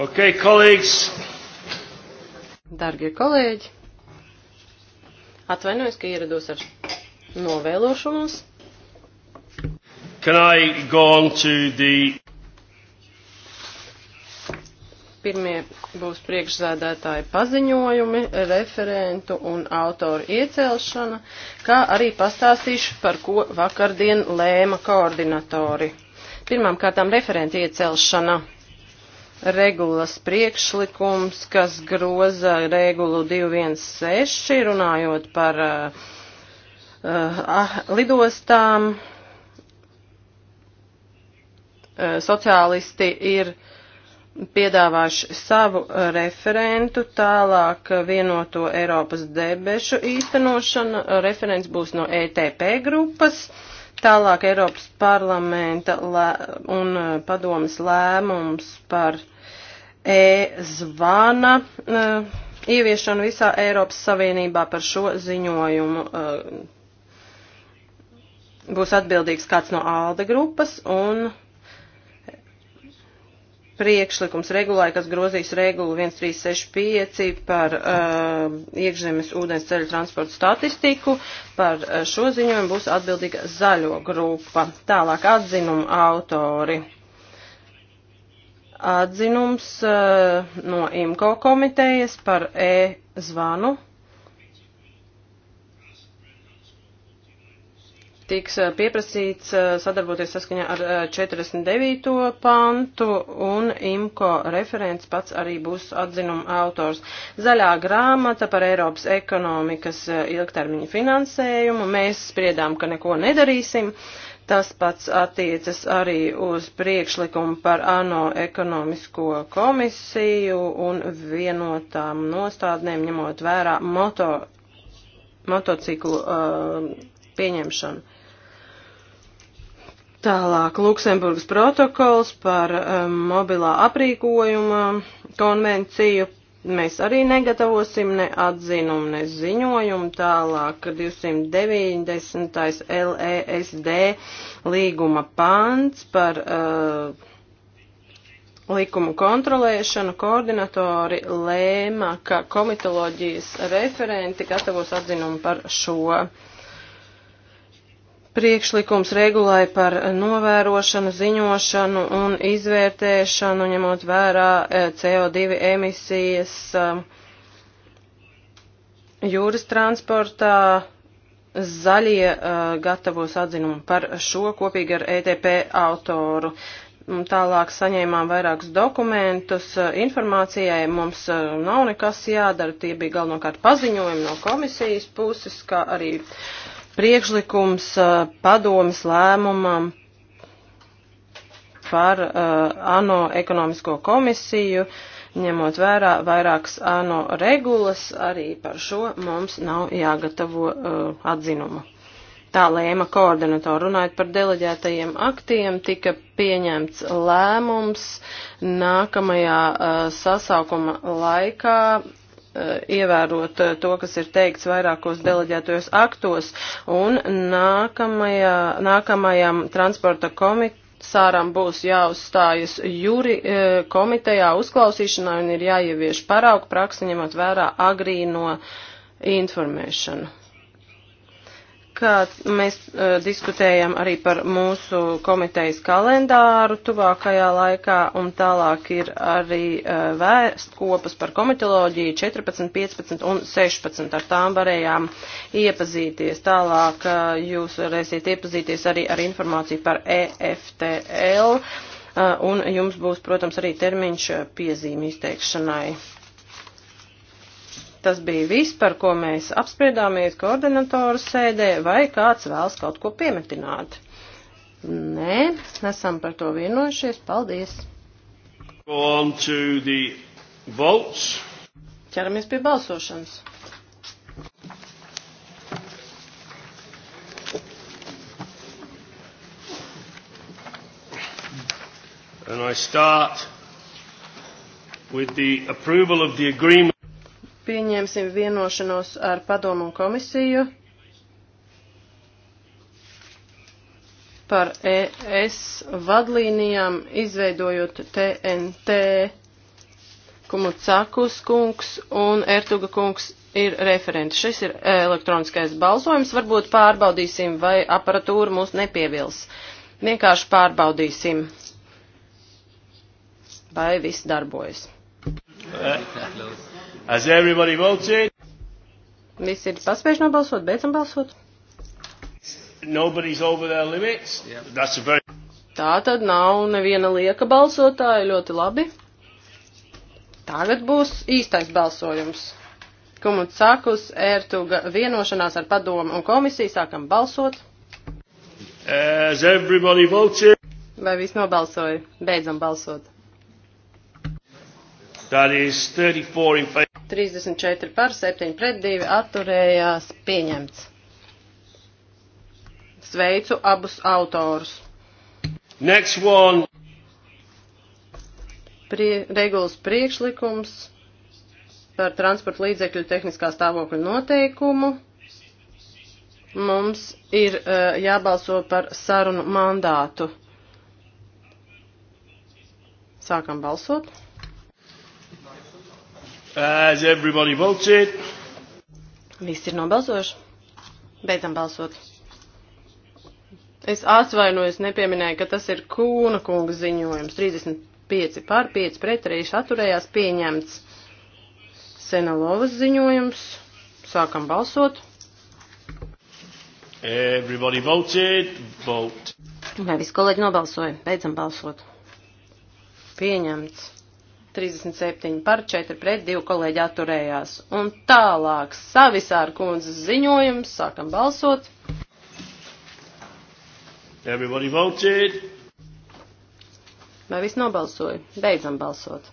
Ok, kolēģis. Dargie kolēģi, atvainojos, ka ierados ar novēlošanos. Can I go on to the... Pirmie būs priekšzēdētāji paziņojumi, referentu un autoru iecelšana, kā arī pastāstīšu, par ko vakardien lēma koordinatori. Pirmām kārtām referenta iecelšana regulas priekšlikums, kas groza regulu 216, runājot par uh, uh, lidostām. Uh, sociālisti ir piedāvājuši savu referentu, tālāk vienoto Eiropas debešu īstenošana, referents būs no ETP grupas, tālāk Eiropas parlamenta un padomas lēmums par e-zvana e, ieviešanu visā Eiropas Savienībā par šo ziņojumu. E, būs atbildīgs kāds no ALDE grupas un priekšlikums regulai, kas grozīs regulu 1365 par uh, iekšzemes ūdens ceļu transportu statistiku. Par uh, šo ziņojumu būs atbildīga zaļo grupa. Tālāk atzinumu autori atzinums eh, no IMCO komitejas par e-zvanu. tiks eh, pieprasīts eh, sadarboties saskaņā ar 49. pantu un IMCO referents pats arī būs atzinuma autors. Zaļā grāmata par Eiropas ekonomikas ilgtermiņa finansējumu. Mēs spriedām, ka neko nedarīsim. Uh, Tas pats attiecas arī uz priekšlikumu par ANO ekonomisko komisiju un vienotām nostādnēm, ņemot vērā moto, motociklu uh, pieņemšanu. Tālāk Luksemburgas protokols par um, mobilā aprīkojuma konvenciju Mēs arī negatavosim ne atzinumu, ne ziņojumu tālāk 290. LESD līguma pants par uh, likumu kontrolēšanu. Koordinatori lēma, ka komitoloģijas referenti gatavos atzinumu par šo priekšlikums regulai par novērošanu, ziņošanu un izvērtēšanu, ņemot vērā eh, CO2 emisijas eh, jūras transportā. Zaļie eh, gatavos atzinumu par šo kopīgi ar ETP autoru. Tālāk saņēmām vairākus dokumentus. Informācijai mums nav nekas jādara. Tie bija galvenokārt paziņojumi no komisijas puses, kā arī uh, priekšlikums uh, padomas lēmumam par uh, ANO ekonomisko komisiju, ņemot vērā vairākas ANO regulas, arī par šo mums nav jāgatavo uh, atzinuma. Tā lēma koordinatora. Runājot par deleģētajiem aktiem, tika pieņemts lēmums nākamajā uh, sasaukuma laikā Eh, ievērot eh, to, kas ir teikts vairākos deleģētojos aktos, un nākamajā, nākamajam transporta komitejam Sāram būs jāuzstājas jūri eh, komitejā uzklausīšanā un ir jāievieš paraugu praksi, ņemot vērā agrīno informēšanu kā mēs uh, diskutējam arī par mūsu komitejas kalendāru tuvākajā laikā, un tālāk ir arī uh, e, vēstkopas par komitoloģiju 14, 15 un 16. Ar tām varējām iepazīties. Tālāk uh, jūs varēsiet iepazīties arī ar informāciju par EFTL, uh, un jums būs, protams, arī termiņš piezīmju izteikšanai. Tas bija viss, par ko mēs apspriedāmies koordinatoru sēdē, vai kāds vēlas kaut ko piemetināt. Nē, esam par to vienojušies. Paldies! Ķeramies pie balsošanas. And I start with the approval of the agreement pieņemsim vienošanos ar padomu un komisiju par ES vadlīnijām, izveidojot TNT. Kumucakus kungs un Ertuga kungs ir referenti. Šis ir elektroniskais balsojums. Varbūt pārbaudīsim, vai aparatūra mūs nepievils. Vienkārši pārbaudīsim, vai viss darbojas. Uh. Has everybody voted? Visi ir paspējuši nobalsot, beidzam balsot. Nobody's over their limits. Yeah. That's a very... Tā tad nav neviena lieka balsotāja, ļoti labi. Tagad būs īstais balsojums. Kumuts sākus ērtuga vienošanās ar padomu un komisiju sākam balsot. As everybody voted. Vai viss nobalsoja? Beidzam balsot. That is 34 in favor. 34 par, 7 pret 2 atturējās pieņemts. Sveicu abus autorus. Next one. Prie, regulas priekšlikums par transporta līdzekļu tehniskā stāvokļa noteikumu. Mums ir uh, jābalso par sarunu mandātu. Sākam balsot. As everybody voted. Viss ir nobalsojuši. Beidzam balsot. Es atvainojos, nepieminēju, ka tas ir Kūna kunga ziņojums. 35 pār 5 pret arī atturējās pieņemts Senalovas ziņojums. Sākam balsot. Everybody voted. Vote. Vai visi kolēģi nobalsoja? Beidzam balsot. Pieņemts. 37 par 4 pret 2 kolēģi atturējās. Un tālāk savisāra kundzes ziņojums, sākam balsot. Everybody voted. Vai viss nobalsoja? Beidzam balsot.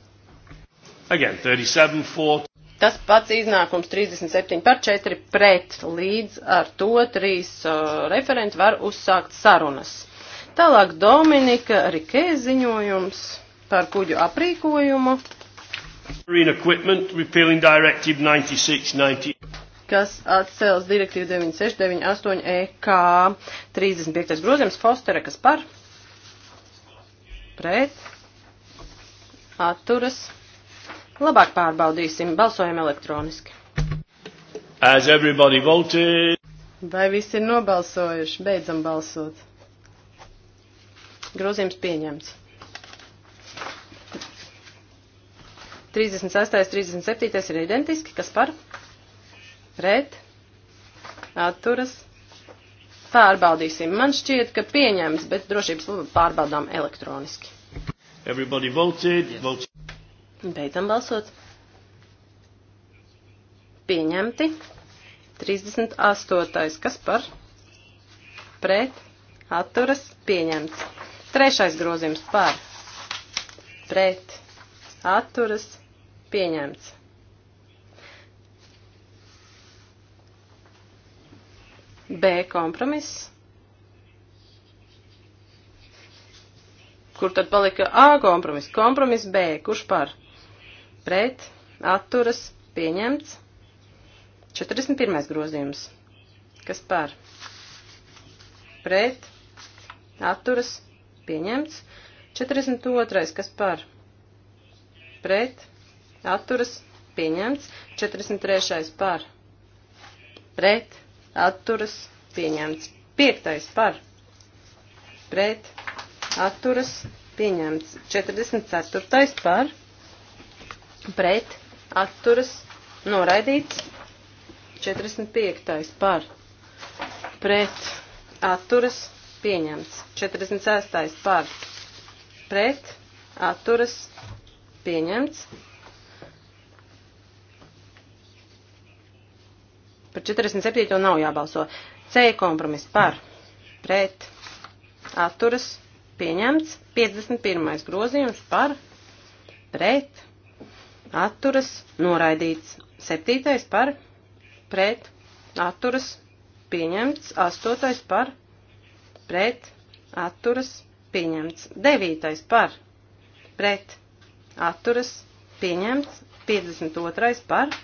Again, 37, 4. Tas pats iznākums 37 par 4 pret, līdz ar to trīs uh, referenti var uzsākt sarunas. Tālāk Dominika Rikē ziņojums par kuģu aprīkojumu, kas atcels direktīvu 9698 EK 35. grozījums Fostera, kas par pret atturas. Labāk pārbaudīsim, balsojam elektroniski. As everybody voted. Vai visi ir nobalsojuši? Beidzam balsot. Grozījums pieņemts. 36, 37 ir identiski, kas par, pret, atturas, pārbaudīsim. Man šķiet, ka pieņems, bet drošības pārbaudām elektroniski. Everybody voted, yes. voted. Beidzam balsot. Pieņemti. 38. Kas par? Pret. Atturas. Pieņemts. Trešais grozījums par. Pret. Atturas. Pieņemts. B kompromiss. Kur tad palika A kompromiss? Kompromiss B. Kurš par? Pret, atturas, pieņemts. 41. grozījums. Kas par? Pret, atturas, pieņemts. 42. Kas par? Pret, atturas pieņemts. 43. par pret atturas pieņemts. 5. par pret atturas pieņemts. 44. par pret atturas noraidīts. 45. par pret atturas pieņemts. 46. par pret atturas pieņemts. Par 47. nav jābalso. C kompromiss par, pret, atturas, pieņemts. 51. grozījums par, pret, atturas, noraidīts. 7. par, pret, atturas, pieņemts. 8. par, pret, atturas, pieņemts. 9. par, pret, atturas, pieņemts. 52. par,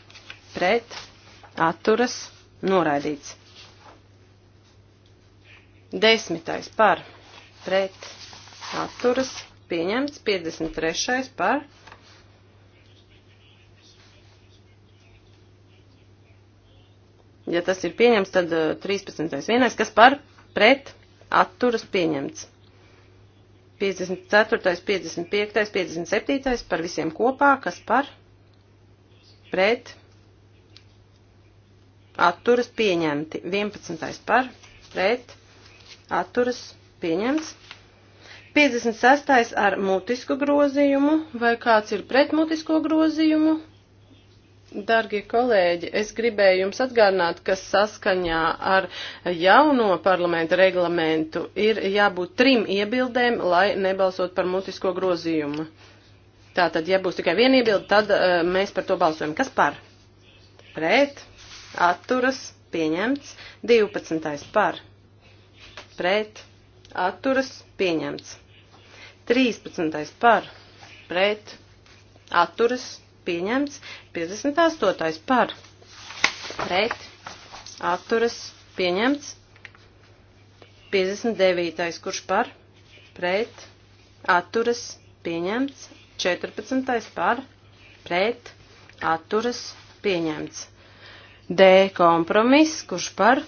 pret, atturas atturas, noraidīts. Desmitais par, pret, atturas, pieņemts, 53. par, ja tas ir pieņemts, tad 13. Uh, vienais, kas par, pret, atturas, pieņemts. 54., 55., 57. par visiem kopā, kas par, pret, atturas pieņemti. 11. par, pret, atturas pieņemts. 56. ar mutisku grozījumu, vai kāds ir pret mutisko grozījumu? Dargie kolēģi, es gribēju jums atgādināt, ka saskaņā ar jauno parlamenta reglamentu ir jābūt trim iebildēm, lai nebalsot par mutisko grozījumu. Tātad, ja būs tikai viena iebilde, tad uh, mēs par to balsojam. Kas par? Pret? atturas, pieņemts. 12. par, pret, atturas, pieņemts. 13. par, pret, atturas, pieņemts. 58. par, pret, atturas, pieņemts. 59. kurš par, pret, atturas, pieņemts. 14. par, pret, atturas, pieņemts. D kompromiss, kurš par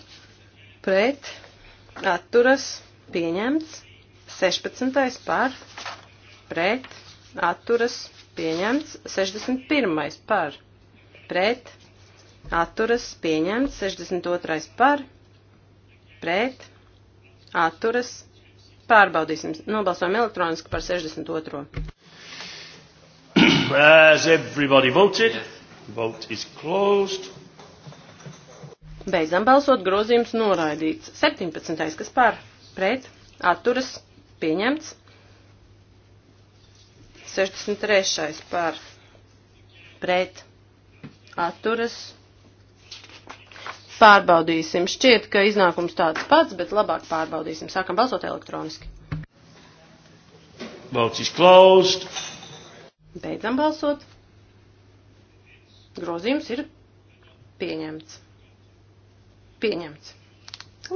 pret atturas pieņemts. 16. par pret atturas pieņemts. 61. par pret atturas pieņemts. 62. par pret atturas pārbaudīsim. Nobalsojam elektroniski par 62. Has everybody voted? Vote is closed. Beidzam balsot, grozījums noraidīts. 17. kas par, pret, atturas, pieņemts. 63. par, pret, atturas. Pārbaudīsim. Šķiet, ka iznākums tāds pats, bet labāk pārbaudīsim. Sākam balsot elektroniski. Vote is closed. Beidzam balsot. Grozījums ir pieņemts. Pieņemts.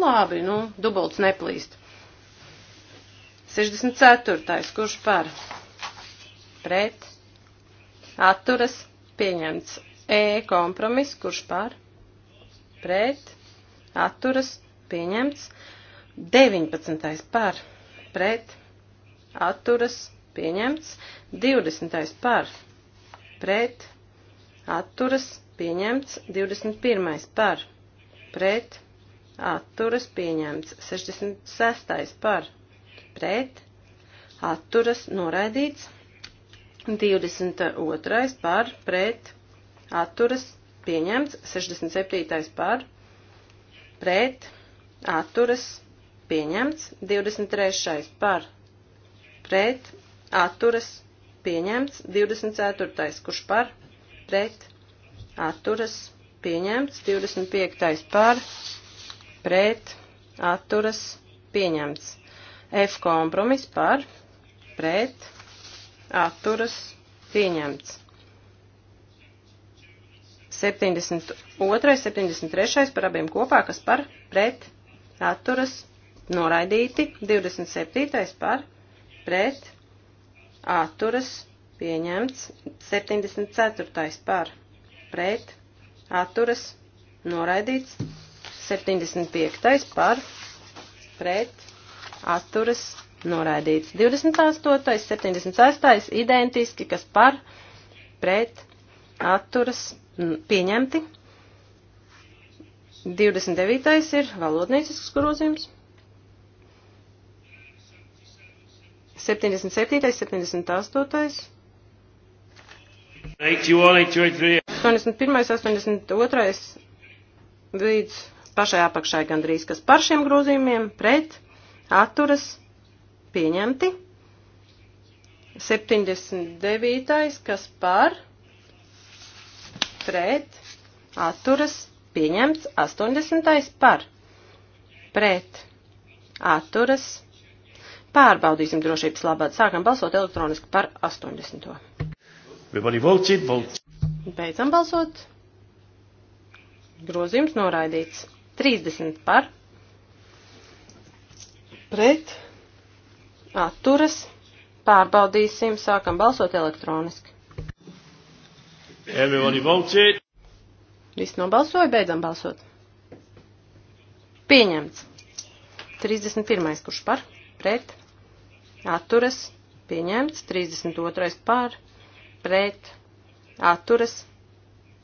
Labi, nu, dubults neplīst. 64. Kurš par? Pret. Atturas. Pieņemts. E kompromis. Kurš par? Pret. Atturas. Pieņemts. 19. par. Pret. Atturas. Pieņemts. 20. par. Pret. Atturas. Pieņemts. 21. par. Pret pret atturas pieņemts. 66. par pret atturas noraidīts. 22. par pret atturas pieņemts. 67. par pret atturas pieņemts. 23. par pret atturas pieņemts. 24. kurš par pret atturas pieņemts atturas pieņemts, 25. par, pret, atturas, pieņemts. F kompromis par, pret, atturas, pieņemts. 72. 73. par abiem kopā, kas par, pret, atturas, noraidīti. 27. par, pret, atturas, pieņemts. 74. par, pret, atturas noraidīts. 75. par pret atturas noraidīts. 28. 76. identiski, kas par pret atturas pieņemti. 29. ir valodniecisks grozījums. 77. 78. 81, 82, 83, 81, 82 līdz pašai apakšai gandrīz, kas par šiem grozījumiem pret atturas pieņemti. 79. kas par pret atturas pieņemts. 80. par pret atturas. Pārbaudīsim drošības labāk. Sākam balsot elektroniski par 80. Everybody votes it, votes. Beidzam balsot. Grozījums noraidīts. 30 par. Pret. Atturas. Pārbaudīsim. Sākam balsot elektroniski. Everybody voted. Viss nobalsoja. Beidzam balsot. Pieņemts. 31. kurš par. Pret. Atturas. Pieņemts. 32. par. Pret atturas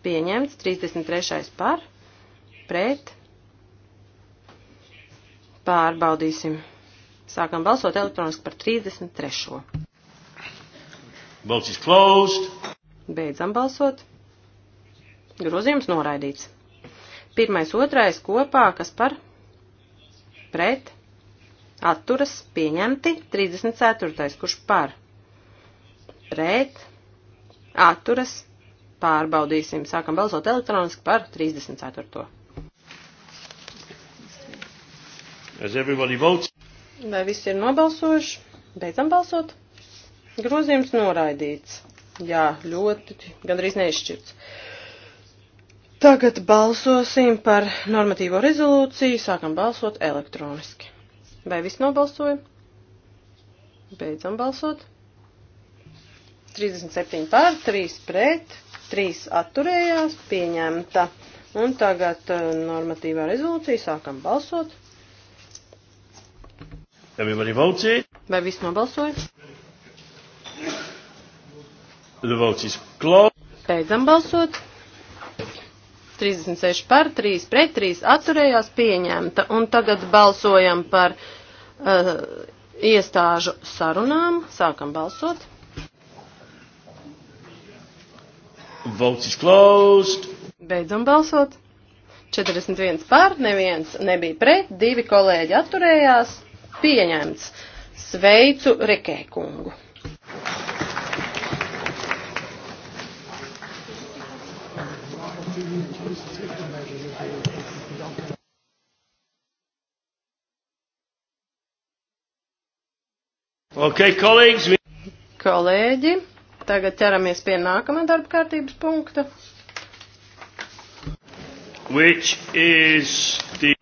pieņemts, 33. par, pret, pārbaudīsim. Sākam balsot elektroniski par 33. Vote is closed. Beidzam balsot. Grozījums noraidīts. Pirmais, otrais kopā, kas par, pret, atturas, pieņemti, 34. kurš par, pret, atturas, pārbaudīsim, sākam balsot elektroniski par 34. Vai visi ir nobalsojuši? Beidzam balsot. Grozījums noraidīts. Jā, ļoti, gandrīz neizšķirts. Tagad balsosim par normatīvo rezolūciju, sākam balsot elektroniski. Vai viss nobalsoja? Beidzam balsot. 37 pār, 3 pret, 3 atturējās, pieņemta. Un tagad uh, normatīvā rezolūcija sākam balsot. Everybody votes it. Vai viss nobalsoja? The vote is closed. Beidzam balsot. 36 par, 3 pret, 3 atturējās pieņemta. Un tagad balsojam par uh, iestāžu sarunām. Sākam balsot. Vote is closed. Beidzam balsot. 41 pār, neviens nebija pret, divi kolēģi atturējās. Pieņemts. Sveicu Rikē kungu. Okay, colleagues. We... Kolēģi, Tagad ķeramies pie nākamā darba kārtības punkta. Which is the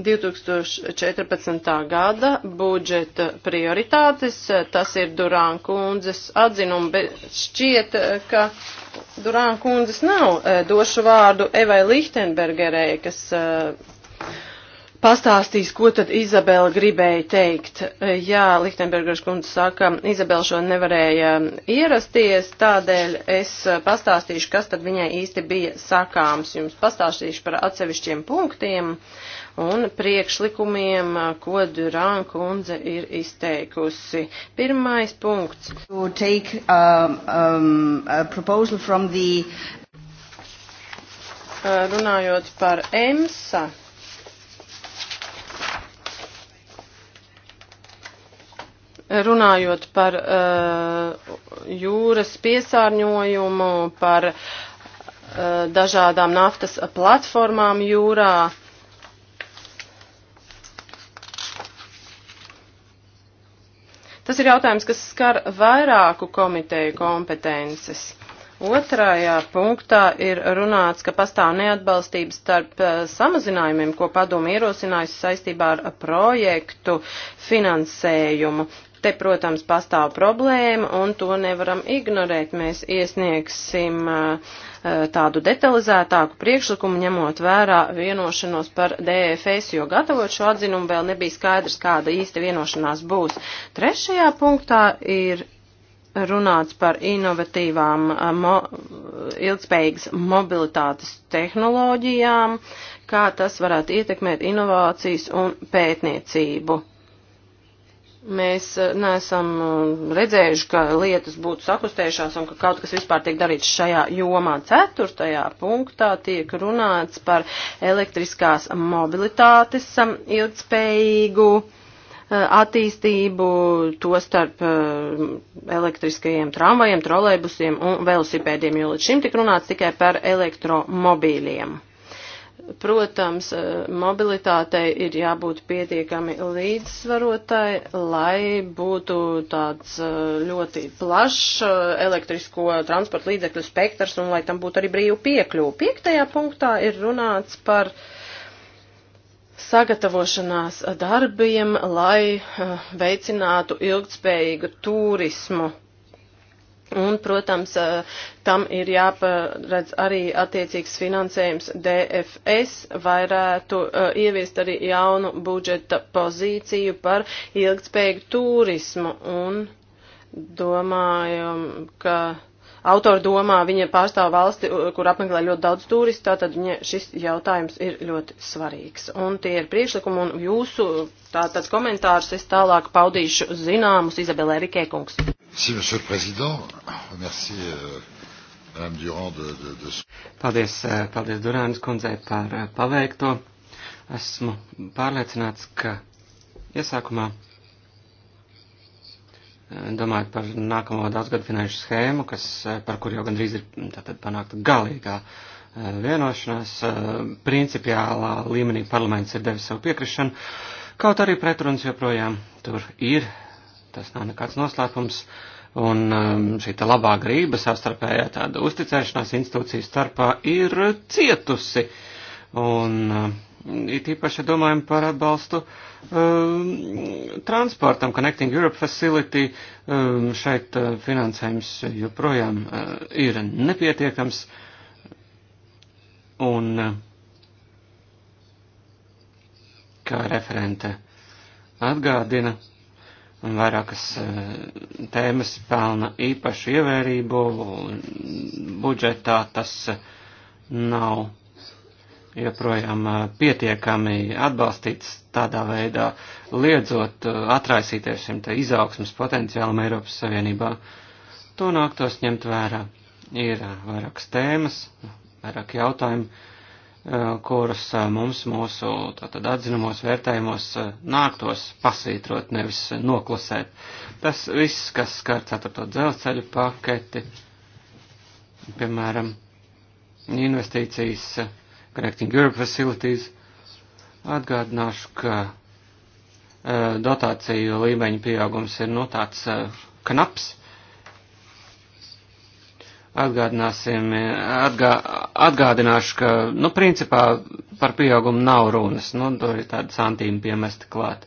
2014. gada budžeta prioritātes, tas ir Durāna kundzes atzinumi, bet šķiet, ka Durāna kundzes nav. Došu vārdu Evai Lichtenbergerei, kas pastāstīs, ko tad Izabela gribēja teikt. Jā, Lichtenbergers kundze saka, Izabela šo nevarēja ierasties, tādēļ es pastāstīšu, kas tad viņai īsti bija sakāms. Jums pastāstīšu par atsevišķiem punktiem un priekšlikumiem, ko Duran kundze ir izteikusi. Pirmais punkts. Take, um, um, the... Runājot par EMSA Runājot par uh, jūras piesārņojumu, par uh, dažādām naftas platformām jūrā, Tas ir jautājums, kas skar vairāku komiteju kompetences. Otrajā punktā ir runāts, ka pastāv neatbalstības starp uh, samazinājumiem, ko padomu ierosinājusi saistībā ar projektu finansējumu. Te, protams, pastāv problēma, un to nevaram ignorēt. Mēs iesniegsim uh, uh, tādu detalizētāku priekšlikumu, ņemot vērā vienošanos par DFS, jo gatavot šo atzinumu vēl nebija skaidrs, kāda īsta vienošanās būs. Trešajā punktā ir runāts par inovatīvām uh, mo, ilgspējīgas mobilitātes tehnoloģijām, kā tas varētu ietekmēt inovācijas un pētniecību. Mēs eh, neesam eh, redzējuši, ka lietas būtu sakustējušās un ka kaut kas vispār tiek darīts šajā jomā. Ceturtajā punktā tiek runāts par elektriskās mobilitātes eh, ilgspējīgu attīstību, to starp elektriskajiem tramvajiem, trolejbusiem un velosipēdiem, jo līdz šim tik runāts tikai par elektromobīļiem. Protams, eh, mobilitātei ir jābūt pietiekami līdzsvarotai, lai būtu tāds eh, ļoti plašs eh, elektrisko transporta līdzekļu spektrs un lai tam būtu arī brīvu piekļuvu. Piektajā punktā ir runāts par sagatavošanās darbiem, lai veicinātu ilgtspējīgu turismu Un, protams, tam ir jāparedz arī attiecīgs finansējums DFS, varētu ieviest arī jaunu budžeta pozīciju par ilgtspējīgu turismu un domājam, ka Autori domā, viņa pārstāv valsti, kur apmeklē ļoti daudz turistu, tātad viņa šis jautājums ir ļoti svarīgs. Un tie ir priekšlikumi un jūsu tātad komentārs es tālāk paudīšu zināmus Izabelē Rikēkungs. Si, monsieur le président, merci, euh, madame Durand, de, de, de... Paldies, euh, paldies Durānas kundzei par euh, paveikto. Esmu pārliecināts, ka iesākumā. Ja domājot par nākamo daudzgadu finanšu schēmu, kas, eh, par kur jau gandrīz ir mm, tātad panākta galīgā eh, vienošanās, eh, principiālā līmenī parlaments ir devis savu piekrišanu, kaut arī pretrunas joprojām tur ir, tas nav nekāds noslēpums, un ehm, šī tā labā grība savstarpējā tāda uzticēšanās institūciju starpā ir cietusi, un ehm, It īpaši domājam par atbalstu um, transportam. Connecting Europe Facility um, šeit uh, finansējums joprojām uh, ir nepietiekams. Un uh, kā referente atgādina, vairākas uh, tēmas pelna īpašu ievērību, budžetā tas uh, nav joprojām pietiekami atbalstīts tādā veidā, liedzot atraisīties šim te izaugsmas potenciālam Eiropas Savienībā. To nāktos ņemt vērā. Ir vairākas tēmas, vairāk jautājumu, kurus mums mūsu tātad atzinumos vērtējumos nāktos pasvītrot, nevis noklusēt. Tas viss, kas skar ceturto dzelzceļu paketi, piemēram, investīcijas Connecting Europe Facilities. Atgādināšu, ka uh, dotāciju līmeņa pieaugums ir no nu, tāds uh, knaps. Atgādināsim, e, atgā, atgādināšu, ka, nu, principā par pieaugumu nav runas, nu, tur ir tāda santīma piemesta klāt.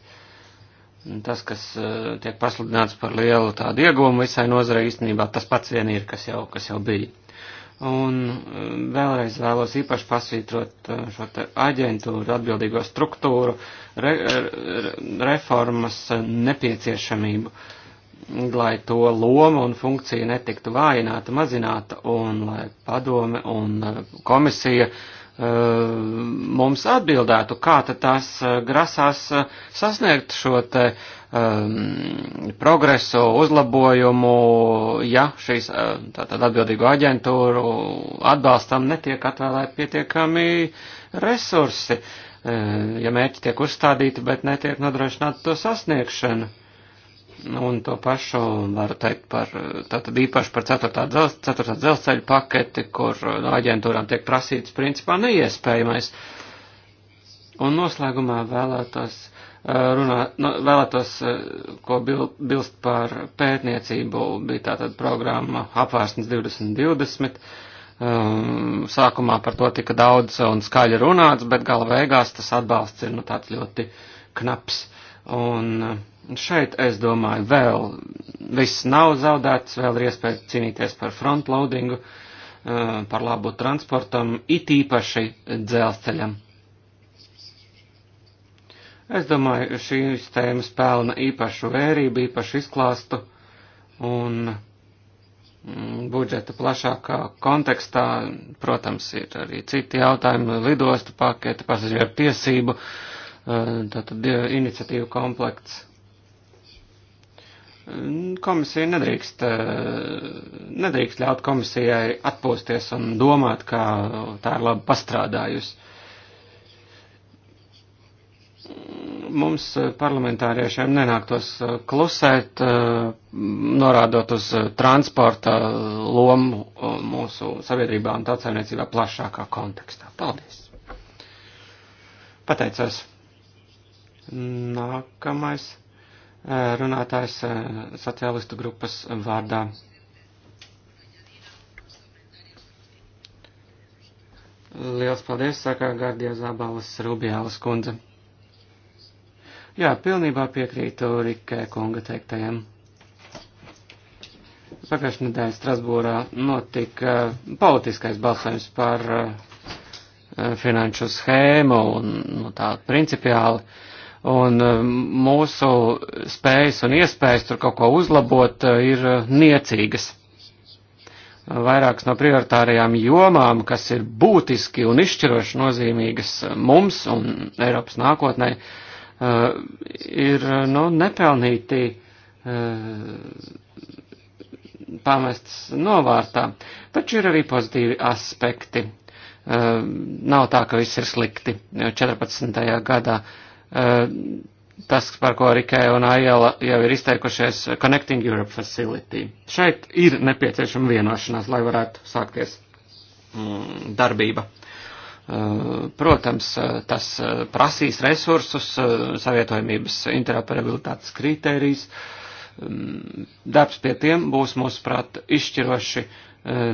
Tas, kas uh, tiek pasludināts par lielu tādu ieguvumu visai nozarei, īstenībā tas pats vien ir, kas jau, kas jau bija. Un um, vēlreiz vēlos īpaši pasvītrot uh, šo te aģentūru, atbildīgo struktūru, re, re, reformas uh, nepieciešamību, lai to loma un funkcija netiktu vājināta, mazināta, un lai padome un uh, komisija uh, Eh, mums atbildētu, kā tad tās eh, grasās eh, sasniegt šo te um, progresu, uzlabojumu, ja šīs tātad atbildīgo aģentūru atbalstam netiek atvēlēt pietiekami resursi, ja mērķi tiek uzstādīti, bet netiek nodrošināta to sasniegšana. Nu, un to pašu varu teikt par, tātad īpaši par 4. Dzelz, 4. dzelzceļa paketi, kur uh, no aģentūrām tiek prasīts principā neiespējamais. Un noslēgumā vēlētos uh, runā, no, vēlētos, uh, ko bil, bilst par pētniecību, bija tātad programma apvērsnes 2020. Um, sākumā par to tika daudz un skaļi runāts, bet gala beigās tas atbalsts ir nu tāds ļoti knaps. Un, uh, Šeit, es domāju, vēl viss nav zaudēts, vēl ir iespēja cīnīties par frontloadingu, eh, par labu transportam, it īpaši dzelzceļam. Es domāju, šīs tēmas pelna īpašu vērību, īpašu izklāstu un mm, budžeta plašākā kontekstā, protams, ir arī citi jautājumi, lidostu pakete, pasažieru tiesību, eh, tātad iniciatīvu komplekts Komisija nedrīkst, eh, nedrīkst ļaut komisijai atpūsties un domāt, ka tā ir labi pastrādājusi. Mums eh, parlamentāriešiem nenāktos eh, klusēt, norādot uz transporta lomu mūsu sabiedrībā un tautsēmniecībā plašākā kontekstā. Paldies! Pateicos. Nākamais runātājs eh, sociālistu grupas vārdā. Liels paldies, saka Gardija Zabalas Rubjālas kundze. Jā, pilnībā piekrītu Rikē kunga teiktajiem. Pagājušajā nedēļā Strasbūrā notika eh, politiskais balsojums par eh, finanšu schēmu un nu, tā principiāli. Uh, un eh, mūsu spējas un iespējas tur kaut ko uzlabot eh, ir eh, niecīgas. Vairākas no prioritārajām jomām, kas ir būtiski un izšķiroši nozīmīgas mums un Eiropas nākotnē, ir nu, nepelnīti pamestas novārtā. Taču ir arī pozitīvi aspekti. Nav tā, ka viss ir slikti. 14. gadā uh, Eh, tas, par ko Rikai un Aiela jau ir izteikušies, Connecting Europe Facility. Šeit ir nepieciešama vienošanās, lai varētu sākties mm, darbība. Eh, protams, eh, tas prasīs resursus, savietojamības interoperabilitātes kritērijas. Mm, darbs pie tiem būs, mūsuprāt, izšķiroši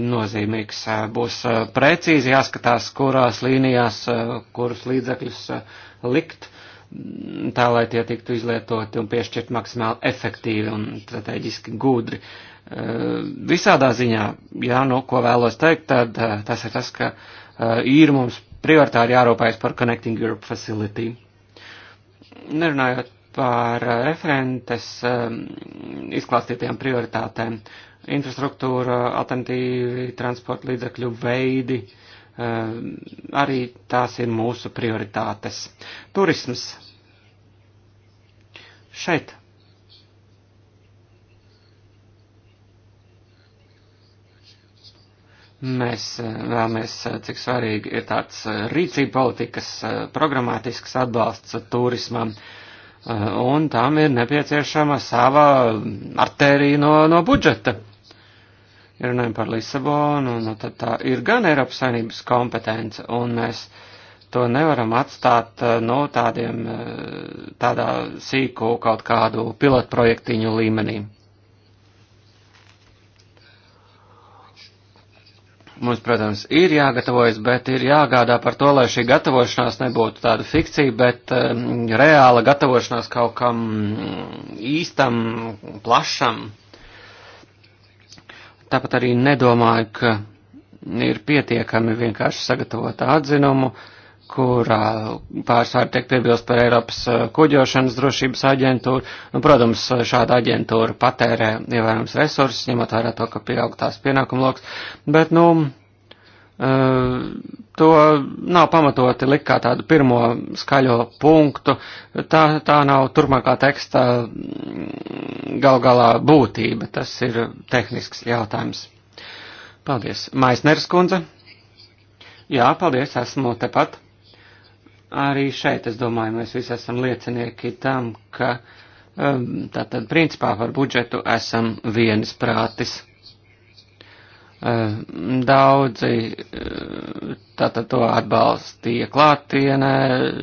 nozīmīgs. Būs precīzi jāskatās, kurās līnijās, kurus līdzekļus likt tā lai tie tiktu izlietoti un piešķirt maksimāli efektīvi un strateģiski gudri. Eh, visādā ziņā, jā, nu, ko vēlos teikt, tad eh, tas ir tas, ka eh, ir mums prioritāri jārūpējas par Connecting Europe Facility. Nerunājot par referentes izklāstītajām prioritātēm, infrastruktūra, alternatīvi transporta līdzakļu veidi, uh, Ehm, arī tās ir mūsu prioritātes. Turisms. Šeit. Mēs eh, vēlamies, eh, cik svarīgi ir tāds eh, rīcība politikas, programmatisks atbalsts turismam, un tam ir nepieciešama sava artērija no, no budžeta ja runājam par Lisabonu, nu tad tā ir gan Eiropas saimnības kompetence, un mēs to nevaram atstāt eh, no tādiem, eh, tādā sīku kaut kādu pilotprojektiņu līmenī. Mums, protams, ir jāgatavojas, bet ir jāgādā par to, lai šī gatavošanās nebūtu tāda fikcija, bet um, reāla gatavošanās kaut kam mm, īstam, plašam, uh, Tāpat arī nedomāju, ka ir pietiekami vienkārši sagatavota atzinumu, kurā pārsvaru tiek piebilst par Eiropas eh, kuģošanas drošības aģentūru. Nu, protams, šāda aģentūra patērē ievērums resursus, ņemot vērā to, ka pieaug tās pienākumu loks, bet, nu, Eh, to nav pamatoti likt kā tādu pirmo skaļo punktu. Tā, tā nav turpmākā teksta mm, gal galā būtība. Tas ir tehnisks jautājums. Paldies. Maisners kundze. Jā, paldies, esmu tepat. Arī šeit, es domāju, mēs visi esam liecinieki tam, ka tātad principā par budžetu esam vienas prātis Eh, daudzi eh, tātad to atbalstīja klātienē,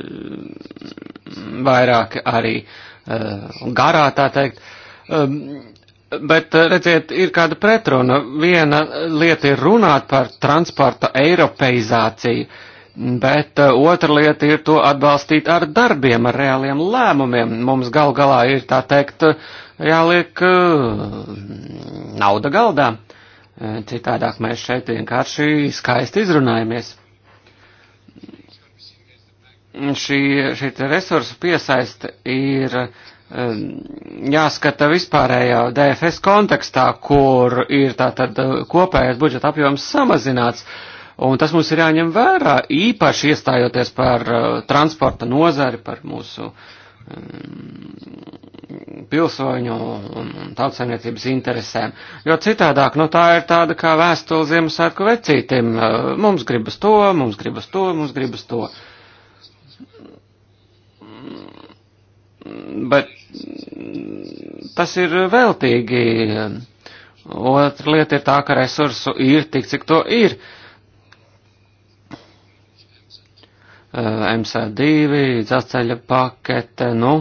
mm, vairāk arī eh, garā tā teikt. Bet, redziet, ir kāda pretruna. Viena lieta ir runāt par transporta eiropeizāciju, bet otra lieta ir to atbalstīt ar darbiem, ar reāliem lēmumiem. Mums gal galā ir tā teikt jāliek nauda galdā. Uh, Eh, citādāk mēs šeit vienkārši skaisti izrunājamies. Šī, šī resursu piesaista ir jāskata vispārējā DFS kontekstā, kur ir tātad eh, kopējais budžeta apjoms samazināts. Un tas mums ir jāņem vērā, īpaši iestājoties par uh, transporta nozari, par mūsu uh, Um, pilsoņu un, un tautsaimniecības interesēm, jo citādāk, nu tā ir tāda kā vēstule Ziemassvētku vecītim, uh, mums gribas to, mums gribas to, mums gribas to. Bet mm, tas ir veltīgi. Otra lieta ir tā, ka resursu ir tik, cik to ir. Uh, Eh, MC2, dzelzceļa pakete, nu,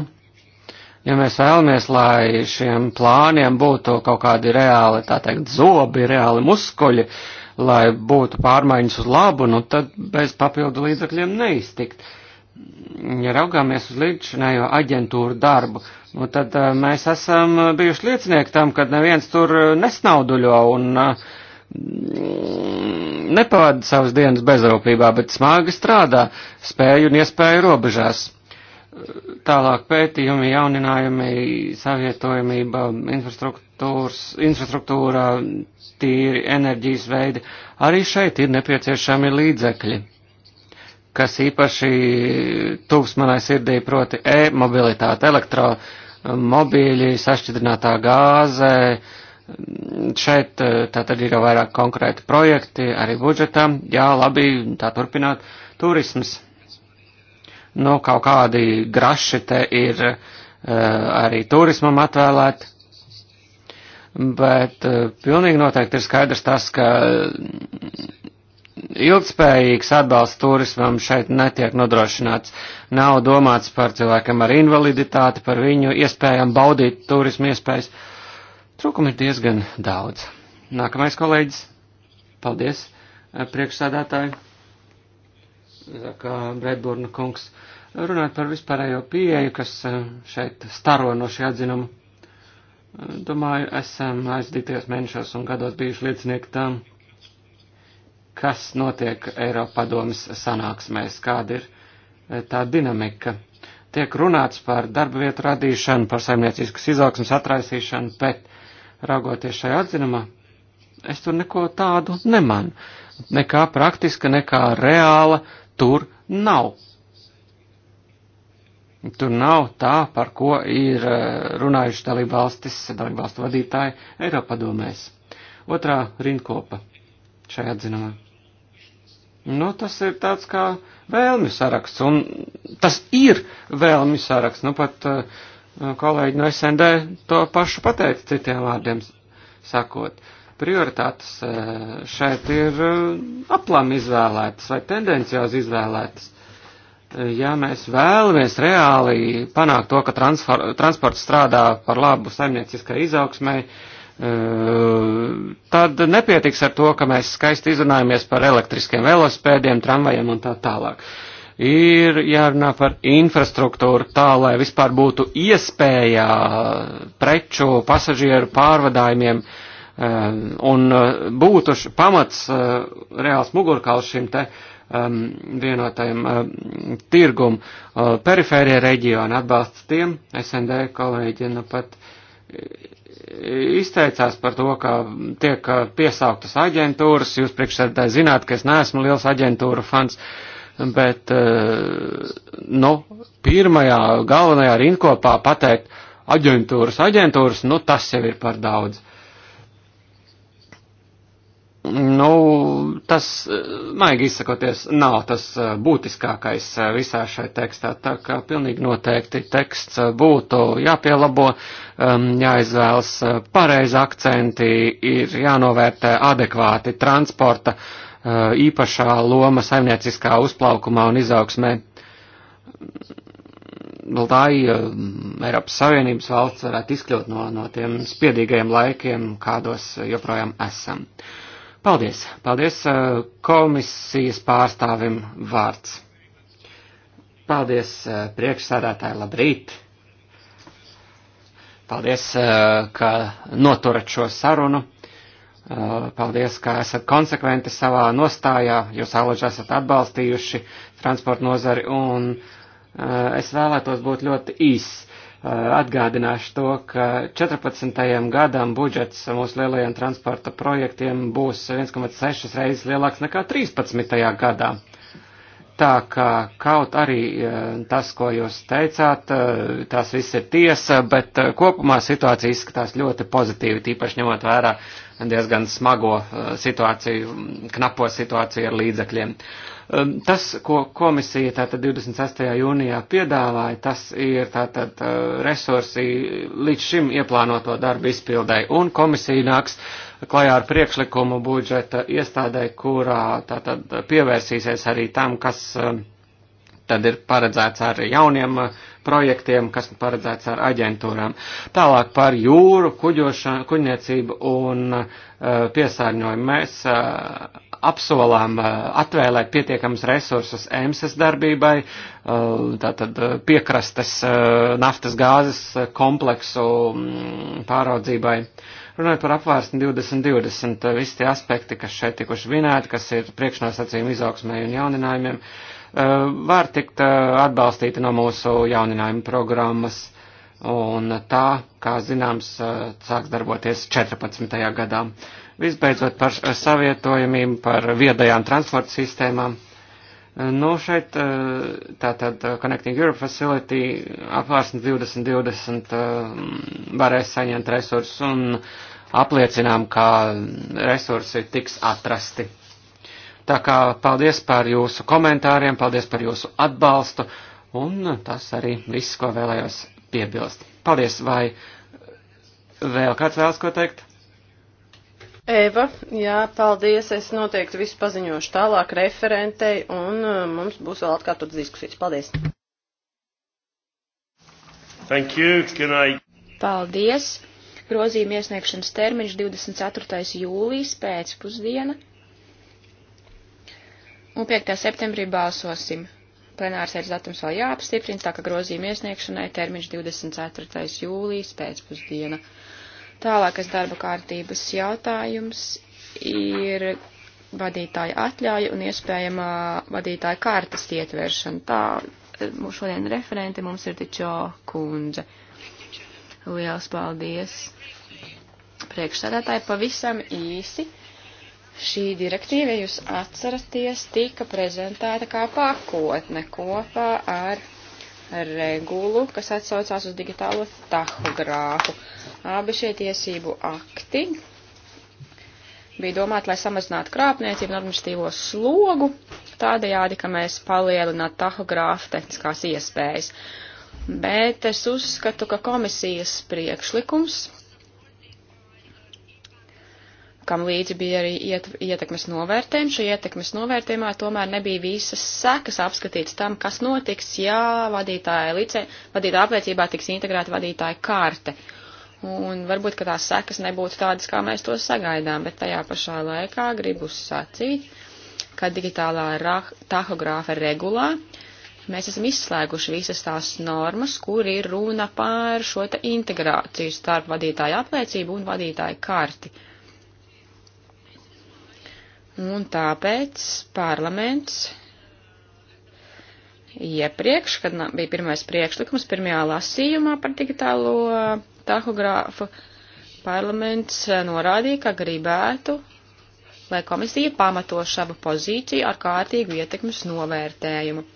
ja mēs vēlamies, lai šiem plāniem būtu kaut kādi reāli, tā teikt, zobi, reāli muskuļi, lai būtu pārmaiņas uz labu, nu tad bez papildu līdzakļiem neiztikt. Ja raugāmies uz līdzinējo aģentūru darbu, nu tad eh, mēs esam eh, bijuši liecinieki tam, kad neviens tur nesnauduļo un uh, Mm, nepavada savas dienas bezrūpībā, bet smagi strādā spēju un iespēju robežās. Tālāk pētījumi, jauninājumi, savietojamība, infrastruktūra, tīri enerģijas veidi, arī šeit ir nepieciešami līdzekļi, kas īpaši tuvs manai sirdī, proti e-mobilitāte, elektromobīļi, sašķidrinātā gāze, uh, Šeit eh, tā tad ir jau vairāk konkrēti projekti arī budžetam. Jā, labi, tā turpināt. Turisms. Nu, kaut kādi graši te ir uh, arī turismam atvēlēti. Bet uh, pilnīgi noteikti ir skaidrs tas, ka ilgspējīgs atbalsts turismam šeit netiek nodrošināts. Nav domāts par cilvēkiem ar invaliditāti, par viņu iespējām baudīt turismu iespējas. Uh, Trūkumi ir diezgan daudz. Nākamais kolēģis. Paldies, eh, priekšsādātāji. Kā Bredburna kungs runāt par vispārējo pieeju, kas eh, šeit staro no šī atzinuma. Eh, domāju, esam aizdītajos mēnešos un gados bijuši liecinieki tam, kas notiek Eiropadomis sanāksmēs, kāda ir tā dinamika. Tiek runāts par darba vietu radīšanu, par saimniecības izaugsmas atraisīšanu, bet raugoties šajā atzinumā, es tur neko tādu nemanu. Nekā praktiska, nekā reāla tur nav. Tur nav tā, par ko ir eh, runājuši dalībvalstis, dalībvalstu vadītāji Eiropadomēs. Otrā rindkopa šajā atzinumā. Nu, tas ir tāds kā vēlmi saraksts, un tas ir vēlmi saraksts, nu pat uh, kolēģi no SND to pašu pateica citiem vārdiem sakot. Prioritātes e, šeit ir e, aplam izvēlētas vai tendenciāls izvēlētas. E, ja mēs vēlamies reāli panākt to, ka transports strādā par labu saimnieciskai izaugsmai, tad nepietiks ar to, ka mēs skaisti izrunājamies par elektriskiem velospēdiem, tramvajiem un tā tālāk. Uh, ir jārunā par infrastruktūru tā, lai vispār būtu iespējā preču, pasažieru pārvadājumiem um, un uh, būtu pamats uh, reāls mugurkauls šim te um, vienotajam um, tirgum uh, perifērie reģioni atbalsts tiem, SND kolēģi, nu pat izteicās par to, ka tiek piesauktas aģentūras, jūs priekšsēdētāji zināt, ka es neesmu liels aģentūru fans, uh, bet, eh, nu, pirmajā, galvenajā rinkopā pateikt aģentūras, aģentūras, nu, tas jau ir par daudz. Nu, tas, eh, maigi izsakoties, nav tas eh, būtiskākais visā šai tekstā, tā kā pilnīgi noteikti teksts būtu jāpielabo, ehm, jāizvēlas pareizi akcenti, ir jānovērtē adekvāti transporta Uh, īpašā loma saimnieciskā uzplaukumā un izaugsmē, lai uh, Eiropas Savienības valsts varētu izkļūt no, no tiem spiedīgajiem laikiem, kādos joprojām esam. Paldies! Paldies uh, komisijas pārstāvim vārds. Paldies priekšsādātāji, labrīt! Paldies, ka noturat šo sarunu. Uh, paldies, ka esat konsekventi savā nostājā, jūs alaži esat atbalstījuši transporta nozari, un uh, es vēlētos būt ļoti īs. Uh, atgādināšu to, ka 14. gadam budžets mūsu lielajiem transporta projektiem būs 1,6 reizes lielāks nekā 13. gadā. Tā kā kaut arī tas, ko jūs teicāt, tas viss ir tiesa, bet kopumā situācija izskatās ļoti pozitīvi, tīpaši ņemot vērā uh, diezgan smago uh, situāciju, mm, knapo situāciju ar līdzekļiem. Um, tas, ko komisija tātad 26. jūnijā piedāvāja, tas ir tātad uh, resursi līdz šim ieplānoto darbu izpildai, un komisija nāks klajā ar priekšlikumu budžeta iestādē, kurā tātad pievērsīsies arī tam, kas uh, tad ir paredzēts ar jauniem projektiem, kas paredzēts ar aģentūrām. Tālāk par jūru, kuģošanu, kuģniecību un uh, piesārņojumu. Mēs uh, e, apsolām uh, e, atvēlēt pietiekamus resursus EMSAS darbībai, uh, tātad piekrastes uh, naftas gāzes kompleksu mm, pāraudzībai. Runājot par apvārsni 2020, visi tie aspekti, kas šeit tikuši vinēti, kas ir priekšnosacījumi izaugsmē un jauninājumiem, uh, Eh, var tikt eh, atbalstīti no mūsu jauninājuma programmas, un tā, kā zināms, eh, sāks darboties 14. gadā. Visbeidzot par savietojamību, par viedajām transporta sistēmām. Nu, šeit tātad Connecting Europe Facility apvārsnes 2020 varēs saņemt resursus un apliecinām, ka resursi tiks atrasti. Tā kā paldies par jūsu komentāriem, paldies par jūsu atbalstu, un tas arī viss, ko vēlējos piebilst. Paldies, vai vēl kāds vēlas ko teikt? Eva, jā, paldies, es noteikti visu paziņošu tālāk referentei, un uh, mums būs vēl atkārtotas diskusijas. Paldies! Thank you, can I... Paldies! Grozījuma iesniegšanas termiņš 24. jūlijas pēcpusdiena. Un 5. septembrī balsosim. Plenārsēdes datums vēl jāapstiprina, tā ka grozījuma iesniegšanai termiņš 24. jūlijas pēcpusdiena. Tālākas darba kārtības jautājums ir vadītāja atļauja un iespējama vadītāja kārtas ietveršana. Tā eh, šodien referente mums ir Tičo kundze. Liels paldies! Priekšsēdētāji pavisam īsi. Šī direktīva, ja jūs atceraties, tika prezentēta kā pakotne kopā ar regulu, kas atsaucās uz digitālo tahogrāfu. Abi šie tiesību akti bija domāti, lai samazinātu krāpniecību un administratīvo slogu, tādējādi, ka mēs palielinātu tahogrāfu tehniskās iespējas. Bet es uzskatu, ka komisijas priekšlikums kam līdzi bija arī iet, ietekmes novērtējumi. Šī ietekmes novērtējumā tomēr nebija visas sekas apskatīts tam, kas notiks, ja vadītāja licē, vadītāja apliecībā tiks integrēta vadītāja karte. Un varbūt, ka tās sekas nebūtu tādas, kā mēs to sagaidām, bet tajā pašā laikā gribu sacīt, ka digitālā rah, tahogrāfa regulā mēs esam izslēguši visas tās normas, kur ir runa pār šo te integrāciju starp vadītāju apliecību un vadītāju karti. Uh, Un tāpēc parlaments iepriekš, kad bija pirmais priekšlikums pirmajā lasījumā par digitālo tahogrāfu, parlaments eh, norādīja, ka gribētu, lai komisija pamato savu pozīciju ar kārtīgu ietekmes novērtējumu.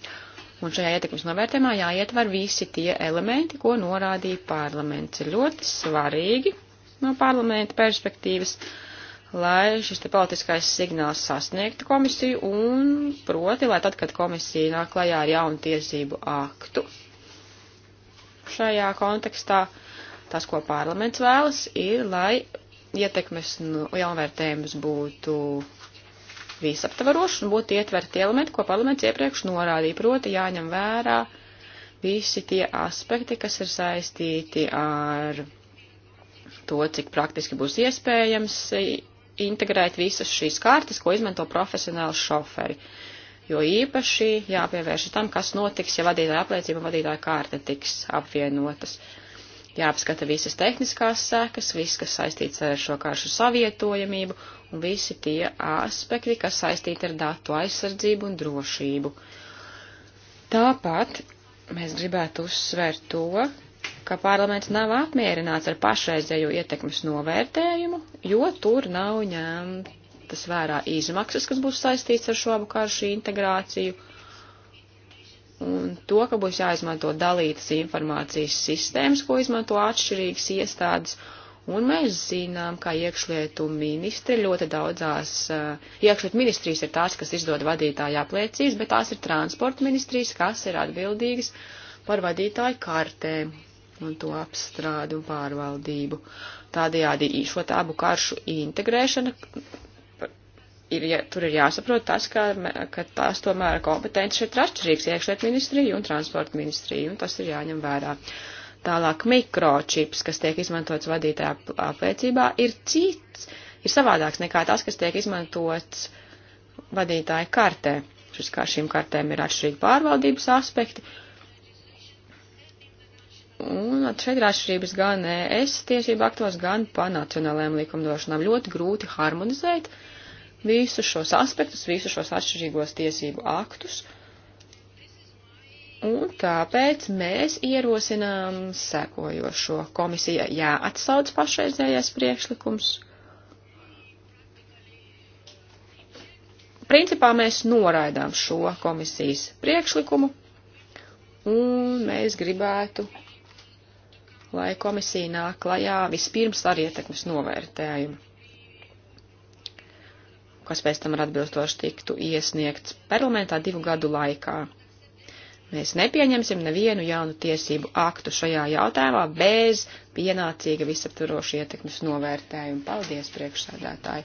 Un šajā ietekmes novērtējumā jāietver visi tie elementi, ko norādīja parlaments. Ir ļoti svarīgi no parlamenta perspektīvas lai šis te politiskais signāls sasniegtu komisiju un proti, lai tad, kad komisija nāk klajā ar jaunu tiesību aktu šajā kontekstā, tas, ko parlaments vēlas, ir, lai ietekmes nu, jaunvērtējums būtu visaptvarošs un būtu ietverti elementi, ko parlaments iepriekš norādīja, proti jāņem vērā visi tie aspekti, kas ir saistīti ar to, cik praktiski būs iespējams integrēt visas šīs kārtas, ko izmanto profesionāli šoferi. Jo īpaši jāpievērš tam, kas notiks, ja vadītāja apliecība un vadītāja kārta tiks apvienotas. Jāapskata visas tehniskās sekas, viss, kas saistīts ar šo kāršu savietojamību un visi tie aspekti, kas saistīti ar datu aizsardzību un drošību. Tāpat mēs gribētu uzsvērt to, ka parlaments nav apmierināts ar pašreizējo ietekmes novērtējumu, jo tur nav ņemtas vērā izmaksas, kas būs saistīts ar šo apkāršu integrāciju, un to, ka būs jāizmanto dalītas informācijas sistēmas, ko izmanto atšķirīgas iestādes, un mēs zinām, ka iekšlietu ministri ļoti daudzās, eh, iekšlietu ministrijas ir tās, kas izdod vadītāju apliecības, bet tās ir transporta ministrijas, kas ir atbildīgas par vadītāju kartēm un to apstrādu un pārvaldību. Tādējādi šo abu karšu integrēšana ir, ja, tur ir jāsaprot tas, ka, ka tās tomēr kompetences šeit ir atšķirīgas iekšliet ministrija un transporta ministrija, un tas ir jāņem vērā. Tālāk mikročips, kas tiek izmantots vadītāja apliecībā, ir cits, ir savādāks nekā tas, kas tiek izmantots vadītāja kartē. Šis kā šīm kartēm ir atšķirīgi pārvaldības aspekti, Un šeit ir atšķirības gan ES tiesību aktos, gan panacionālajām likumdošanām. Ļoti grūti harmonizēt visus šos aspektus, visus šos atšķirīgos tiesību aktus. Un tāpēc mēs ierosinām sekojošo komisija jāatsauc pašreizējais priekšlikums. Principā mēs noraidām šo komisijas priekšlikumu un mēs gribētu lai komisija nāk klajā vispirms ar ietekmes novērtējumu, kas pēc tam ar atbilstoši tiktu iesniegts parlamentā divu gadu laikā. Mēs nepieņemsim nevienu jaunu tiesību aktu šajā jautājumā bez pienācīga visaptvaroša ietekmes novērtējuma. Paldies, priekšsēdētāji!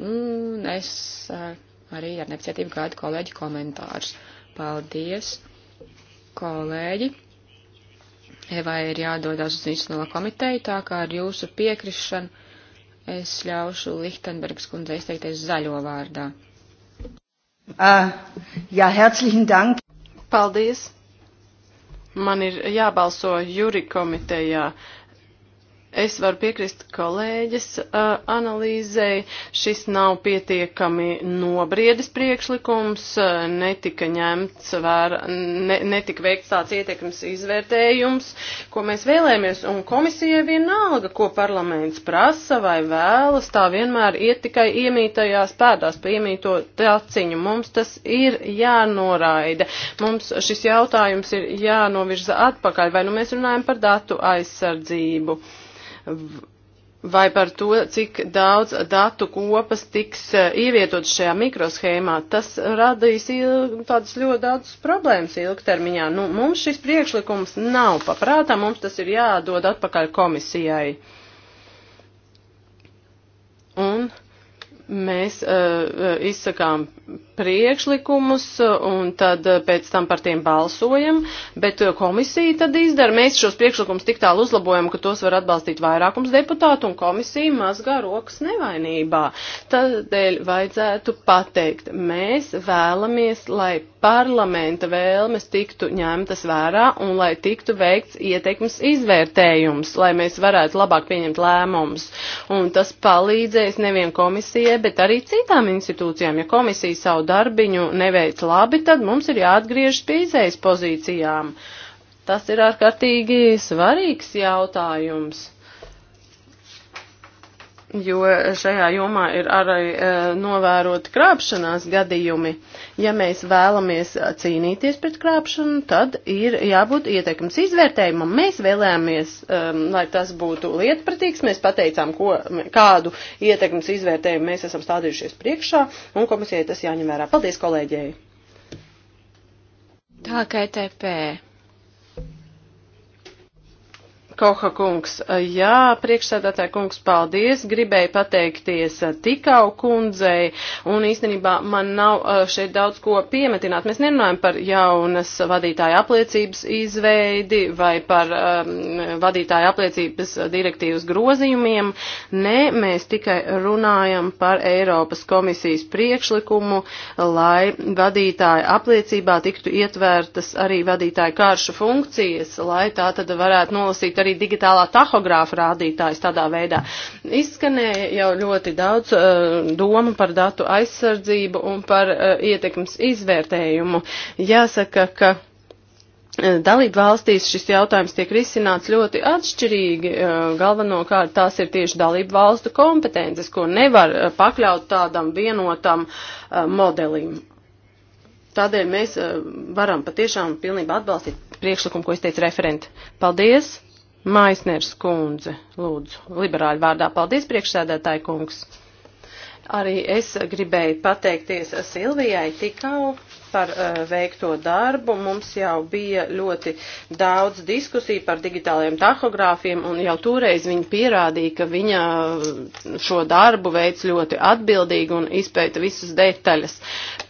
Un es eh, arī ar nepacietību gaidu kolēģi komentārus. Paldies, kolēģi! Evai ir jādodas uz Nacionālo komiteju, tā kā ar jūsu piekrišanu es ļaušu Lichtenbergs kundzei izteikties zaļo vārdā. Uh, jā, herzlichen dank. Paldies. Man ir jābalso jūri komitejā. Uh, Es varu piekrist kolēģis uh, analīzei, šis nav pietiekami nobriedis priekšlikums, uh, netika ņemts vērā, ne, netika veikts tāds ietekmes izvērtējums, ko mēs vēlēmies, un komisijai vienalga, ko parlaments prasa vai vēlas, tā vienmēr iet tikai iemītajās pēdās, pa iemīto taciņu. Mums tas ir jānoraida, mums šis jautājums ir jānovirza atpakaļ, vai nu mēs runājam par datu aizsardzību vai par to, cik daudz datu kopas tiks eh, ievietotas šajā mikroshēmā, tas radīs ilg, tādas ļoti daudz problēmas ilgtermiņā. Nu, mums šis priekšlikums nav paprātā, mums tas ir jādod atpakaļ komisijai. Un mēs uh, uh, izsakām priekšlikumus uh, un tad uh, pēc tam par tiem balsojam, bet komisija tad izdara. Mēs šos priekšlikumus tik tālu uzlabojam, ka tos var atbalstīt vairākums deputātu un komisija mazgā rokas nevainībā. Tādēļ vajadzētu pateikt, mēs vēlamies, lai parlamenta vēlmes tiktu ņemtas vērā un lai tiktu veikts ieteikums izvērtējums, lai mēs varētu labāk pieņemt lēmumus. Un tas palīdzēs nevien komisijai, bet arī citām institūcijām. Ja komisija savu darbiņu neveic labi, tad mums ir jāatgriežas pie izējas pozīcijām. Tas ir ārkārtīgi svarīgs jautājums jo šajā jomā ir arī e, novērot krāpšanās gadījumi. Ja mēs vēlamies cīnīties pret krāpšanu, tad ir jābūt ieteikums izvērtējumam. Mēs vēlējāmies, e, lai tas būtu lietpratīgs, mēs pateicām, ko, kādu ieteikums izvērtējumu mēs esam stādījušies priekšā, un komisijai tas jāņem vērā. Paldies kolēģei! Tā kā ETP. Koha kungs, jā, priekšsēdētāja kungs, paldies, gribēju pateikties tikau kundzei, un īstenībā man nav šeit daudz ko piemetināt. Mēs nerunājam par jaunas vadītāja apliecības izveidi vai par um, vadītāja apliecības direktīvas grozījumiem. Nē, mēs tikai runājam par Eiropas komisijas priekšlikumu, lai vadītāja apliecībā tiktu ietvērtas arī vadītāja karšu funkcijas, lai tā tad varētu nolasīt arī arī digitālā tahogrāfa rādītājs tādā veidā. Izskanēja jau ļoti daudz uh, doma par datu aizsardzību un par uh, ietekmes izvērtējumu. Jāsaka, ka uh, dalību valstīs šis jautājums tiek risināts ļoti atšķirīgi. Uh, galvenokārt tās ir tieši dalību valstu kompetences, ko nevar uh, pakļaut tādam vienotam modelim. Tādēļ mēs varam patiešām pilnībā atbalstīt priekšlikumu, ko izteica referenti. Paldies! Maisners kundze, lūdzu, liberāļu vārdā. Paldies, priekšsēdētāji kungs. Arī es gribēju pateikties Silvijai Tikau par uh, veikto darbu. Mums jau bija ļoti daudz diskusiju par digitālajiem tahogrāfiem, un jau toreiz viņa pierādīja, ka viņa eh, šo darbu veic ļoti atbildīgi un izpēta visas detaļas.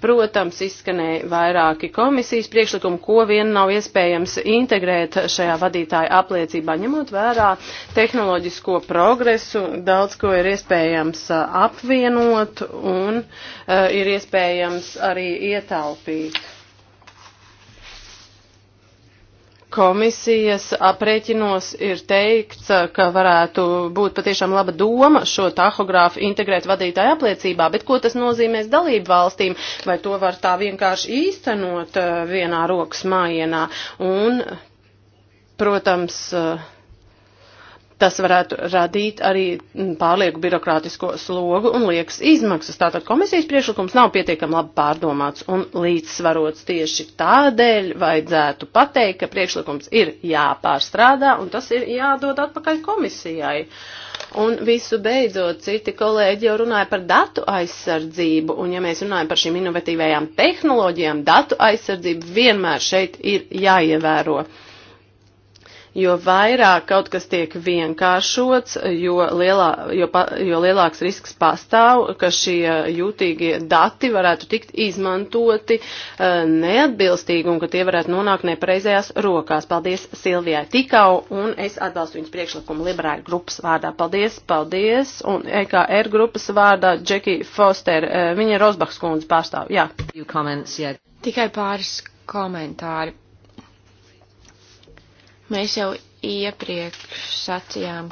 Protams, izskanēja vairāki komisijas priekšlikumi, ko vien nav iespējams integrēt šajā vadītāja apliecībā, ņemot vērā tehnoloģisko progresu, daudz ko ir iespējams eh, apvienot un uh, ir iespējams arī ietaupīt rīt. Komisijas aprēķinos ir teikts, ka varētu būt patiešām laba doma šo tahogrāfu integrēt vadītāju apliecībā, bet ko tas nozīmēs dalību valstīm, vai to var tā vienkārši īstenot eh, vienā rokas mājienā? Un, protams, uh, Tas varētu radīt arī mm, pārlieku birokrātisko slogu un liekas izmaksas. Tātad komisijas priekšlikums nav pietiekami labi pārdomāts un līdzsvarots tieši tādēļ vajadzētu pateikt, ka priekšlikums ir jāpārstrādā un tas ir jādod atpakaļ komisijai. Un visu beidzot, citi kolēģi jau runāja par datu aizsardzību, un ja mēs runājam par šīm inovatīvajām tehnoloģijām, datu aizsardzība vienmēr šeit ir jāievēro jo vairāk kaut kas tiek vienkāršots, jo, lielā, jo, pa, jo lielāks risks pastāv, ka šie jūtīgie dati varētu tikt izmantoti uh, neatbilstīgi un ka tie varētu nonākt nepareizajās rokās. Paldies Silvijai Tikau un es atbalstu viņas priekšlikumu liberāļu grupas vārdā. Paldies, paldies un EKR grupas vārdā Džeki Foster, uh, viņa Rosbachs kundze pārstāv. Jā. Comments, yeah. Tikai pāris komentāri Mēs jau iepriekš sacījām,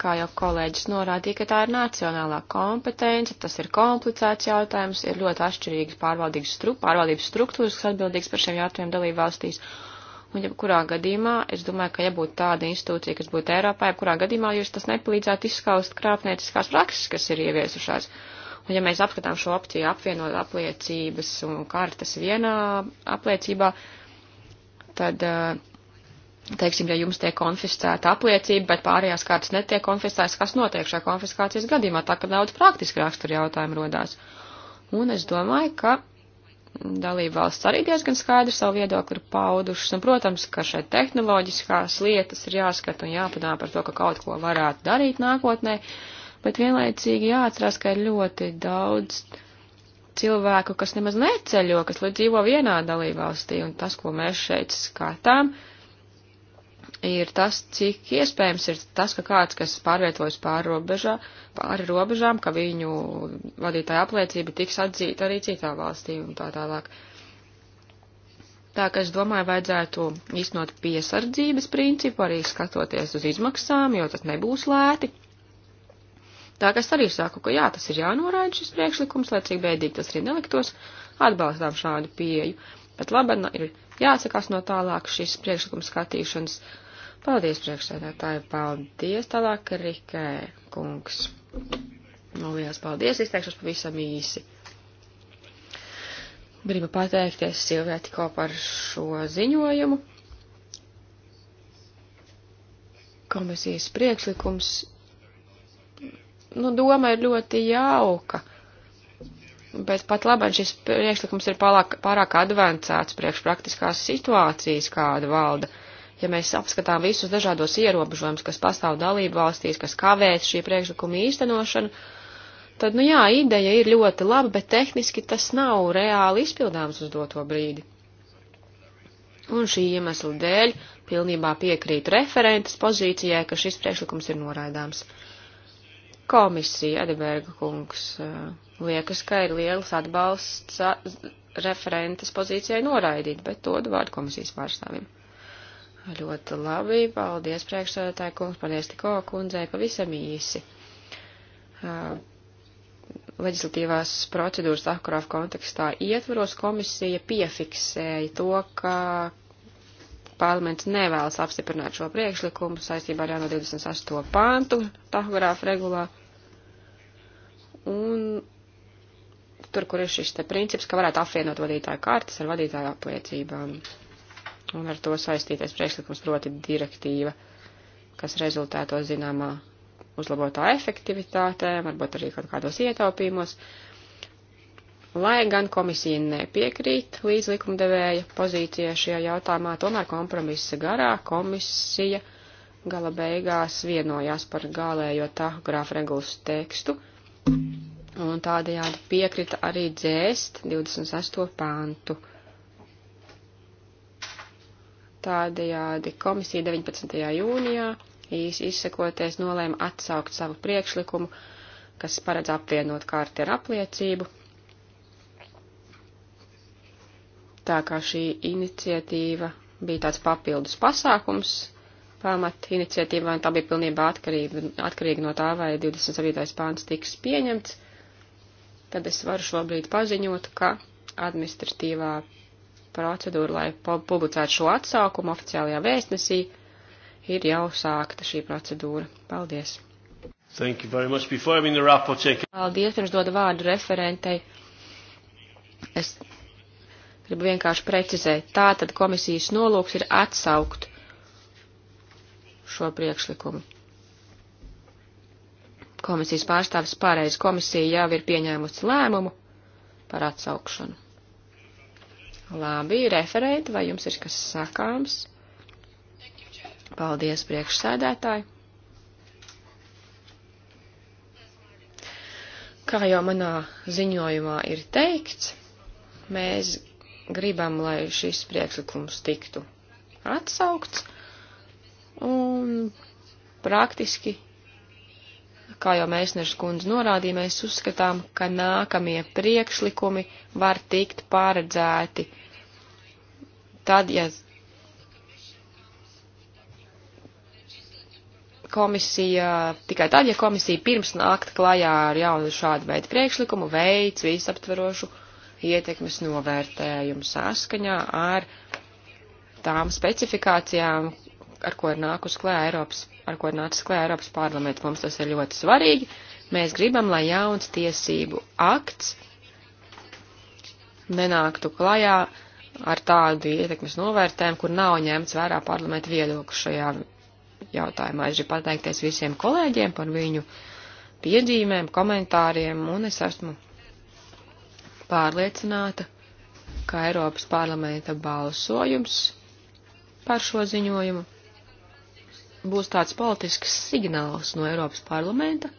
kā jau kolēģis norādīja, ka tā ir nacionālā kompetence, tas ir komplicēts jautājums, ir ļoti atšķirīgas pārvaldības, stru, pārvaldības struktūras, kas atbildīgas par šiem jautājumiem dalībvalstīs. Un jebkurā gadījumā, es domāju, ka ja būtu tāda institūcija, kas būtu Eiropā, jebkurā gadījumā jūs tas nepalīdzētu izskaust krāpnieciskās prakses, kas ir ieviesušās. Un ja mēs apskatām šo opciju apvienot apliecības un kartas vienā apliecībā, tad uh, teiksim, ja jums tiek konfiscēta apliecība, bet pārējās kārtas netiek konfiscētas, kas notiek šajā konfiskācijas gadījumā, tā ka daudz praktiski rakstura jautājumu rodās. Un es domāju, ka dalība valsts arī diezgan skaidri savu viedokli ir paudušas, un, protams, ka šeit tehnoloģiskās lietas ir jāskata un jāpadomā par to, ka kaut ko varētu darīt nākotnē, bet vienlaicīgi jāatcerās, ka ir ļoti daudz cilvēku, kas nemaz neceļo, kas dzīvo vienā dalībvalstī, un tas, ko mēs šeit skatām, uh, ir tas, cik iespējams ir tas, ka kāds, kas pārvietojas pāri, robežā, pāri robežām, ka viņu vadītāja apliecība tiks atzīta arī citā valstī un tā tālāk. Tā ka es domāju, vajadzētu iznot piesardzības principu, arī skatoties uz izmaksām, jo tas nebūs lēti. Tā ka es arī saku, ka jā, tas ir jānoraida šis priekšlikums, lai cik bēdīgi tas arī neliktos, atbalstām šādu pieju. Bet labi, ir jāatsakās no tālāk šīs priekšlikuma skatīšanas. Uh, Paldies, priekšsēdētāji, paldies, tālāk Rikē kungs. Nu, liels paldies, izteikšos pavisam īsi. Gribu pateikties Silvijai tikko par šo ziņojumu. Komisijas priekšlikums, nu, doma ir ļoti jauka bet pat labāk šis priekšlikums ir pārāk, pārāk advancēts priekš praktiskās situācijas, kāda valda ja mēs apskatām visus dažādos ierobežojumus, kas pastāv dalību valstīs, kas kavēs šī priekšlikuma īstenošanu, tad, nu jā, ideja ir ļoti laba, bet tehniski tas nav reāli izpildāms uz doto brīdi. Un šī iemesla dēļ pilnībā piekrīt referentes pozīcijai, ka šis priekšlikums ir noraidāms. Komisija, Adeberga kungs, eh, liekas, ka ir liels atbalsts referentes pozīcijai noraidīt, bet to vārdu komisijas pārstāvim. Ļoti labi, paldies priekšsēdētāji kungs, paldies tikko kundzei pavisam īsi. Uh, leģislatīvās procedūras Ahkurāf kontekstā ietvaros komisija piefiksēja to, ka parlaments nevēlas apstiprināt šo priekšlikumu saistībā ar jauno 28. pantu tahogrāfa regulā. Un tur, kur ir šis te princips, ka varētu apvienot vadītāju kartas ar vadītāju apliecībām un ar to saistīties priekšlikums proti direktīva, kas rezultāto zināmā uzlabotā efektivitātē, varbūt arī kaut kādos ietaupījumos. Lai gan komisija nepiekrīt līdz likumdevēja pozīcijai šajā jautājumā, tomēr kompromisa garā komisija gala beigās vienojās par galējo tahogrāfu regulas tekstu un tādējādi piekrita arī dzēst 28. pāntu. Tādējādi komisija 19. jūnijā īsi izsekoties nolēma atsaukt savu priekšlikumu, kas paredz apvienot kārti ar apliecību. Tā kā šī iniciatīva bija tāds papildus pasākums, pamat iniciatīvā, un tā bija pilnībā atkarīga, atkarīga no tā, vai 27. pāns tiks pieņemts, tad es varu šobrīd paziņot, ka administratīvā procedūra, lai publicētu šo atsaukumu oficiālajā vēstnesī, ir jau sākta šī procedūra. Paldies! Paldies, pirms dodu vārdu referentei. Es gribu vienkārši precizēt. Tā tad komisijas nolūks ir atsaukt šo priekšlikumu. Komisijas pārstāvis pārējais komisija jau ir pieņēmusi lēmumu par atsaukšanu. Labi, referenti, vai jums ir kas sakāms? Paldies, priekšsēdētāji. Kā jau manā ziņojumā ir teikts, mēs gribam, lai šis priekšlikums tiktu atsaukts un praktiski Kā jau Mēsneša kundze norādīja, mēs uzskatām, ka nākamie priekšlikumi var tikt paredzēti tad, ja komisija, tikai tad, ja komisija pirms nākt klajā ar jaunu šādu veidu priekšlikumu veids visaptverošu ietekmes novērtējumu saskaņā ar tām specifikācijām, ar ko ir nākus klē Eiropas, ar ko ir nācis klē Eiropas parlaments. Mums tas ir ļoti svarīgi. Mēs gribam, lai jauns tiesību akts nenāktu klajā ar tādu ietekmes novērtējumu, kur nav ņemts vērā parlamenta viedokļu šajā jautājumā. Es gribu pateikties visiem kolēģiem par viņu piezīmēm, komentāriem, un es esmu pārliecināta, ka Eiropas parlamenta balsojums par šo ziņojumu būs tāds politisks signāls no Eiropas parlamenta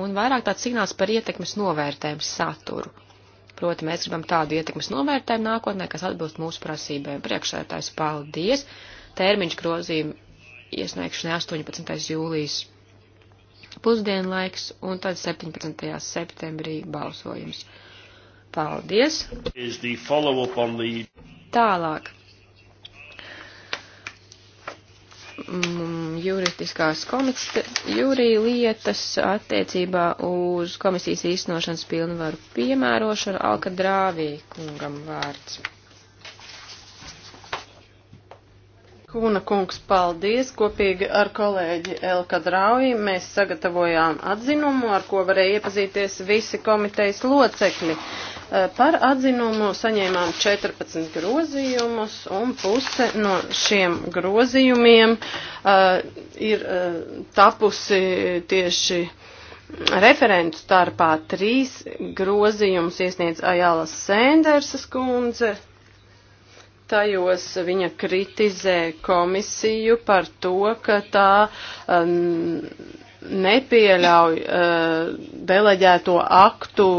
un vairāk tāds signāls par ietekmes novērtējumu saturu. Proti, mēs gribam tādu ietekmes novērtējumu nākotnē, kas atbilst mūsu prasībēm. Priekšsētājs paldies. Termiņš grozījuma iesniegšanai 18. jūlijas pusdienlaiks un tad 17. septembrī balsojums. Paldies! The... Tālāk mm, juridiskās komite, jūrī lietas attiecībā uz komisijas īstenošanas pilnvaru piemērošanu Alka Drāvī kungam vārds. Kūna kungs, paldies! Kopīgi ar kolēģi Elka Drauji mēs sagatavojām atzinumu, ar ko varēja iepazīties visi komitejas locekļi. Uh, Eh, par atzinumu saņēmām 14 grozījumus, un puse no šiem grozījumiem uh, ir uh, tapusi tieši referentu starpā. Trīs grozījumus iesniedz Ajālas Sēndersas kundze. Tajos viņa kritizē komisiju par to, ka tā um, nepieļauj uh, deleģēto aktu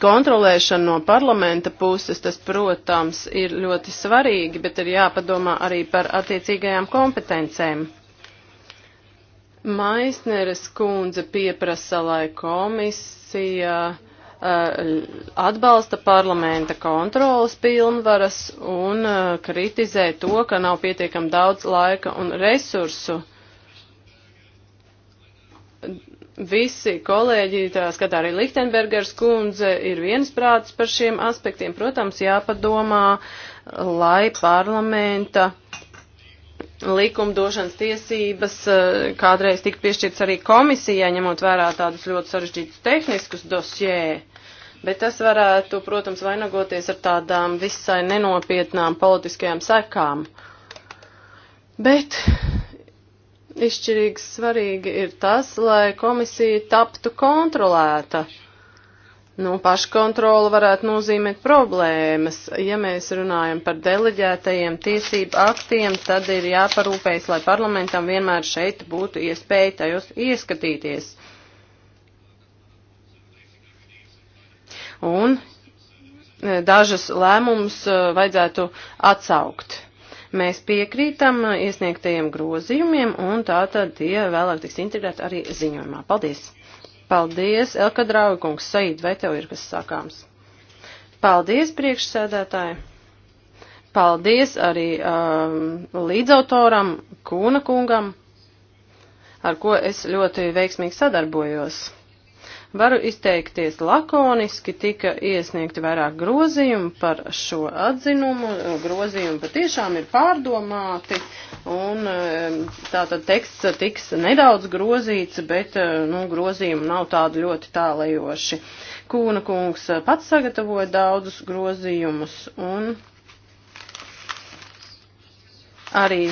kontrolēšana no parlamenta puses, tas, protams, ir ļoti svarīgi, bet ir jāpadomā arī par attiecīgajām kompetencēm. Maisneres kundze pieprasa, lai komisija eh, atbalsta parlamenta kontrolas pilnvaras un eh, kritizē to, ka nav pietiekam daudz laika un resursu visi kolēģi, tā skatā arī Lichtenbergers kundze, ir viensprāts par šiem aspektiem. Protams, jāpadomā, lai parlamenta likumdošanas tiesības eh, kādreiz tika piešķirts arī komisijai, ņemot vērā tādus ļoti sarežģītus tehniskus dosjē. Bet tas varētu, protams, vainagoties ar tādām visai nenopietnām politiskajām sekām. Bet Izšķirīgi svarīgi ir tas, lai komisija taptu kontrolēta. Nu, paškontrola varētu nozīmēt problēmas. Ja mēs runājam par deleģētajiem tiesību aktiem, tad ir jāparūpējas, lai parlamentam vienmēr šeit būtu iespēja tajos ieskatīties. Un e, dažas lēmumus e, vajadzētu atsaukt. Mēs piekrītam iesniegtajiem grozījumiem, un tātad tie vēlāk tiks integrēti arī ziņojumā. Paldies! Paldies, Elka Draugungs, Said, vai tev ir kas sakāms? Paldies, priekšsēdētāji! Paldies arī um, līdzautoram Kūna kungam, ar ko es ļoti veiksmīgi sadarbojos. Varu izteikties lakoniski, tika iesniegti vairāk grozījumu par šo atzinumu. Grozījumi patiešām ir pārdomāti, un eh, tātad teksts tiks nedaudz grozīts, bet eh, nu, grozījumi nav tādi ļoti tālajoši. Kūna kungs pats sagatavoja daudzus grozījumus, un arī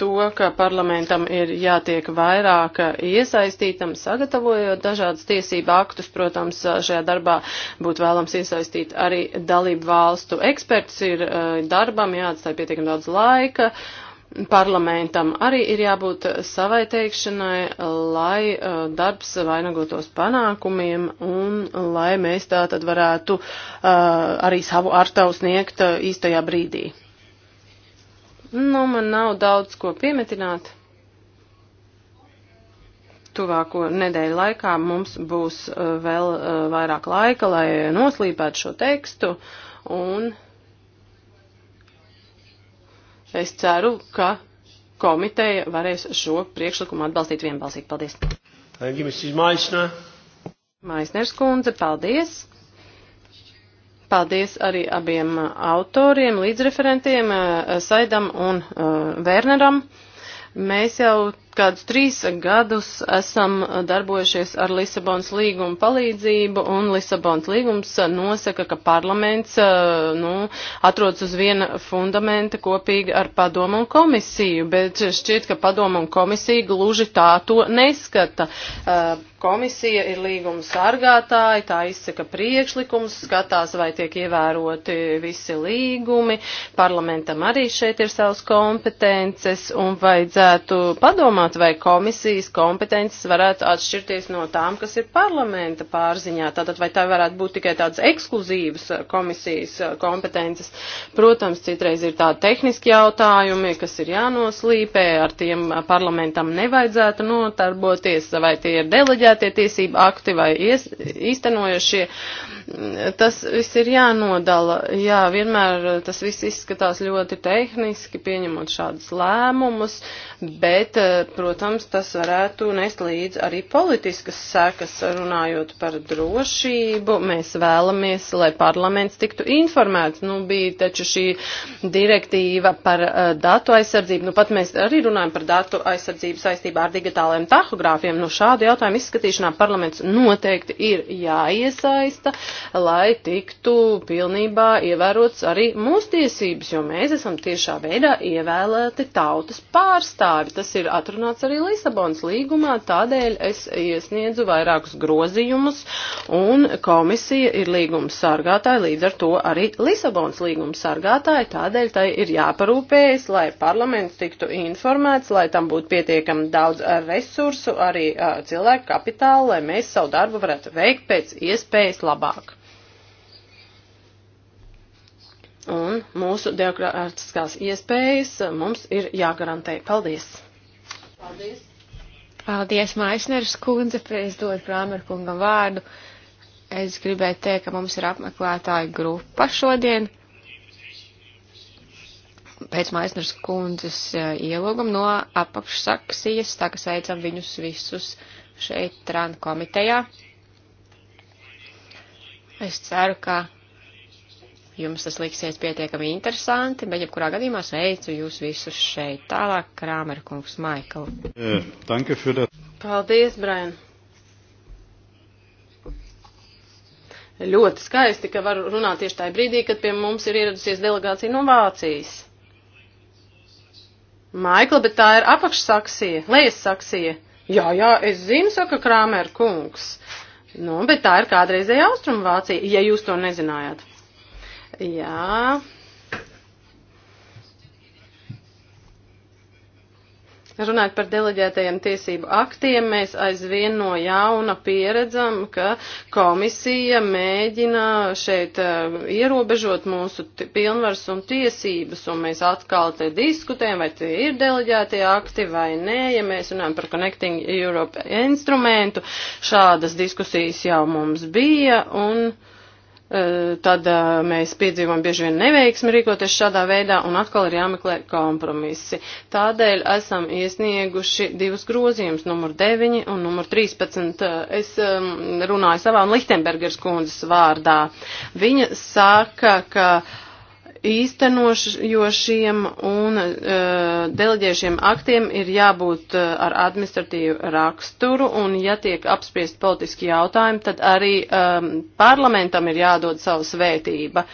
to, ka parlamentam ir jātiek vairāk iesaistītam, sagatavojot dažādas tiesību aktus. Protams, šajā darbā būtu vēlams iesaistīt arī dalību valstu eksperts. Ir eh, darbam jāatstāj pietiekami daudz laika. Parlamentam arī ir jābūt savai teikšanai, lai eh, darbs vainagotos panākumiem un lai mēs tā tad varētu eh, arī savu artavu sniegt īstajā brīdī. Nu, man nav daudz ko piemetināt. Tuvāko nedēļu laikā mums būs uh, vēl uh, vairāk laika, lai noslīpētu šo tekstu, un es ceru, ka komiteja varēs šo priekšlikumu atbalstīt vienbalsīgi. Paldies! Maisners kundze, paldies! Paldies arī abiem uh, autoriem, līdzreferentiem, uh, Saidam un uh, Werneram. Mēs jau kādus trīs gadus esam darbojušies ar Lisabonas līgumu palīdzību, un Lisabonas līgums nosaka, ka parlaments nu, atrodas uz viena fundamenta kopīgi ar padomu un komisiju, bet šķiet, ka padomu un komisija gluži tā to neskata. Komisija ir līguma sargātāji, tā izsaka priekšlikums, skatās, vai tiek ievēroti visi līgumi, parlamentam arī šeit ir savas kompetences, un vajadzētu padomāt, domāt, vai komisijas kompetences varētu atšķirties no tām, kas ir parlamenta pārziņā. Tātad, vai tā varētu būt tikai tādas ekskluzīvas komisijas kompetences. Protams, citreiz ir tādi tehniski jautājumi, kas ir jānoslīpē, ar tiem parlamentam nevajadzētu notarboties, vai tie ir deleģētie tiesību akti vai ies, īstenojušie. Tas viss ir jānodala. Jā, vienmēr tas viss izskatās ļoti tehniski, pieņemot šādus lēmumus. Uh, bet, eh, protams, tas varētu nest līdz arī politiskas sekas, runājot par drošību. Mēs vēlamies, lai parlaments tiktu informēts. Nu, bija taču šī direktīva par uh, datu aizsardzību. Nu, pat mēs arī runājam par datu aizsardzību saistībā ar digitālajiem tahogrāfiem. Nu, šādu jautājumu izskatīšanā parlaments noteikti ir jāiesaista, lai tiktu pilnībā ievērots arī mūsu tiesības, jo mēs esam tiešā veidā ievēlēti tautas pārstāvji pārstāvi. Tas ir atrunāts arī Lisabonas līgumā, tādēļ es iesniedzu vairākus grozījumus, un komisija ir līguma sargātāja, līdz ar to arī Lisabonas līguma sargātāja, tādēļ tai ir jāparūpējas, lai parlaments tiktu informēts, lai tam būtu pietiekami daudz resursu, arī cilvēku kapitāla, lai mēs savu darbu varētu veikt pēc iespējas labāk. un mūsu demokrātiskās iespējas mums ir jāgarantē. Paldies! Paldies! Paldies, Maisners kundze, prezidot Krāmer kungam vārdu. Es gribēju teikt, ka mums ir apmeklētāju grupa šodien. Pēc Maisners kundzes e, ielūguma no apakšsaksijas, tā ka sveicam viņus visus šeit TRAN komitejā. Es ceru, ka Jums tas liksies pietiekami interesanti, bet jebkurā gadījumā sveicu jūs visus šeit. Tālāk Krāmer kungs Maikl. Paldies, Brian. Ļoti skaisti, ka varu runāt tieši tajā brīdī, kad pie mums ir ieradusies delegācija no Vācijas. Maikla, bet tā ir apakšsaksija, lejas saksija. Jā, jā, es zinu, saka Krāmer kungs. Nu, bet tā ir kādreizēja Austrumvācija, ja jūs to nezinājāt. Jā. Runājot par deleģētajiem tiesību aktiem, mēs aizvien no jauna pieredzam, ka komisija mēģina šeit eh, ierobežot mūsu pilnvars un tiesības, un mēs atkal te diskutējam, vai tie ir deleģētie akti vai nē. Ja mēs runājam par Connecting Europe instrumentu, šādas diskusijas jau mums bija, un. Eh, tad eh, mēs piedzīvojam bieži vien neveiksmi rīkoties šādā veidā un atkal ir jāmeklē kompromisi. Tādēļ esam iesnieguši divus grozījumus, numur 9 un numur 13. Eh, es ehm, runāju savā un Lichtenbergers kundzes vārdā. Viņa saka, ka īstenojošiem un uh, deleģējušiem aktiem ir jābūt uh, ar administratīvu raksturu, un ja tiek apspriest politiski jautājumi, tad arī um, parlamentam ir jādod savu svētība.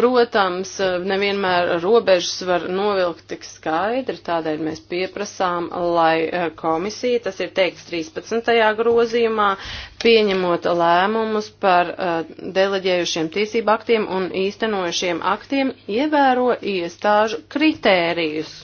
Protams, nevienmēr robežas var novilkt tik skaidri, tādēļ mēs pieprasām, lai eh, komisija, tas ir teikts 13. grozījumā, pieņemot lēmumus par eh, deleģējušiem tiesību aktiem un īstenojušiem aktiem, ievēro iestāžu kritērijus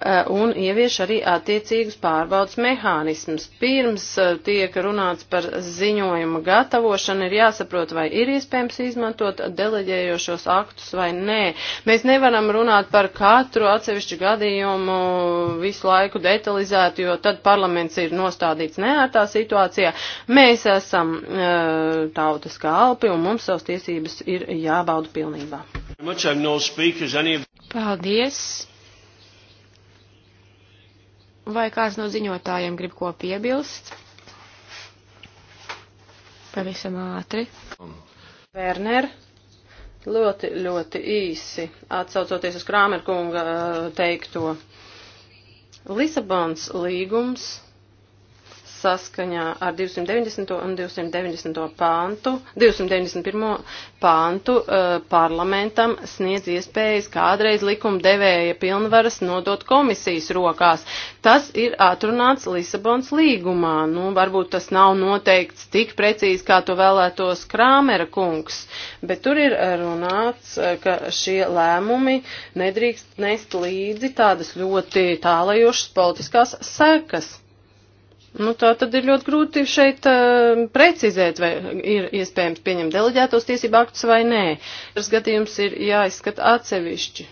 Eh, un ievieš arī attiecīgus pārbaudas mehānismus. Pirms eh, tiek runāts par ziņojuma gatavošanu, ir jāsaprot, vai ir iespējams izmantot deleģējošos aktus vai nē. Mēs nevaram runāt par katru atsevišķu gadījumu visu laiku detalizēt, jo tad parlaments ir nostādīts neērtā situācijā. Mēs esam e, tautas kalpi un mums savas tiesības ir jābauda pilnībā. Paldies! Vai kāds no ziņotājiem grib ko piebilst? Pavisam ātri. Um. Werner, ļoti, ļoti īsi atsaucoties uz Krāmerkunga uh, teikto. Lisabons līgums saskaņā ar 290. un 290. pāntu, 291. pāntu uh, parlamentam sniedz iespējas kādreiz likumdevēja pilnvaras nodot komisijas rokās. Tas ir atrunāts Lisabons līgumā. Nu, varbūt tas nav noteikts tik precīzi, kā to vēlētos Krāmera kungs, bet tur ir runāts, eh, ka šie lēmumi nedrīkst nest līdzi tādas ļoti tālajošas politiskās sekas. Nu, tā tad ir ļoti grūti šeit uh, precizēt, vai ir iespējams pieņemt deleģētos tiesību aktus vai nē. Tas gadījums ir jāizskata atsevišķi.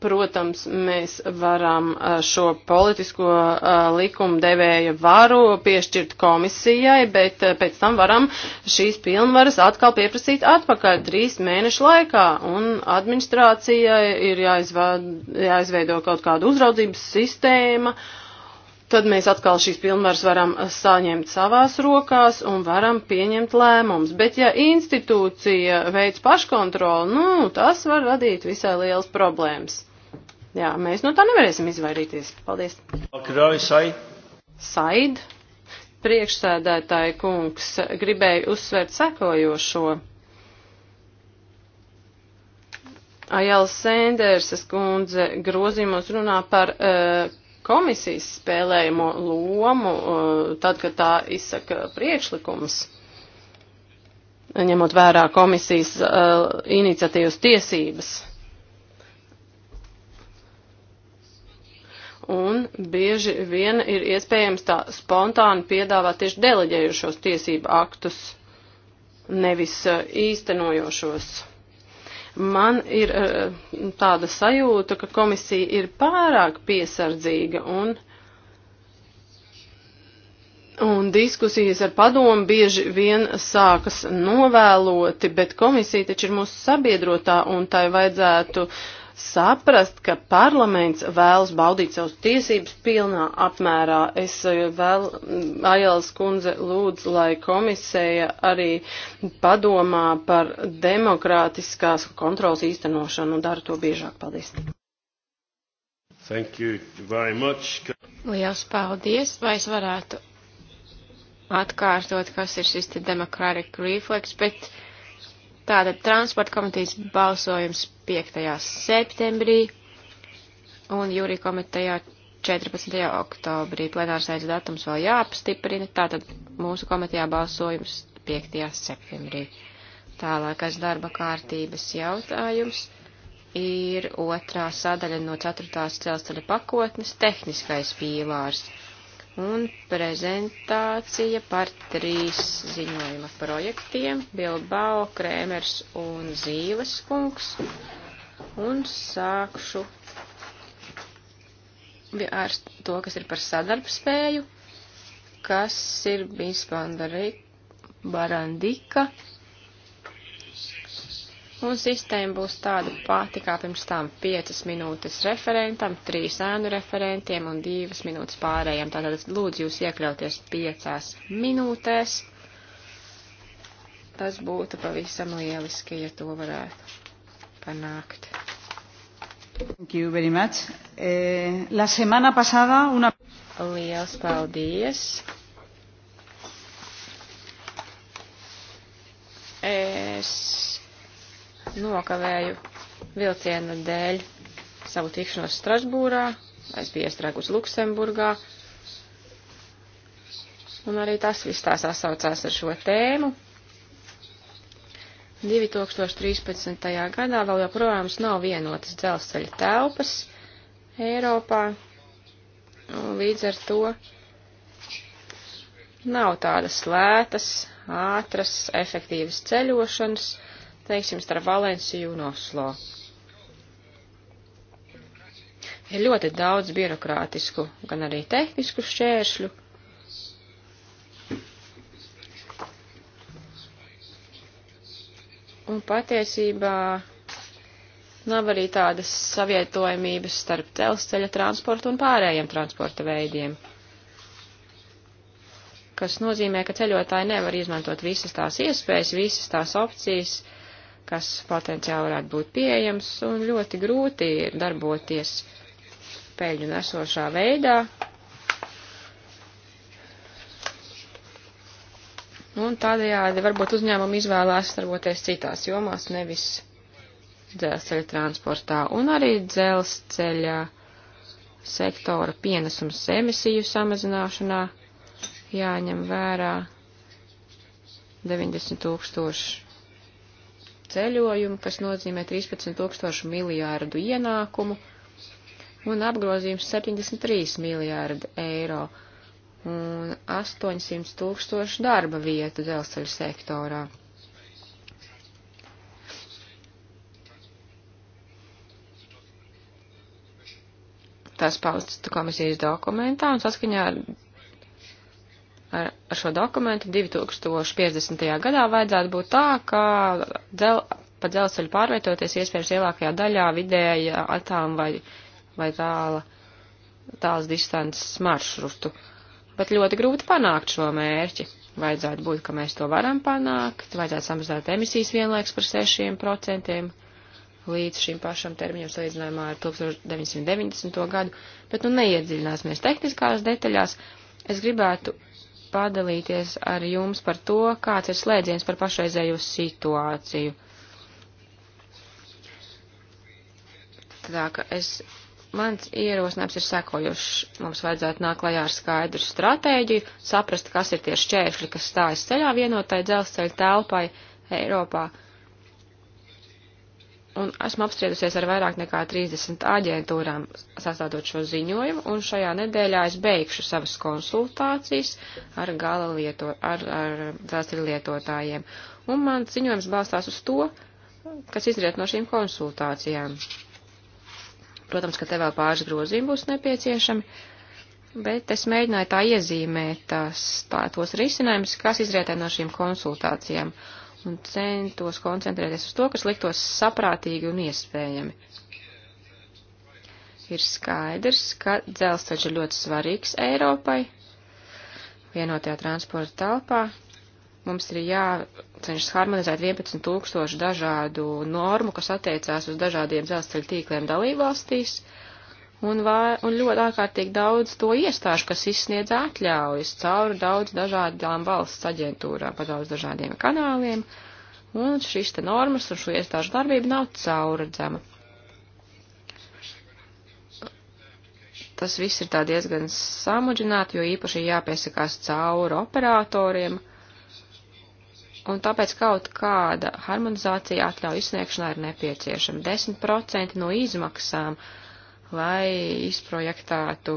Protams, mēs varam uh, šo politisko uh, eh, likumu devēja varu piešķirt komisijai, bet uh, pēc tam varam šīs pilnvaras atkal pieprasīt atpakaļ trīs mēnešu laikā, un administrācijai ir jāizved, jāizveido kaut kāda uzraudzības sistēma. Uh, tad mēs atkal šīs pilnvaras varam eh, saņemt savās rokās un varam pieņemt lēmumus. Bet ja institūcija veids paškontroli, nu, tas var radīt visai lielas problēmas. Jā, mēs no tā nevarēsim izvairīties. Paldies. Said, priekšsēdētāji kungs, gribēju uzsvērt sekojošo. Ajāls Sēndersas kundze grozījumos runā par uh, komisijas spēlējamo lomu, uh, tad, kad tā izsaka priekšlikums, ņemot vērā komisijas uh, iniciatīvas tiesības. un bieži vien ir iespējams tā spontāni piedāvāt tieši deleģējušos tiesību aktus, nevis uh, īstenojošos. Man ir eh, tāda sajūta, ka komisija ir pārāk piesardzīga un. Un diskusijas ar padomu bieži vien sākas novēloti, bet komisija taču ir mūsu sabiedrotā un tai vajadzētu uh, saprast, ka parlaments vēlas baudīt savus tiesības pilnā apmērā. Es eh, vēl, mm, Ajāls kundze, lūdzu, lai komisēja arī padomā par demokrātiskās kontrols īstenošanu un dara to biežāk. Paldies! Thank you very much. Liels paldies! Vai es varētu atkārtot, kas ir šis te demokrātika refleks, bet Tātad transporta komitejas balsojums 5. septembrī un jūrija komitejā 14. oktobrī. Plenārsēdes datums vēl jāapstiprina, tātad mūsu komitejā balsojums 5. septembrī. Tālākais darba kārtības jautājums ir otrā sadaļa no 4. dzelzceļa pakotnes tehniskais pīlārs un prezentācija par trīs ziņojuma projektiem - Bilbao, Krēmers un Zīles kungs. Un sākšu ar to, kas ir par sadarbspēju, kas ir Bispandari Barandika Un sistēma būs tāda pati kā pirms tam - 5 minūtes referentam, 3 ēnu referentiem un 2 minūtes pārējiem. Tātad lūdzu jūs iekļauties 5 minūtēs. Tas būtu pavisam lieliski, ja to varētu panākt. Thank you very much. Eh, la semana pasada una... Liels paldies. Es nokavēju vilciena dēļ savu tikšanos Strasbūrā, es biju iestrēgus Luksemburgā, un arī tas viss tā sasaucās ar šo tēmu. 2013. gadā vēl joprojām nav vienotas dzelzceļa telpas Eiropā, un līdz ar to nav tādas lētas, ātras, efektīvas ceļošanas, teiksim, starp Valenciju un Oslo. Ir ļoti daudz birokrātisku, gan arī tehnisku šķēršļu. Un patiesībā nav arī tādas savietojamības starp dzelzceļa transportu un pārējiem transporta veidiem, kas nozīmē, ka ceļotāji nevar izmantot visas tās iespējas, visas tās opcijas, uh, kas potenciāli varētu būt pieejams, un ļoti grūti ir darboties peļņu nesošā veidā. Un tādējādi varbūt uzņēmumi izvēlās darboties citās jomās, nevis dzelzceļa transportā. Un arī dzelzceļa sektora pienesums emisiju samazināšanā jāņem vērā 90 tūkstoši ceļojumu, kas nozīmē 13 tūkstošu miljārdu ienākumu un apgrozījums 73 miljārdu eiro un 800 tūkstošu darba vietu dzelzceļu sektorā. Tas pausts komisijas dokumentā un saskaņā ar ar, ar šo dokumentu 2050. gadā vajadzētu būt tā, ka dzel, pa dzelzceļu pārvietoties iespējams lielākajā daļā vidēja attāluma vai, vai tāla, tāls distances maršrutu. Bet ļoti grūti panākt šo mērķi. Vajadzētu būt, ka mēs to varam panākt, vajadzētu samazināt emisijas vienlaiks par 6% līdz šim pašam termiņam salīdzinājumā ar 1990. gadu, bet nu neiedziļināsimies tehniskās detaļās. Es gribētu padalīties ar jums par to, kāds ir slēdziens par pašreizējo situāciju. Tā ka es, mans ierosinājums ir sekojošs. Mums vajadzētu nākt klajā ar skaidru stratēģiju, saprast, kas ir tie šķēršļi, kas stājas ceļā vienotai dzelzceļa telpai Eiropā. Uh, un esmu apspriedusies ar vairāk nekā 30 aģentūrām sastādot šo ziņojumu, un šajā nedēļā es beigšu savas konsultācijas ar gala lieto, ar, ar dzelzceļa lietotājiem, un man ziņojums balstās uz to, kas izriet no šīm konsultācijām. Protams, ka te vēl pāris grozījumi būs nepieciešami, bet es mēģināju tā iezīmēt tās, tā, tos risinājumus, kas izrietē no šīm konsultācijām. Uh, un centos koncentrēties uz to, kas liktos saprātīgi un iespējami. Ir skaidrs, ka dzelzceļš ir ļoti svarīgs Eiropai, vienotajā transporta telpā. Mums ir jācenšas harmonizēt 11 tūkstošu dažādu normu, kas attiecās uz dažādiem dzelzceļa tīkliem dalībvalstīs. valstīs un, vā, un ļoti ārkārtīgi daudz to iestāžu, kas izsniedz atļaujas cauri daudz dažādām valsts aģentūrām, pa daudz dažādiem kanāliem, un šīs te normas un šo iestāžu darbība nav cauradzama. Tas viss ir tā diezgan samudžināti, jo īpaši jāpiesakās cauri operatoriem, un tāpēc kaut kāda harmonizācija atļauju izsniegšanā ir nepieciešama. 10% no izmaksām uh, lai izprojektētu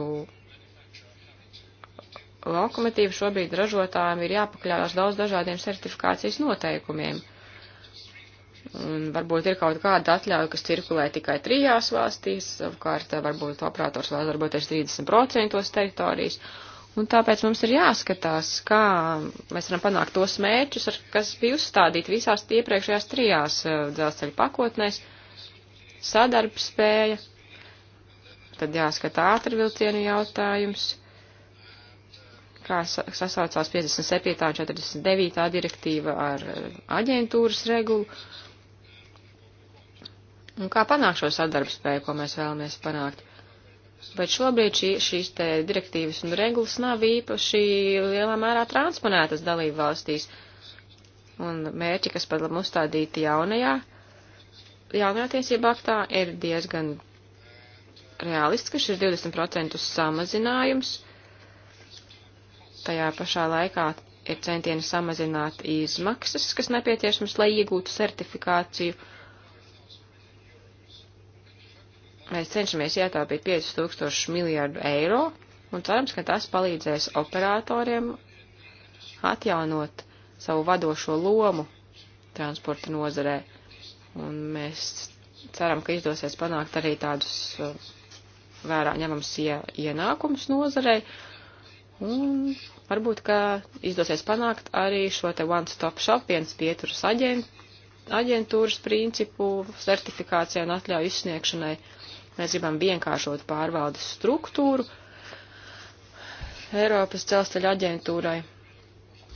lokomotīvu. Šobrīd ražotājiem ir jāpakļaujas daudz dažādiem certifikācijas noteikumiem. Un varbūt ir kaut kāda atļauja, kas cirkulē tikai trijās valstīs, savukārt varbūt operators vēl darboties 30% teritorijas. Un tāpēc mums ir jāskatās, kā mēs varam panākt tos mērķus, kas bija uzstādīti visās iepriekšējās trijās eh, dzelzceļa pakotnēs - sadarbspēja, Tad jāskata ātrvilcienu jautājums, kā sasaucās 57. un 49. direktīva ar eh, aģentūras regulu. Un kā panākt šo sadarbspēju, ko mēs vēlamies panākt? Bet šobrīd šī, šīs te direktīvas un regulas nav īpaši lielā mērā transponētas dalību valstīs. Un mērķi, kas pat mums stādīti jaunajā, jaunajā tiesība aktā, ir diezgan realists, ka šis 20% samazinājums tajā pašā laikā ir centieni samazināt izmaksas, kas nepieciešams, lai iegūtu certifikāciju. Mēs cenšamies ietaupīt 5000 miljārdu eiro un cerams, ka tas palīdzēs operatoriem atjaunot savu vadošo lomu transporta nozarē. Un mēs ceram, ka izdosies panākt arī tādus uh, vērā ņemams ie, ienākums nozarei, un varbūt, ka izdosies panākt arī šo te one-stop shop, viens pieturas aģent, aģentūras principu certifikācijai un atļauju izsniegšanai. Mēs gribam vienkāršot pārvaldes struktūru Eiropas dzelzceļa aģentūrai.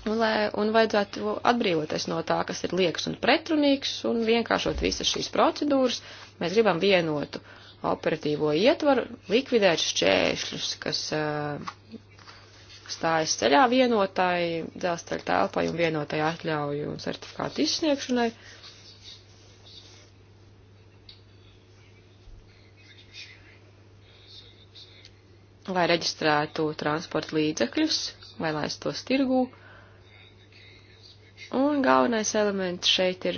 Un, lai, un vajadzētu atbrīvoties no tā, kas ir liekas un pretrunīgs, un vienkāršot visas šīs procedūras. Mēs gribam vienotu operatīvo ietvaru, likvidēt šķēršļus, kas eh, stājas ceļā vienotai dzelzceļa telpai un vienotai atļauju un certifikātu izsniegšanai. lai reģistrētu transporta līdzekļus, vai lai es tos tirgū. Un galvenais elements šeit ir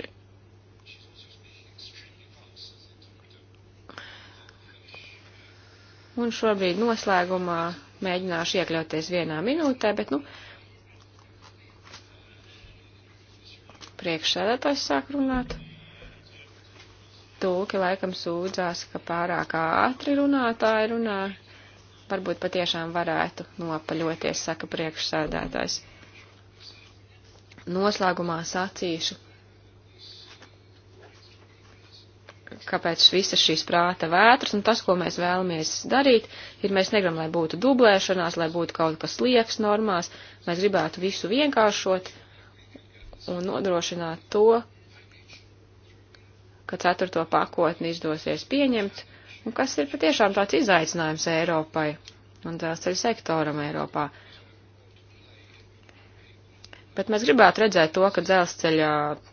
Un šobrīd noslēgumā mēģināšu iekļauties vienā minūtē, bet, nu, priekšsēdētājs sāk runāt. Tūki laikam sūdzās, ka pārāk ātri runātāji runā. Varbūt patiešām varētu nopaļoties, saka priekšsēdētājs. Noslēgumā sacīšu, kāpēc visas šīs prāta vētras, un tas, ko mēs vēlamies darīt, ir mēs negribam, lai būtu dublēšanās, lai būtu kaut kas lieks normās, mēs gribētu visu vienkāršot un nodrošināt to, ka ceturto pakotni izdosies pieņemt, un kas ir patiešām tāds izaicinājums Eiropai un dzelzceļa sektoram Eiropā. Bet mēs gribētu redzēt to, ka dzelzceļa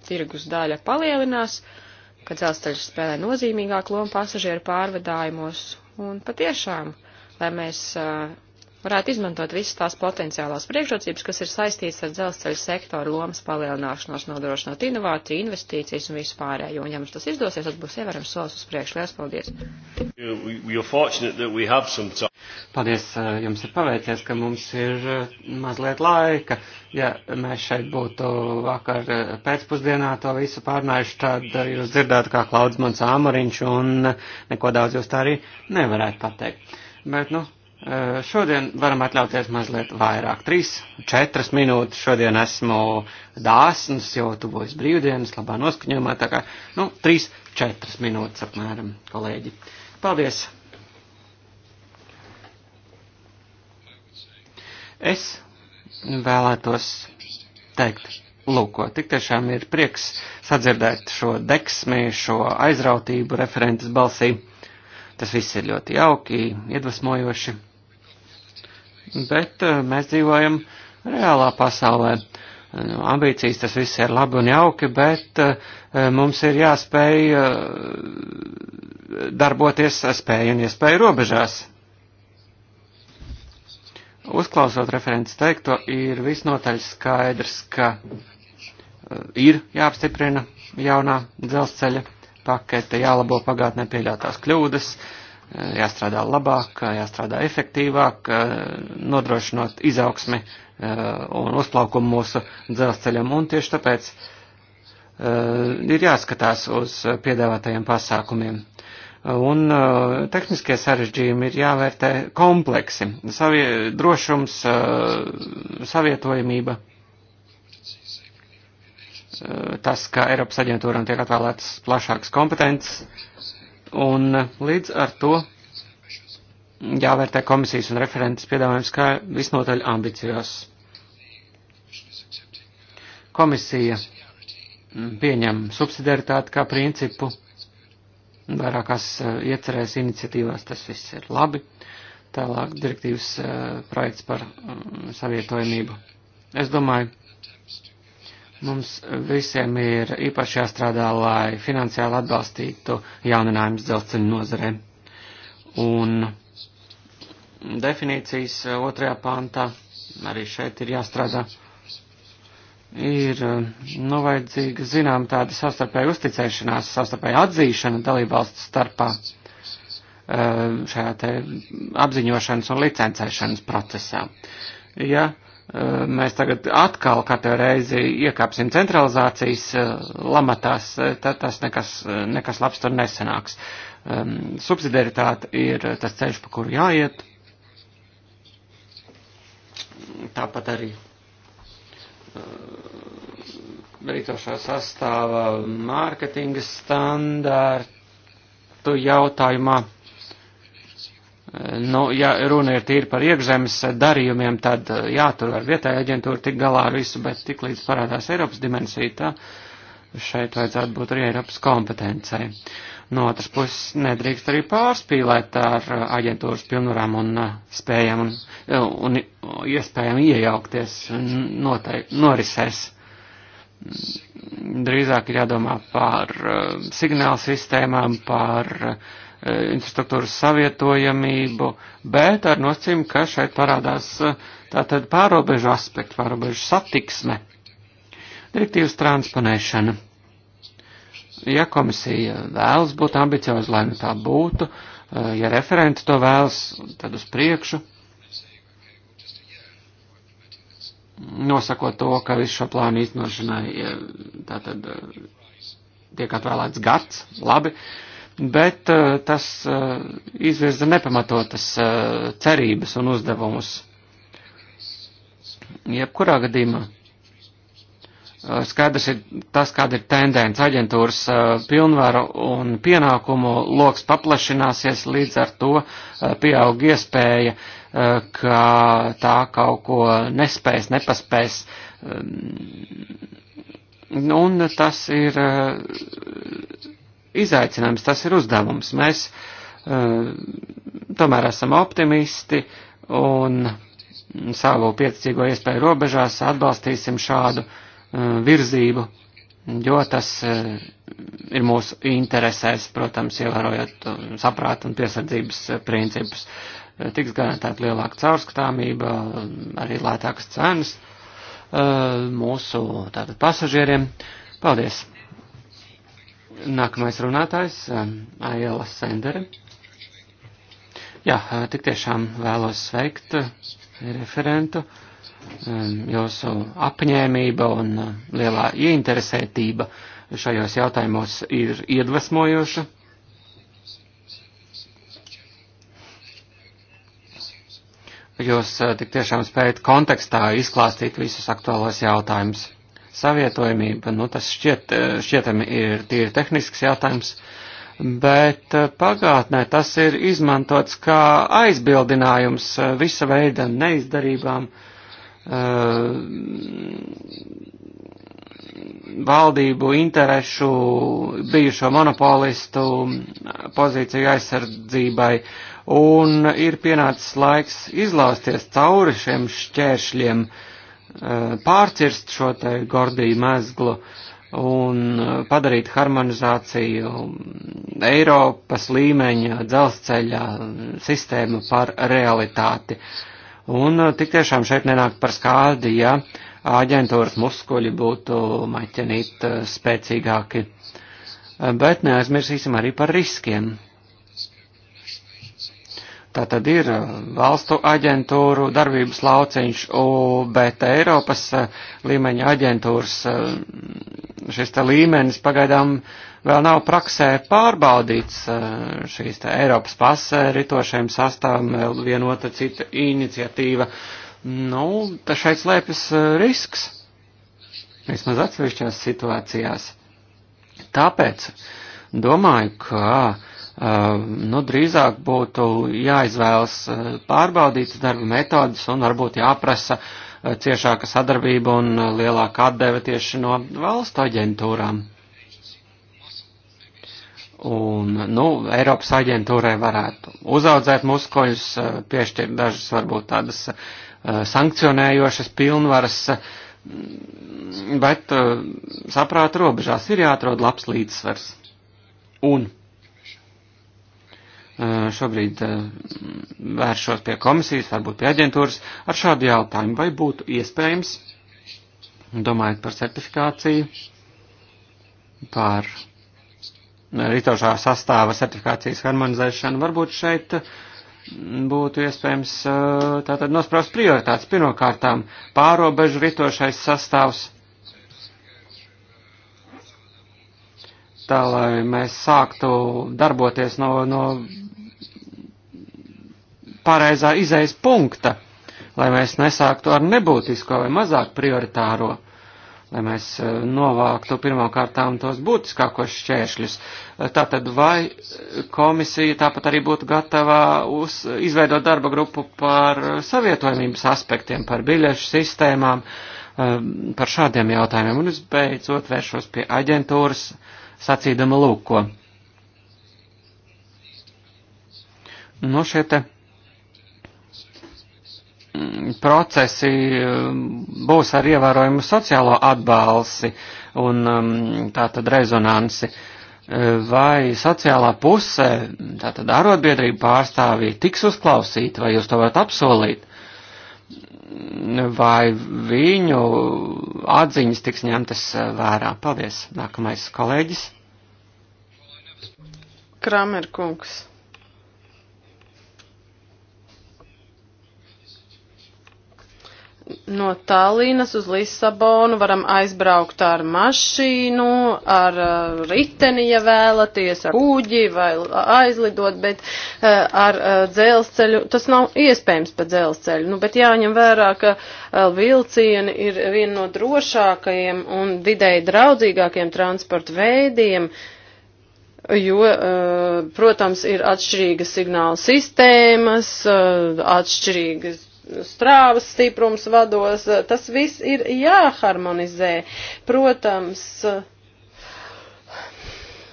tirgus daļa palielinās, uh, ka dzelzceļš spēlē nozīmīgāku lomu pasažieru pārvadājumos. Un patiešām, lai mēs uh, varētu izmantot visas tās potenciālās priekšrocības, kas ir saistītas ar dzelzceļa sektoru lomas palielināšanos, nodrošinot inovāciju, investīcijas un visu pārējo. Un ja mums tas izdosies, tad būs ievērams solis uz priekšu. Lielas paldies! Paldies, eh, jums ir paveicies, ka mums ir eh, mazliet laika. Ja mēs šeit būtu vakar eh, pēcpusdienā to visu pārnājuši, tad jūs dzirdētu kā Klauds mans āmariņš un neko daudz jūs tā arī nevarētu pateikt. Bet, nu, Eh, šodien varam atļauties mazliet vairāk. Trīs, četras minūtes. Šodien esmu dāsns, jau tuvojas brīvdienas, labā noskaņojumā. Tā kā, nu, trīs, četras minūtes apmēram, kolēģi. Paldies! Es vēlētos teikt, lūko, tik tiešām ir prieks sadzirdēt šo deksmi, šo aizrautību referentes balsī. Tas viss ir ļoti jauki, iedvesmojoši bet eh, mēs dzīvojam reālā pasaulē. Ambīcijas tas viss ir labi un jauki, bet eh, mums ir jāspēj eh, darboties spēju un iespēju robežās. Uzklausot referents teikto, ir visnotaļ skaidrs, ka ir jāapstiprina jaunā dzelzceļa pakete, jālabo pagātnē pieļautās kļūdas, uh, Eh, jāstrādā labāk, eh, jāstrādā efektīvāk, eh, nodrošinot izaugsmi un uzplaukumu mūsu dzelzceļam. Un tieši tāpēc ir jāskatās uz piedāvātajiem pasākumiem. Un tehniskie sarežģījumi ir jāvērtē kompleksi, savie, drošums, savietojamība tas, ka Eiropas aģentūram tiek atvēlētas plašākas kompetences, Un eh, līdz ar to jāvērtē komisijas un referentes piedāvājums kā visnotaļ ambiciozs. Komisija mm, pieņem subsidiaritāti kā principu, vairākās eh, iecerēs iniciatīvās tas viss ir labi. Tālāk direktīvas eh, projekts par mm, savietojamību. Es domāju, Mums visiem ir īpaši jāstrādā, lai finansiāli atbalstītu jauninājumus dzelzceļu nozarē. Un definīcijas otrajā pantā arī šeit ir jāstrādā. Ir nu vajadzīga, zinām, tāda savstarpēja uzticēšanās, savstarpēja atzīšana dalībvalstu starpā eh, šajā te apziņošanas un licencēšanas procesā. Ja mēs tagad atkal katru reizi iekāpsim centralizācijas eh, lamatās, eh, tad tas nekas, eh, nekas labs tur nesanāks. Ehm, subsidiaritāte ir tas ceļš, pa kuru jāiet. Tāpat arī rītošā sastāvā mārketinga standārtu jautājumā. Nu, ja runa ir tīri par iekšzemes darījumiem, tad eh, jā, tur var vietēja aģentūra tik galā ar visu, bet tik līdz parādās Eiropas dimensija, tā šeit vajadzētu būt arī Eiropas kompetencei. No otras puses, nedrīkst arī pārspīlēt ar eh, aģentūras pilnvarām un eh, spējām un, un, un iespējām iejaukties notai, norisēs. Drīzāk ir jādomā par signāla sistēmām, par uh, Eh, infrastruktūras savietojamību, bet ar nocīm, ka šeit parādās eh, tātad pārobežu aspektu, pārobežu satiksme. Direktīvas transponēšana. Ja komisija vēlas būt ambicioza, lai nu tā būtu, eh, ja referenti to vēlas, tad uz priekšu. Nosakot to, ka visu šo plānu īstenošanai tātad tiek atvēlēts gads, labi. Uh, bet uh, tas uh, izvirza nepamatotas uh, cerības un uzdevumus. Jebkurā gadījumā skaidrs ir tas, kāda ir tendence aģentūras pilnvaru un pienākumu loks paplašināsies, līdz ar to pieaug iespēja, ka tā kaut ko nespēs, nepaspēs. Um, un tas ir izaicinājums, tas ir uzdevums. Mēs uh, tomēr esam optimisti un savu pieticīgo iespēju robežās atbalstīsim šādu uh, virzību, jo tas uh, ir mūsu interesēs, protams, ievērojot saprāta un piesardzības principus. Tiks garantēta lielāka caurskatāmība, arī lētākas cenas mūsu tātad pasažieriem. Paldies! Nākamais runātājs um, - Aiela Sendere. Jā, uh, tik tiešām vēlos sveikt uh, referentu. Um, jūsu apņēmība un uh, lielā ieinteresētība šajos jautājumos ir iedvesmojoša. Jūs tik tiešām spējat kontekstā izklāstīt visus aktuālos jautājumus savietojamība, nu tas šķiet, šķietami ir tīri tehnisks jautājums, bet eh, pagātnē tas ir izmantots kā aizbildinājums eh, visa veida neizdarībām. Eh, valdību interešu, bijušo monopolistu pozīciju aizsardzībai, un ir pienācis laiks izlausties cauri šiem šķēršļiem, uh, Eh, pārcirst šo te Gordiju mezglu un eh, padarīt harmonizāciju Eiropas līmeņa dzelzceļa sistēmu par realitāti. Un eh, tik tiešām šeit nenāk par skādi, ja aģentūras muskuļi būtu maķenīt spēcīgāki. Bet neaizmirsīsim arī par riskiem. Tā tad ir uh, valstu aģentūru darbības lauciņš, bet Eiropas uh, līmeņa aģentūras uh, šis te līmenis pagaidām vēl nav praksē pārbaudīts šīs te Eiropas pasē ritošajiem sastāvam vienota cita iniciatīva. Nu, tā šeit slēpjas risks, vismaz atsevišķās situācijās. Tāpēc domāju, ka Eh, nu, drīzāk būtu jāizvēlas eh, pārbaudītas darba metodas un varbūt jāprasa eh, ciešāka sadarbība un lielāka atdeve tieši no valstu aģentūrām. Un, nu, Eiropas aģentūrai varētu uzaudzēt muskuļus, piešķirt dažas varbūt tādas sankcionējošas pilnvaras, mm, bet saprāta robežās ir jāatrod labs līdzsvars. Un Eh, šobrīd eh, vēršos pie komisijas, varbūt pie aģentūras ar šādu jautājumu, vai būtu iespējams, domājot par certifikāciju, par eh, ritošā sastāva certifikācijas harmonizēšanu, varbūt šeit būtu iespējams tātad nospraust prioritātes. Pirmkārtām pārobežu ritošais sastāvs. tā, lai mēs sāktu darboties no, no pareizā izejas punkta, lai mēs nesāktu ar nebūtisko vai mazāk prioritāro, lai mēs e, novāktu pirmkārtām tos būtiskākos šķēršļus. E, tātad vai komisija tāpat arī būtu gatava uz, izveidot darba grupu par savietojumības aspektiem, par biļešu sistēmām, e, par šādiem jautājumiem. Un es beidzot vēršos pie aģentūras sacīdama lūko. Nu, šie te procesi eh, būs ar ievērojumu sociālo atbalsi un mm, tātad rezonansi. Eh, vai sociālā puse, tātad arotbiedrība pārstāvī, tiks uzklausīta, vai jūs to varat apsolīt? Vai viņu atziņas tiks ņemtas eh, vērā? Paldies. Nākamais kolēģis. Kramer kungs. no Tallinas uz Lisabonu varam aizbraukt ar mašīnu, ar uh, riteni, ja vēlaties, ar kūģi vai aizlidot, bet uh, ar uh, dzelzceļu tas nav iespējams pa dzelzceļu. Nu, bet jāņem vērā, ka vilcieni ir viena no drošākajiem un vidēji draudzīgākiem transporta veidiem jo, protams, ir atšķirīgas signāla sistēmas, atšķirīgas strāvas stiprums vados, tas viss ir jāharmonizē. Protams,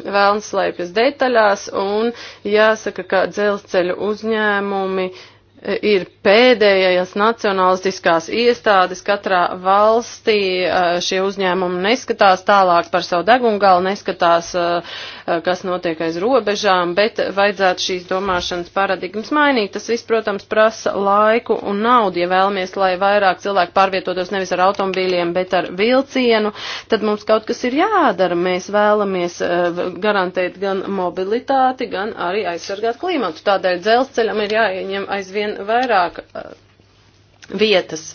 vēlns slēpjas detaļās un jāsaka, ka dzelzceļu uzņēmumi uh, E, ir pēdējās nacionalistiskās iestādes katrā valstī. E, šie uzņēmumi neskatās tālāk par savu degungalu, neskatās, e, kas notiek aiz robežām, bet vajadzētu šīs domāšanas paradigmas mainīt. Tas viss, protams, prasa laiku un naudu. Ja vēlamies, lai vairāk cilvēku pārvietotos nevis ar automobīļiem, bet ar vilcienu, tad mums kaut kas ir jādara. Mēs vēlamies garantēt gan mobilitāti, gan arī aizsargāt klimatu. Tādēļ dzelzceļam ir jāieņem aizvien arvien vairāk eh, vietas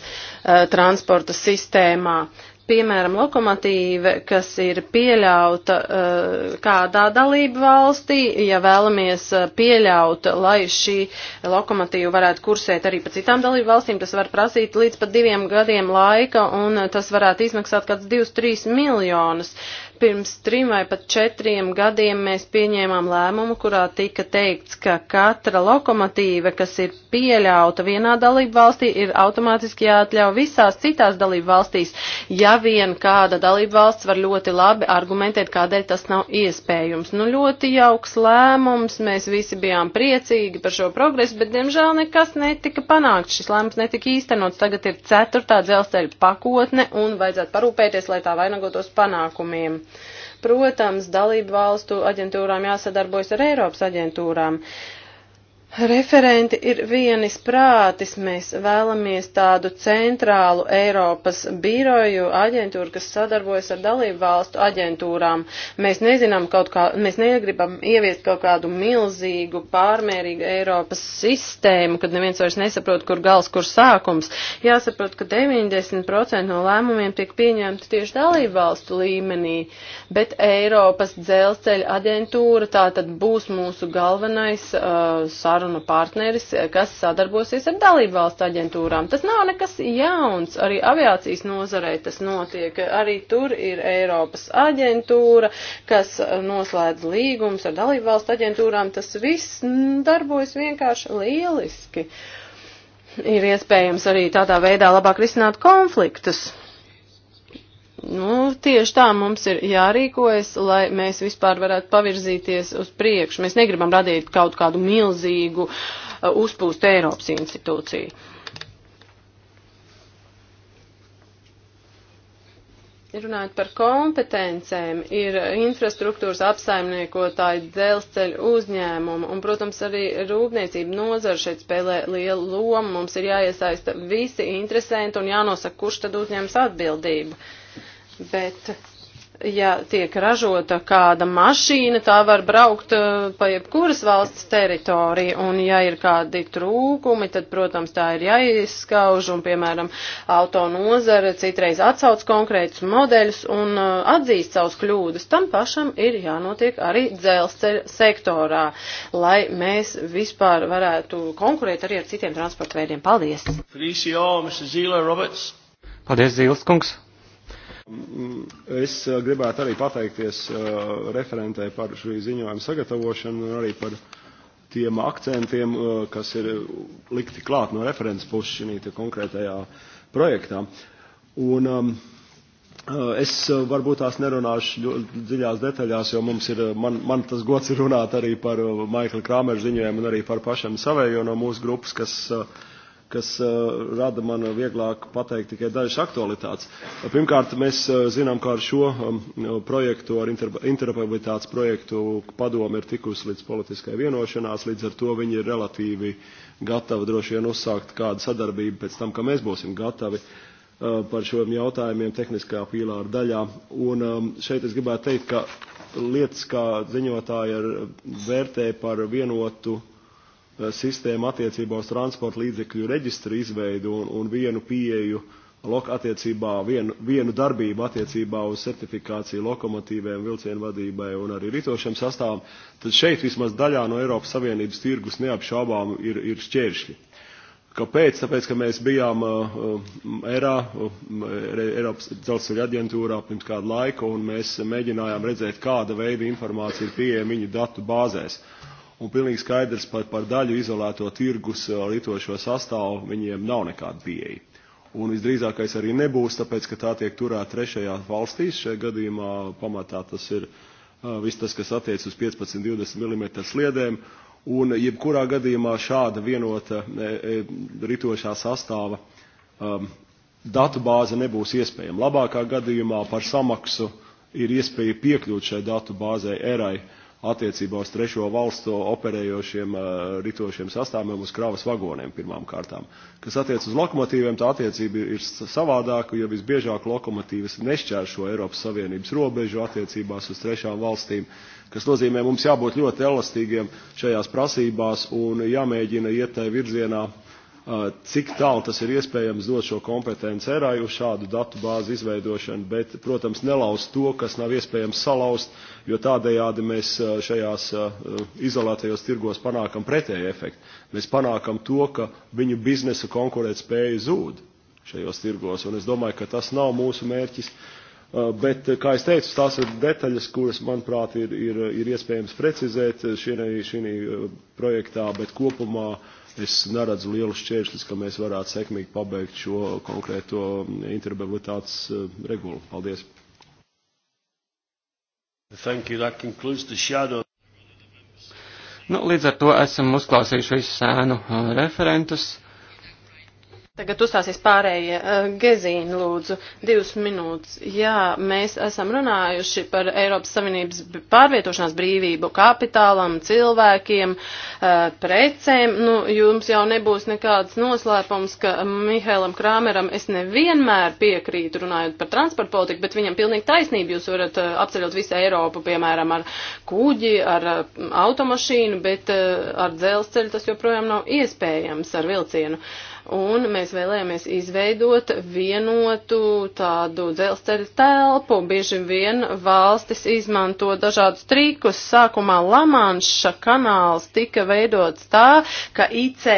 eh, transporta sistēmā. Piemēram, lokomotīve, kas ir pieļauta eh, kādā dalību valstī, ja vēlamies pieļaut, lai šī lokomotīva varētu kursēt arī pa citām dalību valstīm, tas var prasīt līdz pat diviem gadiem laika, un tas varētu izmaksāt kāds 2-3 miljonus pirms trim vai pat četriem gadiem mēs pieņēmām lēmumu, kurā tika teikts, ka katra lokomotīva, kas ir pieļauta vienā dalību valstī, ir automātiski jāatļauj visās citās dalību valstīs, ja vien kāda dalību valsts var ļoti labi argumentēt, kādēļ tas nav iespējams. Nu, ļoti jauks lēmums, mēs visi bijām priecīgi par šo progresu, bet, diemžēl, nekas netika panākts. Šis lēmums netika īstenots. Tagad ir ceturtā dzelzceļa pakotne un vajadzētu parūpēties, lai tā vainagotos panākumiem. Protams, dalību valstu aģentūrām jāsadarbojas ar Eiropas aģentūrām, Referenti ir vienis prātis, mēs vēlamies tādu centrālu Eiropas biroju aģentūru, kas sadarbojas ar dalību valstu aģentūrām. Mēs nezinām kaut kā, mēs negribam ieviest kaut kādu milzīgu, pārmērīgu Eiropas sistēmu, kad neviens vairs nesaprot, kur gals, kur sākums. Jāsaprot, ka 90% no lēmumiem tiek pieņemti tieši dalību valstu līmenī, bet Eiropas dzelzceļa aģentūra tā tad būs mūsu galvenais uh, sarunājums sarunu partneris, eh, kas sadarbosies ar dalību valstu aģentūrām. Tas nav nekas jauns, arī aviācijas nozarei tas notiek. Arī tur ir Eiropas aģentūra, kas eh, noslēdz līgums ar dalību valstu aģentūrām. Tas viss mm, darbojas vienkārši lieliski. Ir iespējams arī tādā veidā labāk risināt konfliktus. Nu, tieši tā mums ir jārīkojas, lai mēs vispār varētu pavirzīties uz priekšu. Mēs negribam radīt kaut kādu milzīgu uh, uzpūstu Eiropas institūciju. Runājot par kompetencēm, ir infrastruktūras apsaimniekotāji, dzelzceļu uzņēmumu un, protams, arī rūpniecība nozara šeit spēlē lielu lomu. Mums ir jāiesaista visi interesanti un jānosaka, kurš tad uzņems atbildību. Uh, bet ja tiek ražota kāda mašīna, tā var braukt eh, pa jebkuras valsts teritoriju, un ja ir kādi trūkumi, tad, protams, tā ir jāizskauž, un, piemēram, auto nozara citreiz atsauc konkrētus modeļus un eh, atzīst savus kļūdas. Tam pašam ir jānotiek arī dzelzceļa sektorā, lai mēs vispār varētu konkurēt arī ar citiem transporta veidiem. Paldies! Felicio, Mr. Zila, Roberts. Paldies, Zīles kungs! Mm, es uh, gribētu arī pateikties uh, referentē par šī ziņojuma sagatavošanu un arī par tiem akcentiem, uh, kas ir likti klāt no referents puses šī konkrētajā projektā. Un, um, Es varbūt tās nerunāšu dziļās detaļās, jo mums ir, man, man tas gods ir runāt arī par Maikla Krāmeru ziņojumu un arī par pašiem savējo no mūsu grupas, kas uh, kas eh, rada man eh, vieglāk pateikt tikai dažas aktualitātes. Pirmkārt, mēs eh, zinām, ka ar šo um, projektu, ar interoperabilitātes projektu padomu ir tikusi līdz politiskai vienošanās, līdz ar to viņi ir relatīvi gatavi droši vien uzsākt kādu sadarbību pēc tam, ka mēs būsim gatavi par šiem jautājumiem tehniskā pīlāra daļā. Un um, šeit es gribētu teikt, ka lietas, kā ziņotāji ar vērtē par vienotu Eh, sistēmu attiecībā uz transporta līdzekļu reģistru izveidu un, un vienu pieeju attiecībā, vienu, vienu darbību attiecībā uz certifikāciju lokomotīvēm, vilcienu vadībai un arī ritošiem sastāvam, tad šeit vismaz daļā no Eiropas Savienības tirgus neapšaubām ir, ir šķēršļi. Kāpēc? Tāpēc, ka mēs bijām uh, ERA, uh, Eiropas dzelzceļa aģentūrā pirms kādu laiku, un mēs mēģinājām redzēt, kāda veida informācija ir pieejama viņu datu bāzēs. Uh, un pilnīgi skaidrs par, par daļu izolēto tirgus ritošo sastāvu viņiem nav nekāda pieeja. Un visdrīzākais arī nebūs, tāpēc, ka tā tiek turēta trešajā valstīs. Šajā gadījumā pamatā tas ir uh, viss tas, kas attiec uz 15-20 mm sliedēm. Un jebkurā gadījumā šāda vienota e, e, ritošā sastāva um, datu bāze nebūs iespējama. Labākā gadījumā par samaksu ir iespēja piekļūt šai datu bāzei erai. Uh, attiecībā uz trešo valstu operējošiem eh, ritošiem sastāviem uz kravas vagoniem pirmām kārtām. Kas attiec uz lokomotīviem, tā attiecība ir savādāka, jo visbiežāk lokomotīvas nešķēršo Eiropas Savienības robežu attiecībās uz trešām valstīm, kas nozīmē mums jābūt ļoti elastīgiem šajās prasībās un jāmēģina iet tai virzienā, Uh, cik tālu tas ir iespējams dot šo kompetenci erai uz šādu datu bāzi izveidošanu, bet, protams, nelaust to, kas nav iespējams salauzt, jo tādējādi mēs uh, šajās uh, izolētajos tirgos panākam pretēju efektu. Mēs panākam to, ka viņu biznesa konkurētspēja zūd šajos tirgos, un es domāju, ka tas nav mūsu mērķis. Bet, kā es teicu, tās ir detaļas, kuras, manuprāt, ir, ir, ir iespējams precizēt šī projektā, bet kopumā uh, Es neredzu lielu šķēršļus, ka mēs varētu sekmīgi pabeigt šo konkrēto interoperabilitātes eh, regulu. Paldies! Thank you. That concludes the shadow. Nu, līdz ar to esam uzklausījuši visus sēnu eh, referentus. Tagad uzstāsies pārējie. Eh, Gezīna, lūdzu, divas minūtes. Jā, mēs esam runājuši par Eiropas Savienības pārvietošanās brīvību kapitālam, cilvēkiem, eh, precēm. Nu, jums jau nebūs nekāds noslēpums, ka Mihēlam Krāmeram es nevienmēr piekrītu runājot par transporta politiku, bet viņam pilnīgi taisnība. Jūs varat eh, apceļot visu Eiropu, piemēram, ar kuģi, ar automašīnu, bet ar dzelzceļu tas joprojām nav iespējams ar vilcienu. Uh, un mēs vēlējāmies izveidot vienotu tādu dzelzceļa telpu. Bieži vien valstis izmanto dažādus trīkus. Sākumā Lamanša kanāls tika veidots tā, ka ICE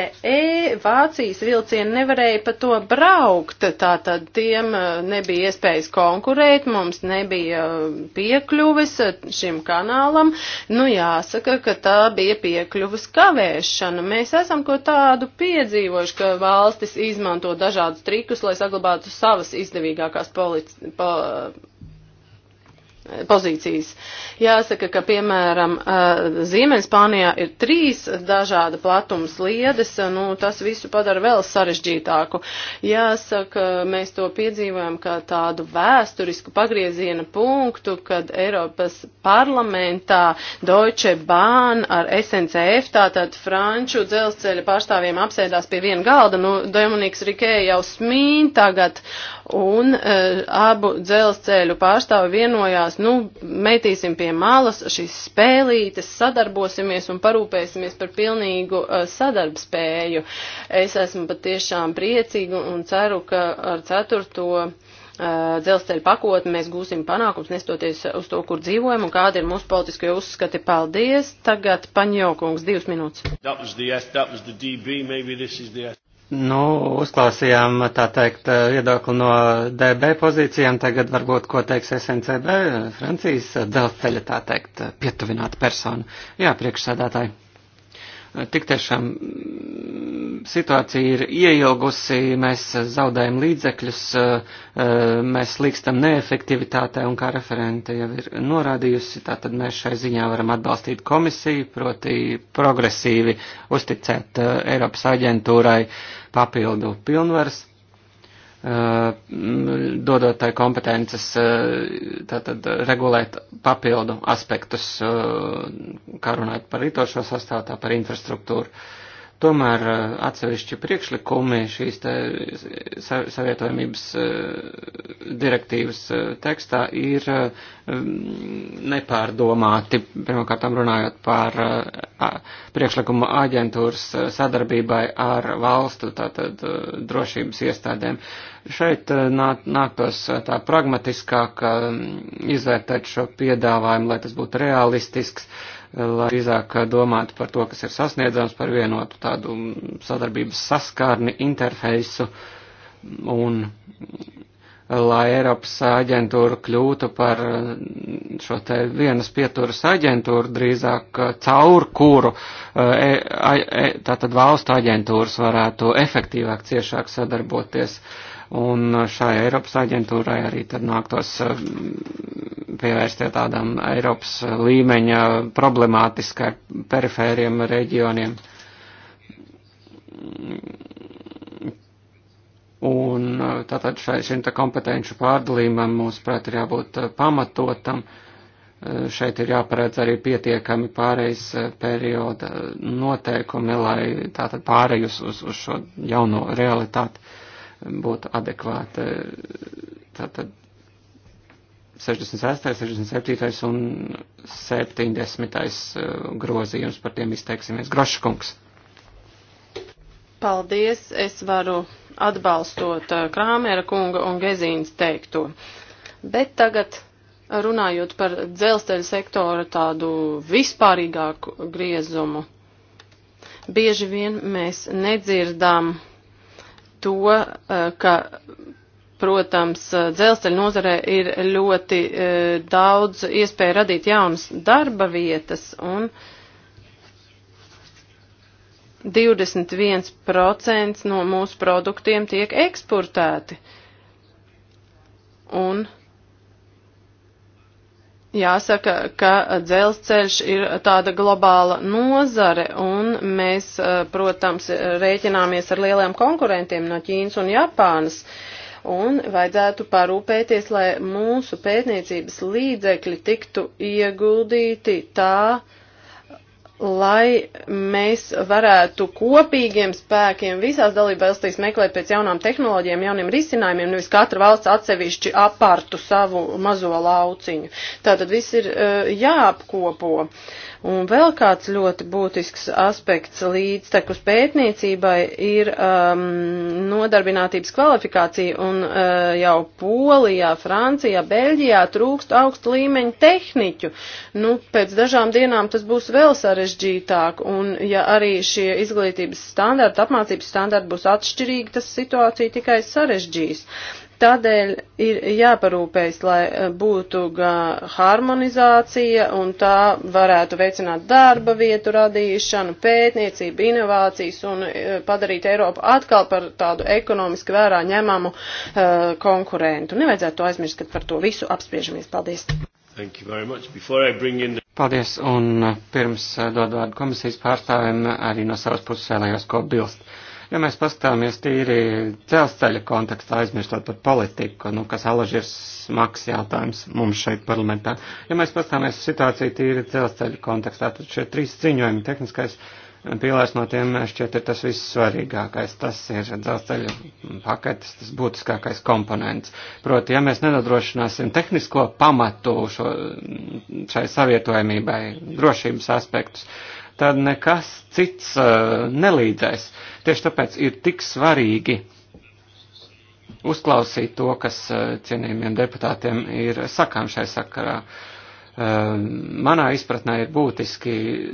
Vācijas vilcieni nevarēja pa to braukt, tātad tiem eh, nebija iespējas konkurēt, mums nebija eh, piekļuvis šim kanālam. Nu, jāsaka, ka tā bija piekļuvis kavēšana. Mēs esam ko tādu piedzīvojuši, ka valsts valstis izmanto dažādus trikus, lai saglabātu savas izdevīgākās politi po pozīcijas. Jāsaka, ka, piemēram, eh, Ziemeļspānijā ir trīs dažāda platuma sliedes, eh, nu, tas visu padara vēl sarežģītāku. Jāsaka, mēs to piedzīvojam kā tādu vēsturisku pagrieziena punktu, kad Eiropas parlamentā Deutsche Bahn ar SNCF, tātad franču dzelzceļa pārstāvjiem apsēdās pie viena galda, nu, Dominiks Rikē jau smīn tagad, un uh, abu dzelzceļu pārstāvi vienojās, nu, metīsim pie malas šīs spēlītes, sadarbosimies un parūpēsimies par pilnīgu uh, sadarbspēju. Es esmu patiešām priecīga un ceru, ka ar ceturto uh, dzelzceļa pakotni mēs gūsim panākums, nestoties uz to, kur dzīvojam un kādi ir mūsu politiskie uzskati. Paldies! Tagad paņokungs divas minūtes. Nu, uzklāsījām, tā teikt, viedokli no DB pozīcijām, tagad varbūt, ko teiks SNCB, Francijas dzelzceļa, tā teikt, pietuvināta persona. Jā, priekšsēdētāji. Tik tiešām mm, situācija ir ieilgusi, mēs zaudējam līdzekļus, eh, eh, mēs slīkstam neefektivitātē un kā referente jau ir norādījusi, tātad mēs šai ziņā varam atbalstīt komisiju, proti progresīvi uzticēt eh, Eiropas aģentūrai papildu pilnvaras Uh, dodot tai kompetences uh, tātad regulēt papildu aspektus, uh, kā runāt par rītošo sastāvu, tā par infrastruktūru. Tomēr atsevišķi priekšlikumi šīs te savietojamības direktīvas tekstā ir nepārdomāti, pirmkārt runājot par priekšlikumu aģentūras sadarbībai ar valstu, tātad drošības iestādēm. Uh, Šeit eh, nāk, nāktos eh, tā pragmatiskāk eh, izvērtēt šo piedāvājumu, lai tas būtu realistisks, lai drīzāk domātu par to, kas ir sasniedzams, par vienotu tādu mm, sadarbības saskārni, interfeisu un mm, lai Eiropas aģentūra kļūtu par mm, šo te vienas pieturas aģentūru, drīzāk caur kuru e, e, tātad valstu aģentūras varētu efektīvāk, ciešāk sadarboties. E, Un šai Eiropas aģentūrai arī tad nāktos eh, pievērsties tādām Eiropas līmeņa problemātiskai perifēriem reģioniem. Un eh, tātad šai, šim te kompetenču pārdalījumam, mūsuprāt, ir jābūt eh, pamatotam. Šeit ir jāparedz arī pietiekami pārejas perioda noteikumi, lai tātad pārejus uz, uz šo jauno realitāti. Uh, būtu adekvāta. Eh, tātad 66., 67. un 70. Eh, grozījums par tiem izteiksimies. Grošakungs. Paldies, es varu atbalstot eh, Krāmera kunga un Gezīnas teikto. Bet tagad runājot par dzelzceļa sektora tādu vispārīgāku griezumu, bieži vien mēs nedzirdām to, eh, ka protams, eh, dzelzceļa nozarē ir ļoti e, daudz iespēju radīt jaunas darba vietas, un 21% no mūsu produktiem tiek eksportēti. Un Jāsaka, ka dzelzceļš ir tāda globāla nozare, un mēs, eh, protams, rēķināmies ar lieliem konkurentiem no Ķīnas un Japānas. Un vajadzētu parūpēties, lai mūsu pētniecības līdzekļi tiktu ieguldīti tā, uh, lai mēs varētu kopīgiem spēkiem visās dalībvalstīs meklēt pēc jaunām tehnoloģijām, jauniem risinājumiem, nevis katra valsts atsevišķi apārtu savu mazo lauciņu. Tātad viss ir uh, jāapkopo. Un vēl kāds ļoti būtisks aspekts līdztekus pētniecībai ir um, nodarbinātības kvalifikācija, un uh, jau Polijā, Francijā, Beļģijā trūkst augstu līmeņu tehniķu. Nu, pēc dažām dienām tas būs vēl sarežģītāk, un ja arī šie izglītības standarti, apmācības standarti būs atšķirīgi, tas situācija tikai sarežģīs. Uh, Tādēļ ir jāparūpējas, lai eh, būtu harmonizācija un tā varētu veicināt darba vietu radīšanu, pētniecību, inovācijas un eh, padarīt Eiropu atkal par tādu ekonomiski vērā ņemamu uh, konkurentu. Nevajadzētu to aizmirst, kad par to visu apspriežamies. Paldies! In... Paldies, un pirms dod vārdu komisijas pārstāvim arī no savas puses vēlējos ko bilst. Ja mēs paskatāmies tīri dzelzceļa kontekstā, aizmirstot par politiku, nu, kas alaži ir smags jautājums mums šeit parlamentā, ja mēs paskatāmies situāciju tīri dzelzceļa kontekstā, tad šie trīs ciņojumi tehniskais pīlārs no tiem šķiet ir tas vissvarīgākais. Tas ir dzelzceļa paketes, tas būtiskākais komponents. Proti, ja mēs nenodrošināsim tehnisko pamatu šo, šai savietojamībai, drošības aspektus, tad nekas cits uh, nelīdzēs. Tieši tāpēc ir tik svarīgi uzklausīt to, kas uh, cienījumiem deputātiem ir sakām šai sakarā. Uh, manā izpratnē ir būtiski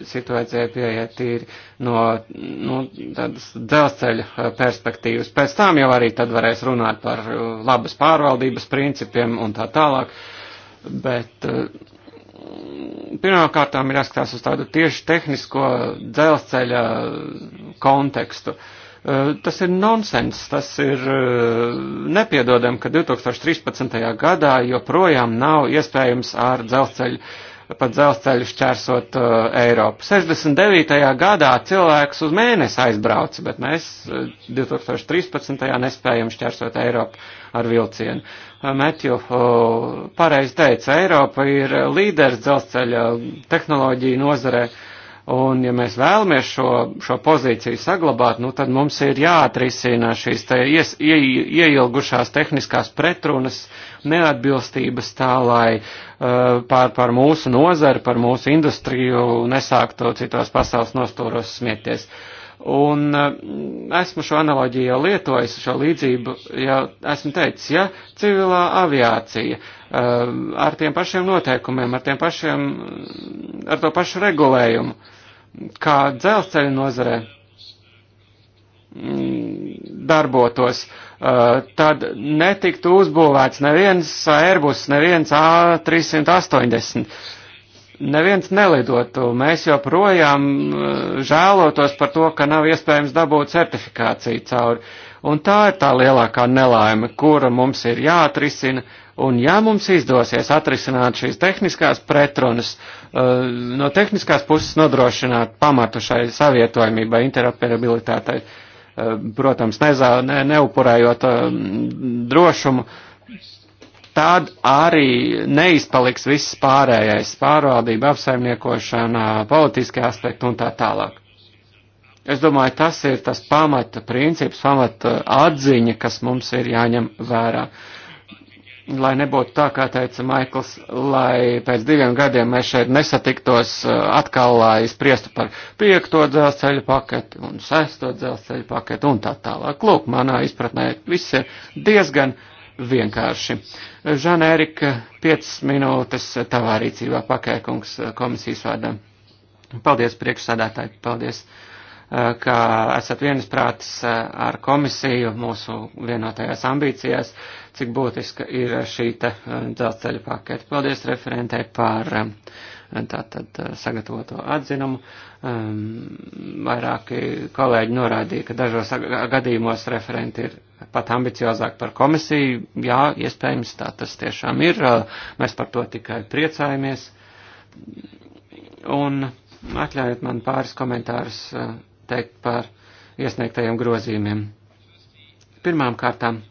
situācijai pieiet tīri no, no nu, tādas dzelzceļa perspektīvas. Pēc tam jau arī tad varēs runāt par labas pārvaldības principiem un tā tālāk, bet uh, pirmkārtām ir jāskatās uz tādu tieši tehnisko dzelzceļa kontekstu. E, tas ir nonsens, tas ir e, nepiedodami, ka 2013. gadā joprojām nav iespējams ar dzelzceļu pa dzelzceļu šķērsot uh, Eiropu. 69. gadā cilvēks uz mēnesi aizbrauca, bet mēs 2013. Uh, nespējam šķērsot Eiropu ar vilcienu. Uh, Metju uh, pareizi teica, Eiropa ir līderis dzelzceļa tehnoloģiju nozarē. Un, ja mēs vēlamies šo, šo pozīciju saglabāt, nu, tad mums ir jāatrisina šīs te ies, ie, ieilgušās tehniskās pretrunas, uh, neatbilstības tā, lai uh, pār, pār mūsu nozari, par mūsu industriju nesāktu citos pasaules nostūros smieties. Un uh, esmu šo analoģiju jau lietojis, šo līdzību jau esmu teicis, ja civilā aviācija uh, ar tiem pašiem noteikumiem, ar tiem pašiem, ar to pašu regulējumu, kā dzelzceļa nozarē mm, darbotos. Uh, Eh, tad netiktu uzbūvēts neviens Airbus, neviens A380. Neviens nelidotu. Mēs joprojām eh, žēlotos par to, ka nav iespējams dabūt certifikāciju cauri. Un tā ir tā lielākā nelaime, kura mums ir jāatrisina. Un ja mums izdosies atrisināt šīs tehniskās pretrunas, eh, no tehniskās puses nodrošināt pamatu šai savietojumībai, interoperabilitātei, protams, nezā, ne, neupurējot eh, drošumu, tad arī neizpaliks viss pārējais - pārvaldība, apsaimniekošana, politiskie aspekti un tā tālāk. Es domāju, tas ir tas pamata princips, pamata atziņa, kas mums ir jāņem vērā. Uh, lai nebūtu tā, kā teica Maikls, lai pēc diviem gadiem mēs šeit nesatiktos eh, atkal, lai spriestu par piekto dzelzceļa paketi un sesto dzelzceļa paketi un tā tālāk. Lūk, manā izpratnē viss ir diezgan vienkārši. Žana Erika, 5 minūtes tavā rīcībā pakēkungs komisijas vārdā. Paldies priekšsādātāji, paldies eh, ka esat viensprātis eh, ar komisiju mūsu vienotajās ambīcijās. Uh, cik būtiska ir šī eh, dzelzceļa pakete. Paldies referentē par eh, tātad eh, sagatavoto atzinumu. Ehm, vairāki kolēģi norādīja, ka dažos gadījumos referenti ir pat ambiciozāk par komisiju. Jā, iespējams, tā tas tiešām ir. Mēs par to tikai priecājamies. Un atļaujiet man pāris komentārus teikt par iesniegtajiem grozījumiem. Pirmām kārtām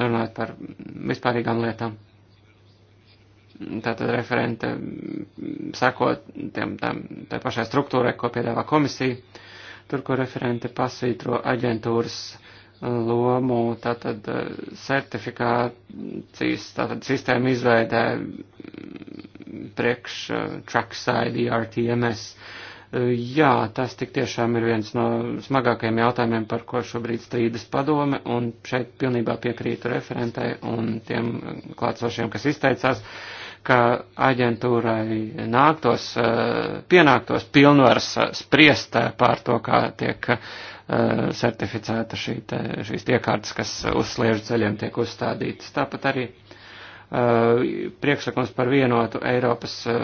runājot par vispārīgām lietām. Tātad referente mm, sakot tiem, tam, tai pašai struktūrai, ko piedāvā komisija, tur, ko referente pasvītro aģentūras lomu, tātad eh, certifikācijas, tātad sistēma izveidē mm, priekš uh, trackside ERTMS. Uh, Jā, tas tik tiešām ir viens no smagākajiem jautājumiem, par ko šobrīd strīdas padome, un šeit pilnībā piekrītu referentai un tiem klātsošiem, kas izteicās, ka aģentūrai nāktos, eh, pienāktos pilnvaras eh, spriest eh, pār to, kā tiek certificēta šī te, šīs iekārtas, kas uz sliežu ceļiem tiek uzstādītas. Tāpat arī Eh, priekšlikums par vienotu Eiropas eh,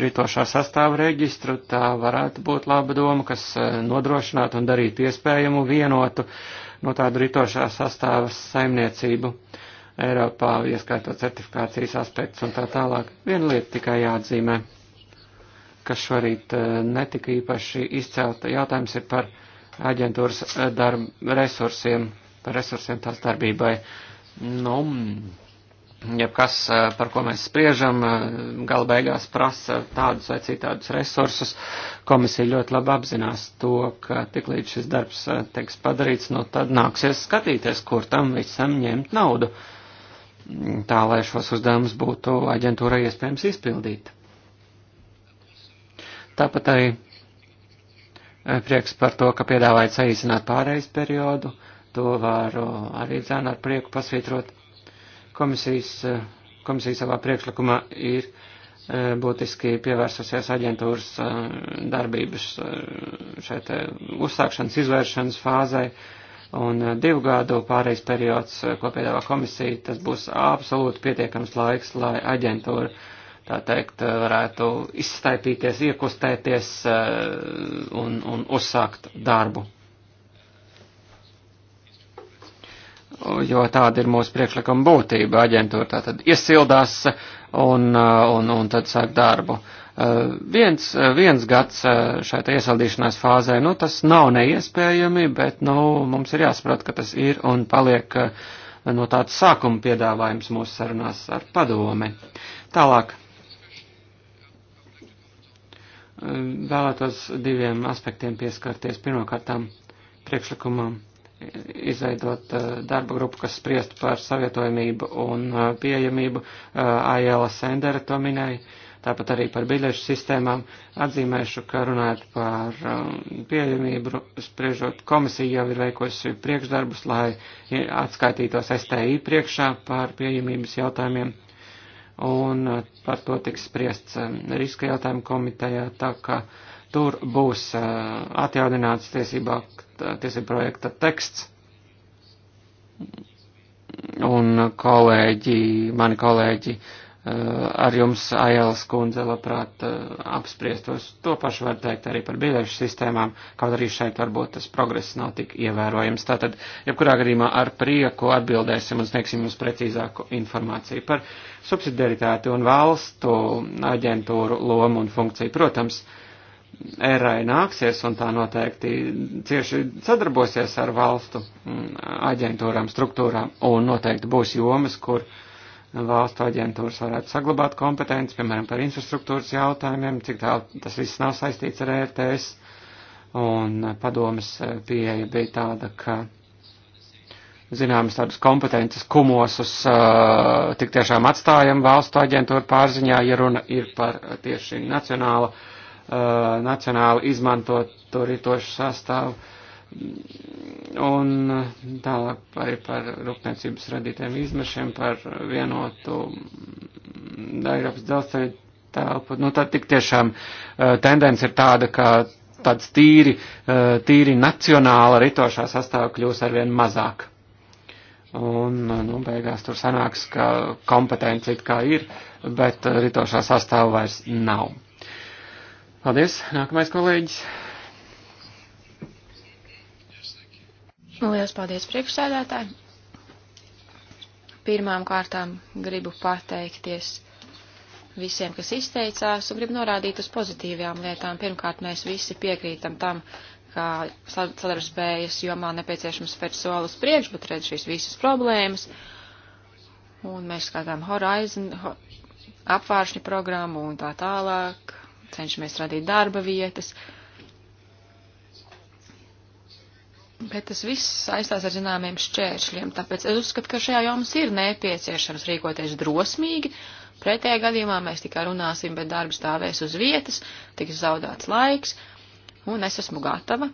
ritošā sastāvu reģistru, tā varētu būt laba doma, kas eh, nodrošinātu un darītu iespējamu vienotu no tādu ritošā sastāvu saimniecību Eiropā, ieskaitot certifikācijas aspektus un tā tālāk. Viena lieta tikai jāatzīmē, kas šorīt netika īpaši izcelta. Jautājums ir par aģentūras darb, resursiem, par resursiem tās darbībai. Nu, no, jebkas, eh, par ko mēs spriežam, eh, gala beigās prasa tādus vai citādus resursus. Komisija ļoti labi apzinās to, ka tiklīdz šis darbs eh, tiks padarīts, no nu, tad nāksies skatīties, kur tam visam ņemt naudu, tā lai šos uzdevumus būtu aģentūrai iespējams izpildīt. Tāpat arī prieks par to, ka piedāvājat saīsināt pārējais periodu, to varu arī dzēn ar prieku pasvītrot. Komisijas, eh, komisija savā priekšlikumā ir eh, būtiski pievērsusies aģentūras eh, darbības šeit uzsākšanas, izvēršanas fāzai. Un divu gadu pārejas periods, ko piedāvā komisija, tas būs absolūti pietiekams laiks, lai aģentūra, tā teikt, varētu izstaipīties, iekustēties un, un uzsākt darbu. jo tāda ir mūsu priekšlikuma būtība. Aģentūra tā tad iesildās un, uh, un, un tad sāk darbu. Uh, viens, uh, viens gads šai iesaldīšanās fāzē, nu tas nav neiespējami, bet, nu, mums ir jāsaprot, ka tas ir un paliek no tāds sākuma piedāvājums mūsu sarunās ar padomi. Tālāk. Vēlētos diviem aspektiem pieskarties. Pirmkārtām priekšlikumam izveidot eh, darba grupu, kas spriest par savietojamību un eh, pieejamību. Eh, Aiela Sendere to minēja, tāpat arī par biļešu sistēmām. Atzīmēšu, ka runājot par pieejamību, spriežot komisija jau ir veikusi priekšdarbus, lai atskaitītos STI priekšā par pieejamības jautājumiem. Un par to tiks spriests riska jautājumu komitejā, tā ka tur būs atjaunināts tiesībā tiesību projekta teksts. Un kolēģi, mani kolēģi eh, ar jums, Ailes kundze, labprāt eh, apspriestos. To pašu var teikt arī par biļešu sistēmām, kaut arī šeit varbūt tas progress nav tik ievērojams. Tātad, jebkurā gadījumā ar prieku atbildēsim un sniegsim jums precīzāku informāciju par subsidiaritāti un valstu aģentūru lomu un funkciju. Protams, uh, ERAI nāksies un tā noteikti cieši sadarbosies ar valstu mm, aģentūrām, struktūrām un noteikti būs jomas, kur valstu aģentūras varētu saglabāt kompetenci, piemēram, par infrastruktūras jautājumiem, cik tālu tas viss nav saistīts ar RTS. Un padomas pieeja bija tāda, ka zināmas tādas kompetences kumosus uh, tik tiešām atstājam valstu aģentūru pārziņā, ja runa ir par tieši nacionāla uh, Uh, nacionāli izmantot to ritošu sastāvu. Un tālāk arī par rūpniecības radītiem izmešiem, par vienotu Eiropas dzelzceļu telpu. Nu, tad tik tiešām uh, tendence ir tāda, ka tāds tīri, uh, tīri nacionāla ritošā sastāva kļūs arvien mazāk. Un, nu, beigās tur sanāks, ka kompetence it kā ir, bet ritošā sastāva vairs nav. Paldies. Nākamais kolēģis. Lielas paldies priekšsēdētāji. Pirmām kārtām gribu pateikties visiem, kas izteicās, un gribu norādīt uz pozitīvām lietām. Pirmkārt, mēs visi piekrītam tam, ka sadarbspējas jomā nepieciešams spērt soli uz priekšu, bet redz šīs visas problēmas. Un mēs skatām Horizon, ho, apvāršņu programmu un tā tālāk cenšamies radīt darba vietas. Bet tas viss saistās ar zināmiem šķēršļiem, tāpēc es uzskatu, ka šajā jomas ir nepieciešams rīkoties drosmīgi, pretējā gadījumā mēs tikai runāsim, bet darbs stāvēs uz vietas, tiks zaudāts laiks, un es esmu gatava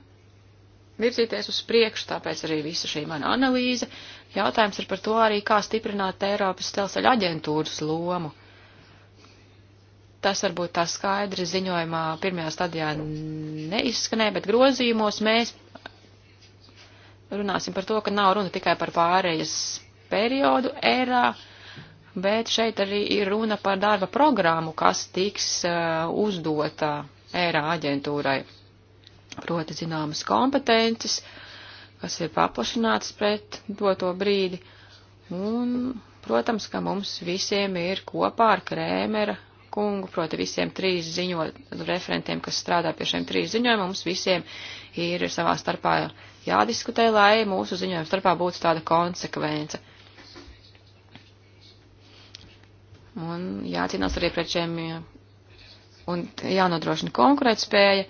virzīties uz priekšu, tāpēc arī visa šī mana analīze. Jautājums ir par to arī, kā stiprināt Eiropas celceļa aģentūras lomu. Tas varbūt tā skaidri ziņojumā pirmajā stadijā neizskanēja, bet grozījumos mēs runāsim par to, ka nav runa tikai par pārējas periodu erā, bet šeit arī ir runa par darba programmu, kas tiks uh, uzdota ērā aģentūrai. Proti zināmas kompetences, kas ir paplašināts pret doto brīdi. Un, protams, ka mums visiem ir kopā ar Krēmera kungu, proti visiem trīs ziņot referentiem, kas strādā pie šiem trīs ziņojumiem, mums visiem ir savā starpā jādiskutē, lai mūsu ziņojumu starpā būtu tāda konsekvence. Un jācīnās arī pret šiem un jānodrošina konkurētspēja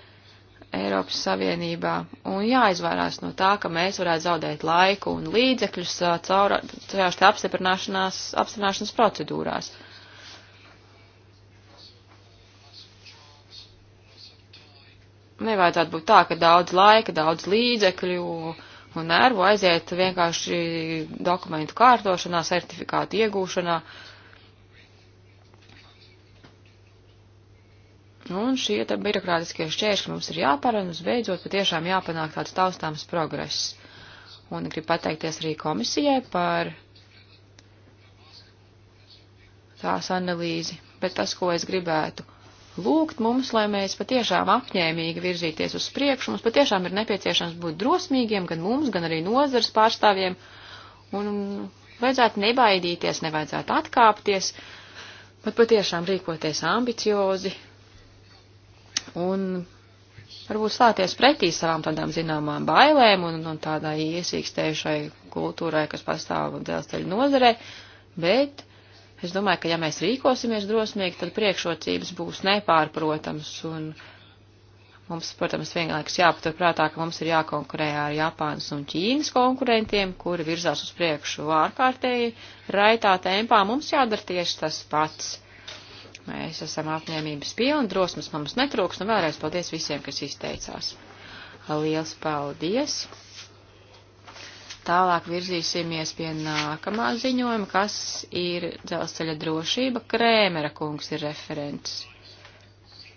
Eiropas Savienībā un jāizvairās no tā, ka mēs varētu zaudēt laiku un līdzekļus uh, caur šajās apstiprināšanās, apstiprināšanas procedūrās. nevajadzētu būt tā, ka daudz laika, daudz līdzekļu un nervu aiziet vienkārši dokumentu kārtošanā, certifikātu iegūšanā. Un šie te birokrātiskie šķēršļi mums ir jāpara un uzbeidzot patiešām jāpanāk tāds taustāms progress. Un gribu pateikties arī komisijai par tās analīzi, bet tas, ko es gribētu lūgt mums, lai mēs patiešām apņēmīgi virzīties uz priekšu. Mums patiešām ir nepieciešams būt drosmīgiem gan mums, gan arī nozars pārstāvjiem. Un vajadzētu nebaidīties, nevajadzētu atkāpties, bet patiešām rīkoties ambiciozi un varbūt stāties pretī savām tādām zināmām bailēm un, un tādai iesīkstējušai kultūrai, kas pastāv dzelzceļa nozarē, bet Es domāju, ka ja mēs rīkosimies drosmīgi, tad priekšrocības būs nepārprotams un mums, protams, vienlaikus jāpatur prātā, ka mums ir jākonkurē ar Japānas un Ķīnas konkurentiem, kuri virzās uz priekšu ārkārtēji raitā tempā. Mums jādara tieši tas pats. Mēs esam apņēmības pilni, drosmas mums netrūks, un nu, vēlreiz paldies visiem, kas izteicās. Liels paldies! Tālāk virzīsimies pie nākamā ziņojuma, kas ir dzelzceļa drošība. Krēmera kungs ir referents.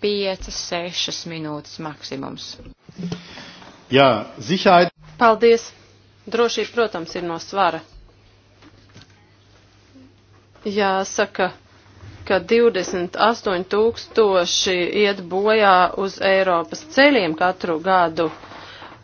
5-6 minūtes maksimums. Jā, zihaid. Paldies. Drošība, protams, ir no svara. Jāsaka, ka 28 tūkstoši iet bojā uz Eiropas ceļiem katru gadu. Uh,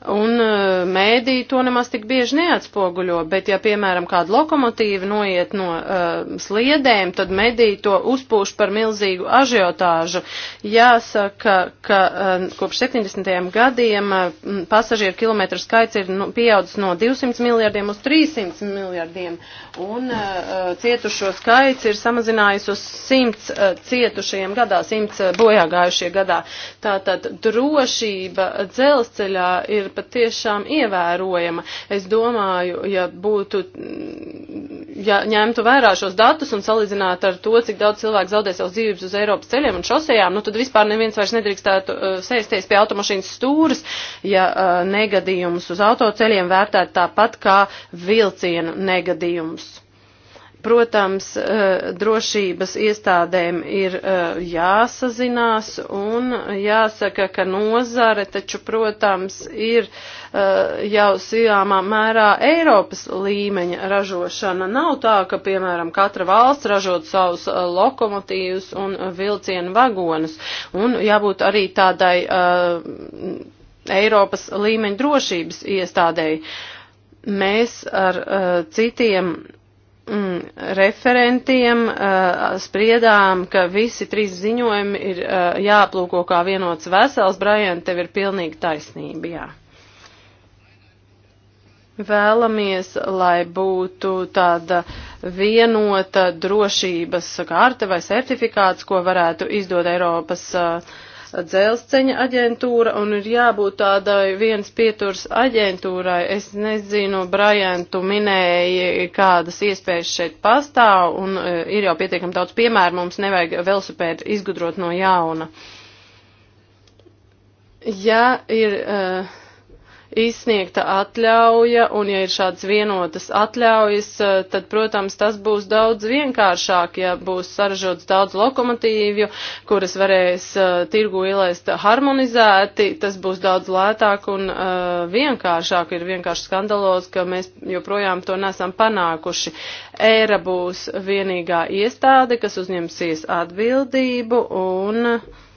Un e, mēdī to nemaz tik bieži neatspoguļo, bet ja, piemēram, kāda lokomotīva noiet no uh, sliedēm, tad medī to uzpūš par milzīgu ažiotāžu. Jāsaka, ka uh, kopš 70. gadiem uh, pasažieru kilometru skaits ir nu, pieaudzis no 200 miljardiem uz 300 miljardiem, un uh, cietušo skaits ir samazinājis uz 100 uh, cietušajiem gadā, 100 uh, bojāgājušie gadā. Tātad drošība dzelzceļā ir ir patiešām ievērojama. Es domāju, ja būtu, ja ņemtu vērā šos datus un salīdzinātu ar to, cik daudz cilvēku zaudē savas dzīvības uz Eiropas ceļiem un šosejām, nu tad vispār neviens vairs nedrīkstētu uh, sēsties pie automašīnas stūras, ja uh, negadījumus uz autoceļiem vērtētu tāpat kā vilcienu negadījumus. Protams, eh, drošības iestādēm ir eh, jāsazinās un jāsaka, ka nozare taču, protams, ir eh, jau sījāmā mērā Eiropas līmeņa ražošana. Nav tā, ka, piemēram, katra valsts ražot savus lokomotīvus un vilcienu vagonus. Un jābūt arī tādai Eiropas līmeņa drošības iestādēji. Mēs ar uh, citiem mm, referentiem uh, spriedām, ka visi trīs ziņojumi ir uh, jāplūko kā vienots vesels. Brian, tev ir pilnīgi taisnība, jā. Vēlamies, lai būtu tāda vienota drošības karte vai certifikāts, ko varētu izdot Eiropas uh, dzelzceņa aģentūra un ir jābūt tādai viens pieturs aģentūrai. Es nezinu, Brian, tu minēji, kādas iespējas šeit pastāv un e, ir jau pietiekam daudz piemēru, mums nevajag velosipēdu izgudrot no jauna. Ja ir uh, izsniegta atļauja, un ja ir šāds vienotas atļaujas, eh, tad, protams, tas būs daudz vienkāršāk, ja būs saražots daudz lokomotīvju, kuras varēs uh, tirgu ielaist harmonizēti, tas būs daudz lētāk un uh, vienkāršāk. Ir vienkārši skandalos, ka mēs joprojām to nesam panākuši. Ēra būs vienīgā iestāde, kas uzņemsies atbildību un. Uh,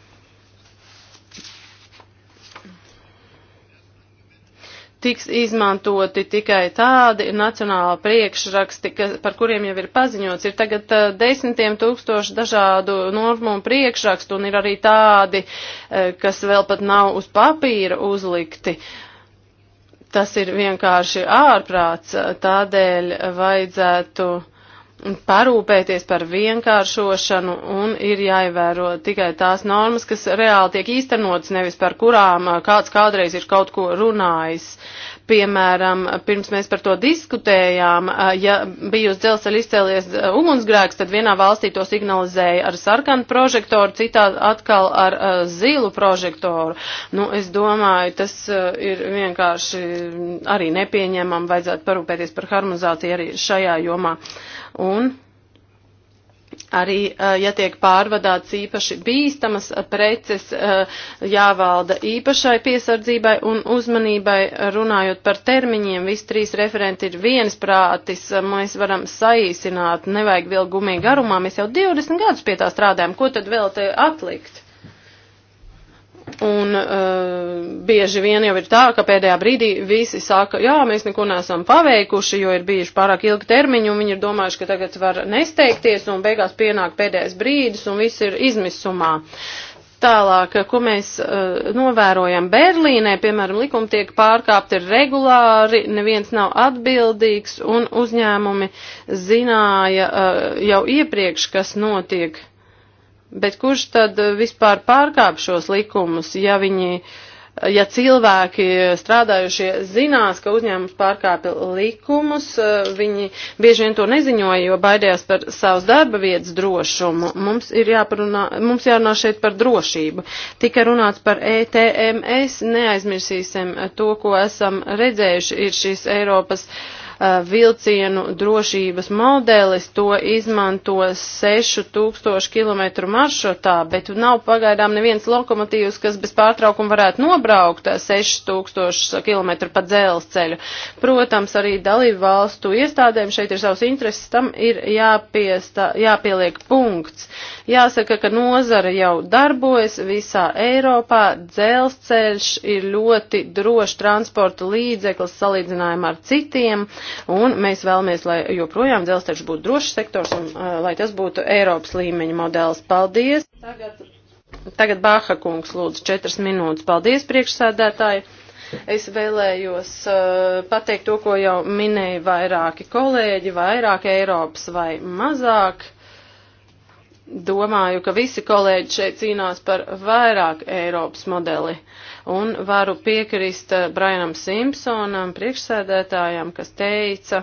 tiks izmantoti tikai tādi nacionāli priekšraksti, ka, par kuriem jau ir paziņots. Ir tagad uh, desmitiem tūkstoši dažādu normu un priekšrakstu, un ir arī tādi, uh, kas vēl pat nav uz papīra uzlikti. Tas ir vienkārši ārprāts, tādēļ vajadzētu uh, parūpēties par vienkāršošanu un ir jāievēro tikai tās normas, kas reāli tiek īstenotas, nevis par kurām kāds kādreiz ir kaut ko runājis. Piemēram, pirms mēs par to diskutējām, ja bija uz dzelzceļa izcēlies ugunsgrēks, tad vienā valstī to signalizēja ar sarkanu prožektoru, citā atkal ar zilu prožektoru. Nu, es domāju, tas ir vienkārši arī nepieņemam, vajadzētu parūpēties par harmonizāciju arī šajā jomā. Uh, un Arī, ja tiek pārvadāts īpaši bīstamas preces, jāvalda īpašai piesardzībai un uzmanībai. Runājot par termiņiem, visi trīs referenti ir viensprātis, mēs varam saīsināt, nevajag vēl gumiju garumā, mēs jau 20 gadus pie tā strādājam, ko tad vēl te atlikt? Un uh, bieži vien jau ir tā, ka pēdējā brīdī visi saka, jā, mēs neko neesam paveikuši, jo ir bijuši pārāk ilgi termiņi, un viņi ir domājuši, ka tagad var nesteigties, un beigās pienāk pēdējais brīdis, un viss ir izmisumā. Tālāk, ko mēs uh, novērojam Berlīnē, piemēram, likumi tiek pārkāpti regulāri, neviens nav atbildīgs, un uzņēmumi zināja uh, jau iepriekš, kas notiek. Bet kurš tad eh, vispār pārkāp šos likumus, ja viņi, ja cilvēki strādājušie zinās, ka uzņēmums pārkāpja likumus, eh, viņi bieži vien to neziņoja, jo baidījās par savas darba vietas drošumu. Mums ir jāparunā, mums jārunā šeit par drošību. Tika runāts par ETMS, neaizmirsīsim to, ko esam redzējuši, ir šīs Eiropas. Uh, Uh, vilcienu drošības modelis, to izmanto 6000 km maršrutā, bet nav pagaidām neviens lokomotīvs, kas bez pārtraukuma varētu nobraukt 6000 km pa dzelzceļu. Protams, arī dalību valstu iestādēm šeit ir savs intereses, tam ir jāpiesta, jāpieliek punkts. Jāsaka, ka nozara jau darbojas visā Eiropā, dzelzceļš ir ļoti drošs transporta līdzeklis salīdzinājumā ar citiem un mēs vēlamies, lai joprojām dzelzceļš būtu drošs sektors un uh, lai tas būtu Eiropas līmeņa modelis. Paldies! Tagad, tagad Bāha kungs lūdzu četras minūtes. Paldies, priekšsēdētāji! Es vēlējos uh, pateikt to, ko jau minēja vairāki kolēģi, vairāk Eiropas vai mazāk. Domāju, ka visi kolēģi šeit cīnās par vairāk Eiropas modeli. Uh, Un varu piekrist eh, Brianam Simpsonam, priekšsēdētājam, kas teica,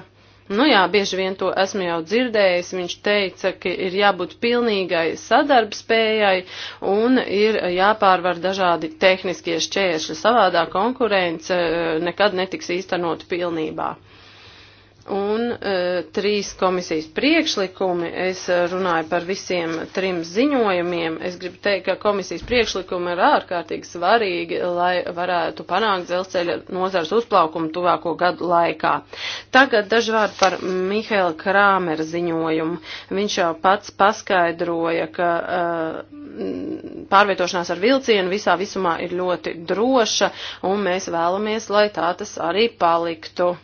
Nu jā, bieži vien to esmu jau dzirdējis. Viņš teica, ka ir jābūt pilnīgai sadarbspējai un ir jāpārvar dažādi tehniskie šķēršļi. Savādā konkurence eh, nekad netiks īstenot pilnībā. Un e, trīs komisijas priekšlikumi, es e, runāju par visiem trim ziņojumiem, es gribu teikt, ka komisijas priekšlikumi ir ārkārtīgi svarīgi, lai varētu panākt dzelzceļa nozars uzplaukumu tuvāko gadu laikā. Tagad dažvārdi par Mihaila Krāmera ziņojumu. Viņš jau pats paskaidroja, ka e, pārvietošanās ar vilcienu visā visumā ir ļoti droša, un mēs vēlamies, lai tā tas arī paliktu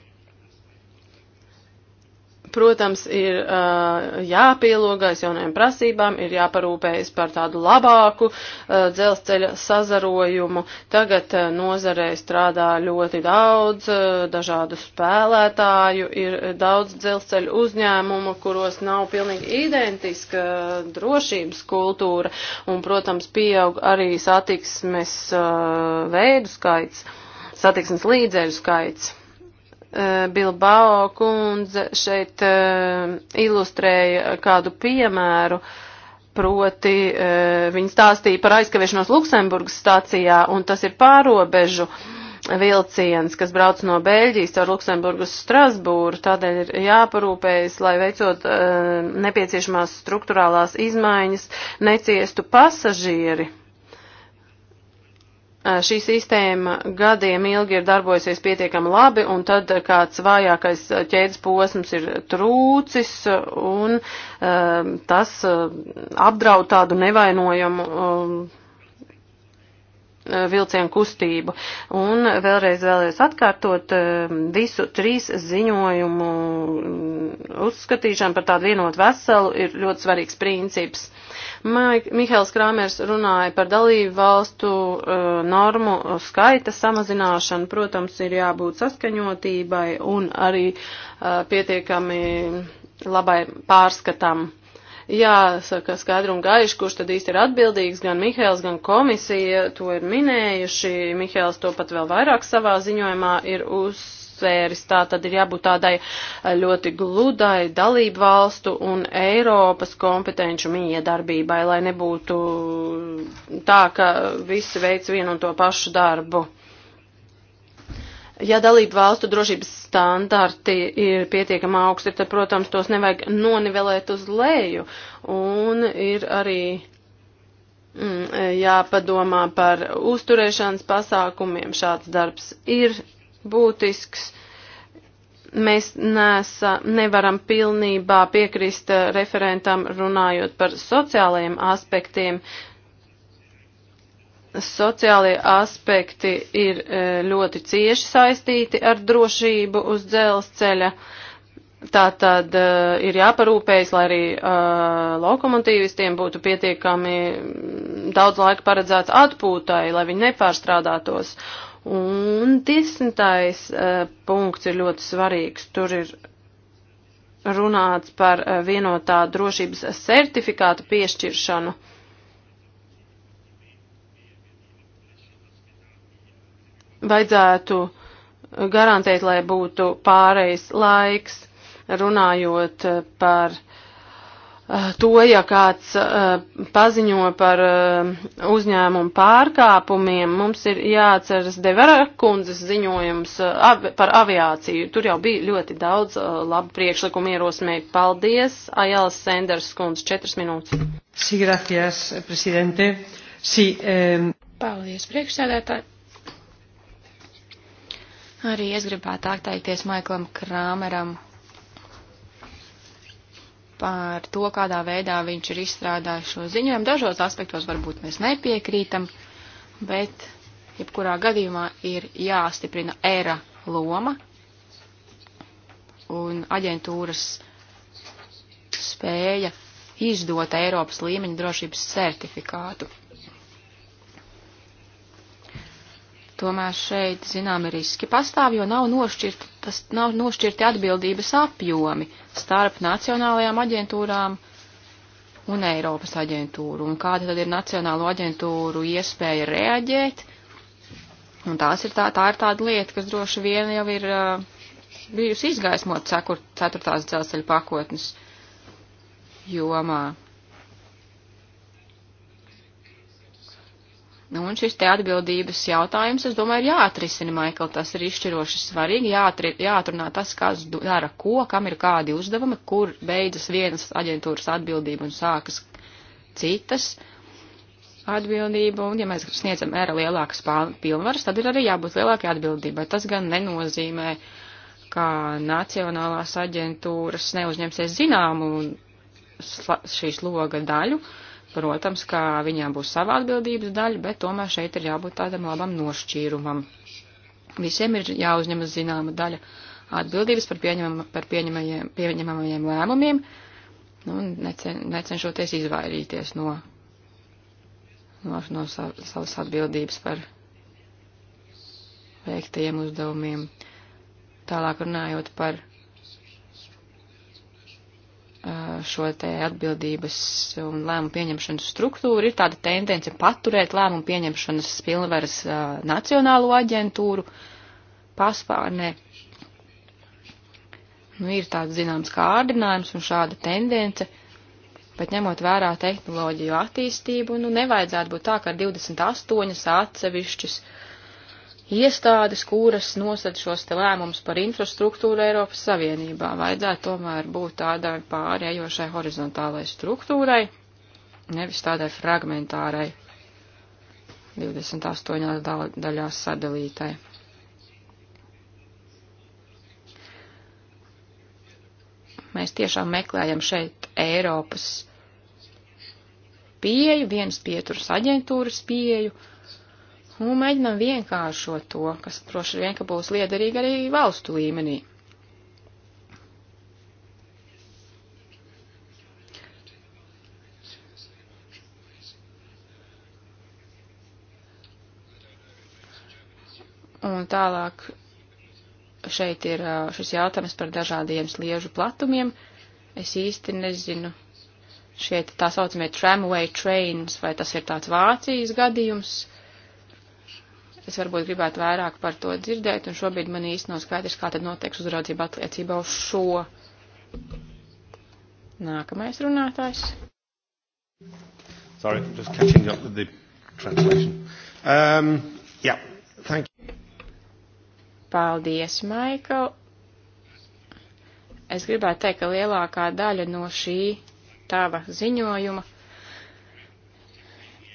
protams, ir uh, jāpielogās jaunajām prasībām, ir jāparūpējas par tādu labāku uh, dzelzceļa sazarojumu. Tagad uh, nozarē strādā ļoti daudz uh, dažādu spēlētāju, ir daudz dzelzceļa uzņēmumu, kuros nav pilnīgi identiska uh, drošības kultūra, un, protams, pieaug arī satiksmes uh, veidu skaits, satiksmes līdzēju skaits. Eh, Bilbao kundze šeit eh, ilustrēja kādu piemēru, proti eh, viņa stāstīja par aizkavēšanos Luksemburgas stācijā, un tas ir pārobežu vilciens, kas brauc no Beļģijas caur Luksemburgu uz Strasbūru, tādēļ ir jāparūpējas, lai veicot nepieciešamās struktūrālās izmaiņas neciestu pasažieri šī sistēma gadiem ilgi ir darbojusies pietiekami labi, un tad kāds vājākais ķēdes posms ir trūcis, un um, tas apdraud tādu nevainojumu. Um, vilcienu kustību. Un vēlreiz vēlreiz atkārtot visu trīs ziņojumu uzskatīšanu par tādu vienotu veselu ir ļoti svarīgs princips. Mihēls Krāmers runāja par dalību valstu uh, normu skaita samazināšanu. Protams, ir jābūt saskaņotībai un arī uh, pietiekami labai pārskatam. Jāsaka skaidri un gaiši, kurš tad īsti ir atbildīgs, gan Mihēls, gan komisija to ir minējuši. Mihēls to pat vēl vairāk savā ziņojumā ir uz transferis, tā tad ir jābūt tādai eh, ļoti gludai dalību valstu un Eiropas kompetenču miedarbībai, lai nebūtu tā, ka visi veic vienu un to pašu darbu. Ja dalību valstu drošības standarti ir pietiekami augsti, tad, protams, tos nevajag nonivelēt uz leju. Un ir arī mm, jāpadomā par uzturēšanas pasākumiem. Šāds darbs ir būtisks. Mēs nesa, nevaram pilnībā piekrist eh, referentam runājot par sociālajiem aspektiem. Sociālie aspekti ir eh, ļoti cieši saistīti ar drošību uz dzelzceļa. Tā tad uh, ir jāparūpējas, lai arī uh, lokomotīvistiem būtu pietiekami mm, daudz laika paredzēts atpūtai, lai viņi nepārstrādātos. Un desmitais uh, punkts ir ļoti svarīgs. Tur ir runāts par uh, vienotā drošības certifikāta piešķiršanu. Vajadzētu garantēt, lai būtu pārejas laiks, runājot eh, par Eh, to, ja kāds uh, paziņo par uh, uzņēmumu pārkāpumiem, mums ir jāatceras Devera kundzes ziņojums uh, av par aviāciju. Tur jau bija ļoti daudz labu priekšlikumu ierosmēju. Paldies, Ajāls Senders kundze, četras minūtes. Sí, gracias, presidente. Sí, um... Paldies, priekšsēdētāji. Arī es gribētu atteikties Maiklam Krāmeram par to, kādā veidā viņš ir izstrādājis šo ziņojumu. Dažos aspektos varbūt mēs nepiekrītam, bet jebkurā gadījumā ir jāstiprina ERA loma un aģentūras spēja izdot Eiropas līmeņa drošības certifikātu. Tomēr šeit, zināmi, riski pastāv, jo nav nošķirti, tas nav nošķirti atbildības apjomi starp nacionālajām aģentūrām un Eiropas aģentūru. Un kāda tad ir nacionālo aģentūru iespēja reaģēt? Un tās ir tā, tā ir tāda lieta, kas droši vien jau ir uh, bijusi izgaismot ceturtās dzelzceļa pakotnes jomā. Uh, Nu, un šis te atbildības jautājums, es domāju, ir jāatrisina, Maikl, tas ir izšķiroši svarīgi, jāatri, jāatrunā tas, kas dara ko, kam ir kādi uzdevumi, kur beidzas vienas aģentūras atbildība un sākas citas atbildība, un ja mēs sniedzam ēra lielākas pilnvaras, tad ir arī jābūt lielākai atbildībai. Tas gan nenozīmē, ka nacionālās aģentūras neuzņemsies zināmu šīs loga daļu, uh, Protams, ka viņām būs sava atbildības daļa, bet tomēr šeit ir jābūt tādam labam nošķīrumam. Visiem ir jāuzņemas zināma daļa atbildības par, pieņemam, par pieņemamajiem, pieņemamajiem lēmumiem, nu, necen, necenšoties izvairīties no, no, no sa, savas atbildības par veiktajiem uzdevumiem. Tālāk runājot par šo te atbildības un lēmumu pieņemšanas struktūru, ir tāda tendence paturēt lēmumu pieņemšanas pilnvaras nacionālo aģentūru paspārnē. Nu, ir tāds zināms kārdinājums un šāda tendence, bet ņemot vērā tehnoloģiju attīstību, nu, nevajadzētu būt tā, ka 28 atsevišķas uh, iestādes, kuras nosad šos te lēmumus par infrastruktūru Eiropas Savienībā. Vajadzētu tomēr būt tādai pārējošai horizontālai struktūrai, nevis tādai fragmentārai 28 daļās sadalītai. Mēs tiešām meklējam šeit Eiropas pieju, vienas pieturas aģentūras pieju, un nu, mēģinam vienkāršot to, kas droši vien, ka būs liederīgi arī valstu līmenī. Un tālāk šeit ir šis jautājums par dažādiem sliežu platumiem. Es īsti nezinu, šie tā saucamie tramway trains, vai tas ir tāds Vācijas gadījums, Es varbūt gribētu vairāk par to dzirdēt, un šobrīd man īsti nav skaidrs, kā tad notiek uzraudzība attiecībā uz šo. Nākamais runātājs. Sorry, just catching up with the translation. Um, yeah, thank you. Paldies, Maikl. Es gribētu teikt, ka lielākā daļa no šī tava ziņojuma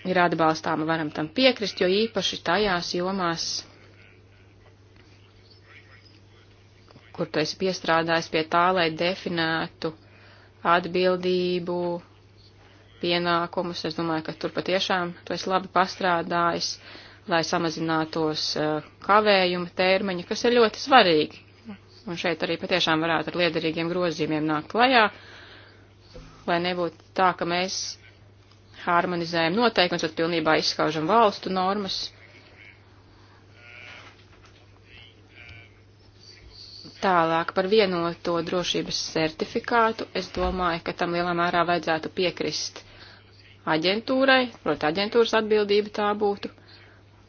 ir atbalstāma, varam tam piekrist, jo īpaši tajās jomās, kur tu esi piestrādājis pie tā, lai definētu atbildību, pienākumus, es domāju, ka tur patiešām tu esi labi pastrādājis, lai samazinātos eh, kavējuma termiņi, kas ir ļoti svarīgi. Un šeit arī patiešām varētu ar liederīgiem grozījumiem nākt klajā, lai nebūtu tā, ka mēs harmonizējam noteikumus, tad pilnībā izskaužam valstu normas. Tālāk par vienoto drošības certifikātu. Es domāju, ka tam lielā mērā vajadzētu piekrist aģentūrai, proti aģentūras atbildība tā būtu.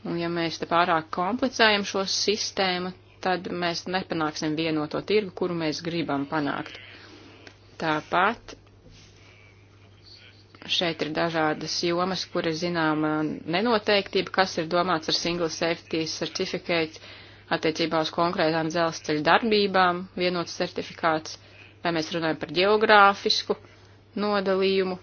Un ja mēs te pārāk komplicējam šo sistēmu, tad mēs nepanāksim vienoto tirgu, kuru mēs gribam panākt. Tāpat šeit ir dažādas jomas, kur ir zināma nenoteiktība, kas ir domāts ar Single Safety Certificate attiecībā uz konkrētām dzelzceļa darbībām, vienots certifikāts, vai mēs runājam par geogrāfisku nodalījumu.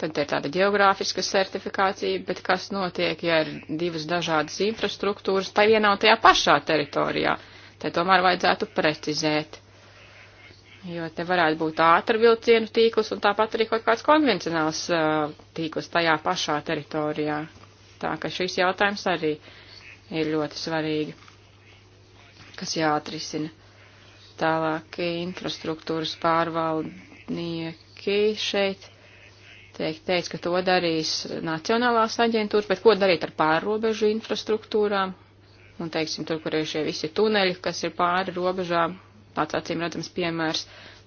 Tad te ir tāda geogrāfiska certifikācija, bet kas notiek, ja ir divas dažādas infrastruktūras, tai vienā un tajā pašā teritorijā. Te tomēr vajadzētu precizēt jo te varētu būt ātrvilcienu tīkls un tāpat arī kaut kāds konvencionāls uh, tīkls tajā pašā teritorijā. Tā ka šis jautājums arī ir ļoti svarīgi, kas jāatrisina. Tālāk infrastruktūras pārvaldnieki šeit teikt, teica, ka to darīs nacionālās aģentūras, bet ko darīt ar pārrobežu infrastruktūrām? Un teiksim, tur, kur ir šie visi tuneļi, kas ir pāri robežām, tāds acīm redzams piemērs,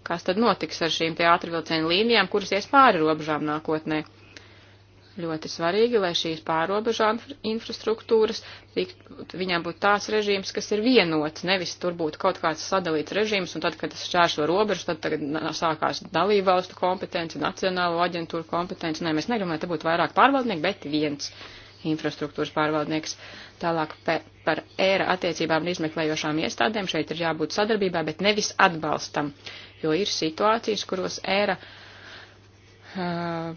kas tad notiks ar šīm te ātrvilcienu līnijām, kuras ies pāri robežām nākotnē. Ļoti svarīgi, lai šīs pārobežā infrastruktūras, viņām būtu tāds režīms, kas ir vienots, nevis tur būtu kaut kāds sadalīts režīms, un tad, kad es šķēršo robežu, tad tagad sākās dalībvalstu kompetence, nacionālo aģentūru kompetence. Nē, mēs negribam, lai te būtu vairāk pārvaldnieku, bet viens. Uh, infrastruktūras pārvaldnieks. Tālāk pe, par ēra attiecībām un izmeklējošām iestādēm šeit ir jābūt sadarbībā, bet nevis atbalstam, jo ir situācijas, kuros ēra, uh,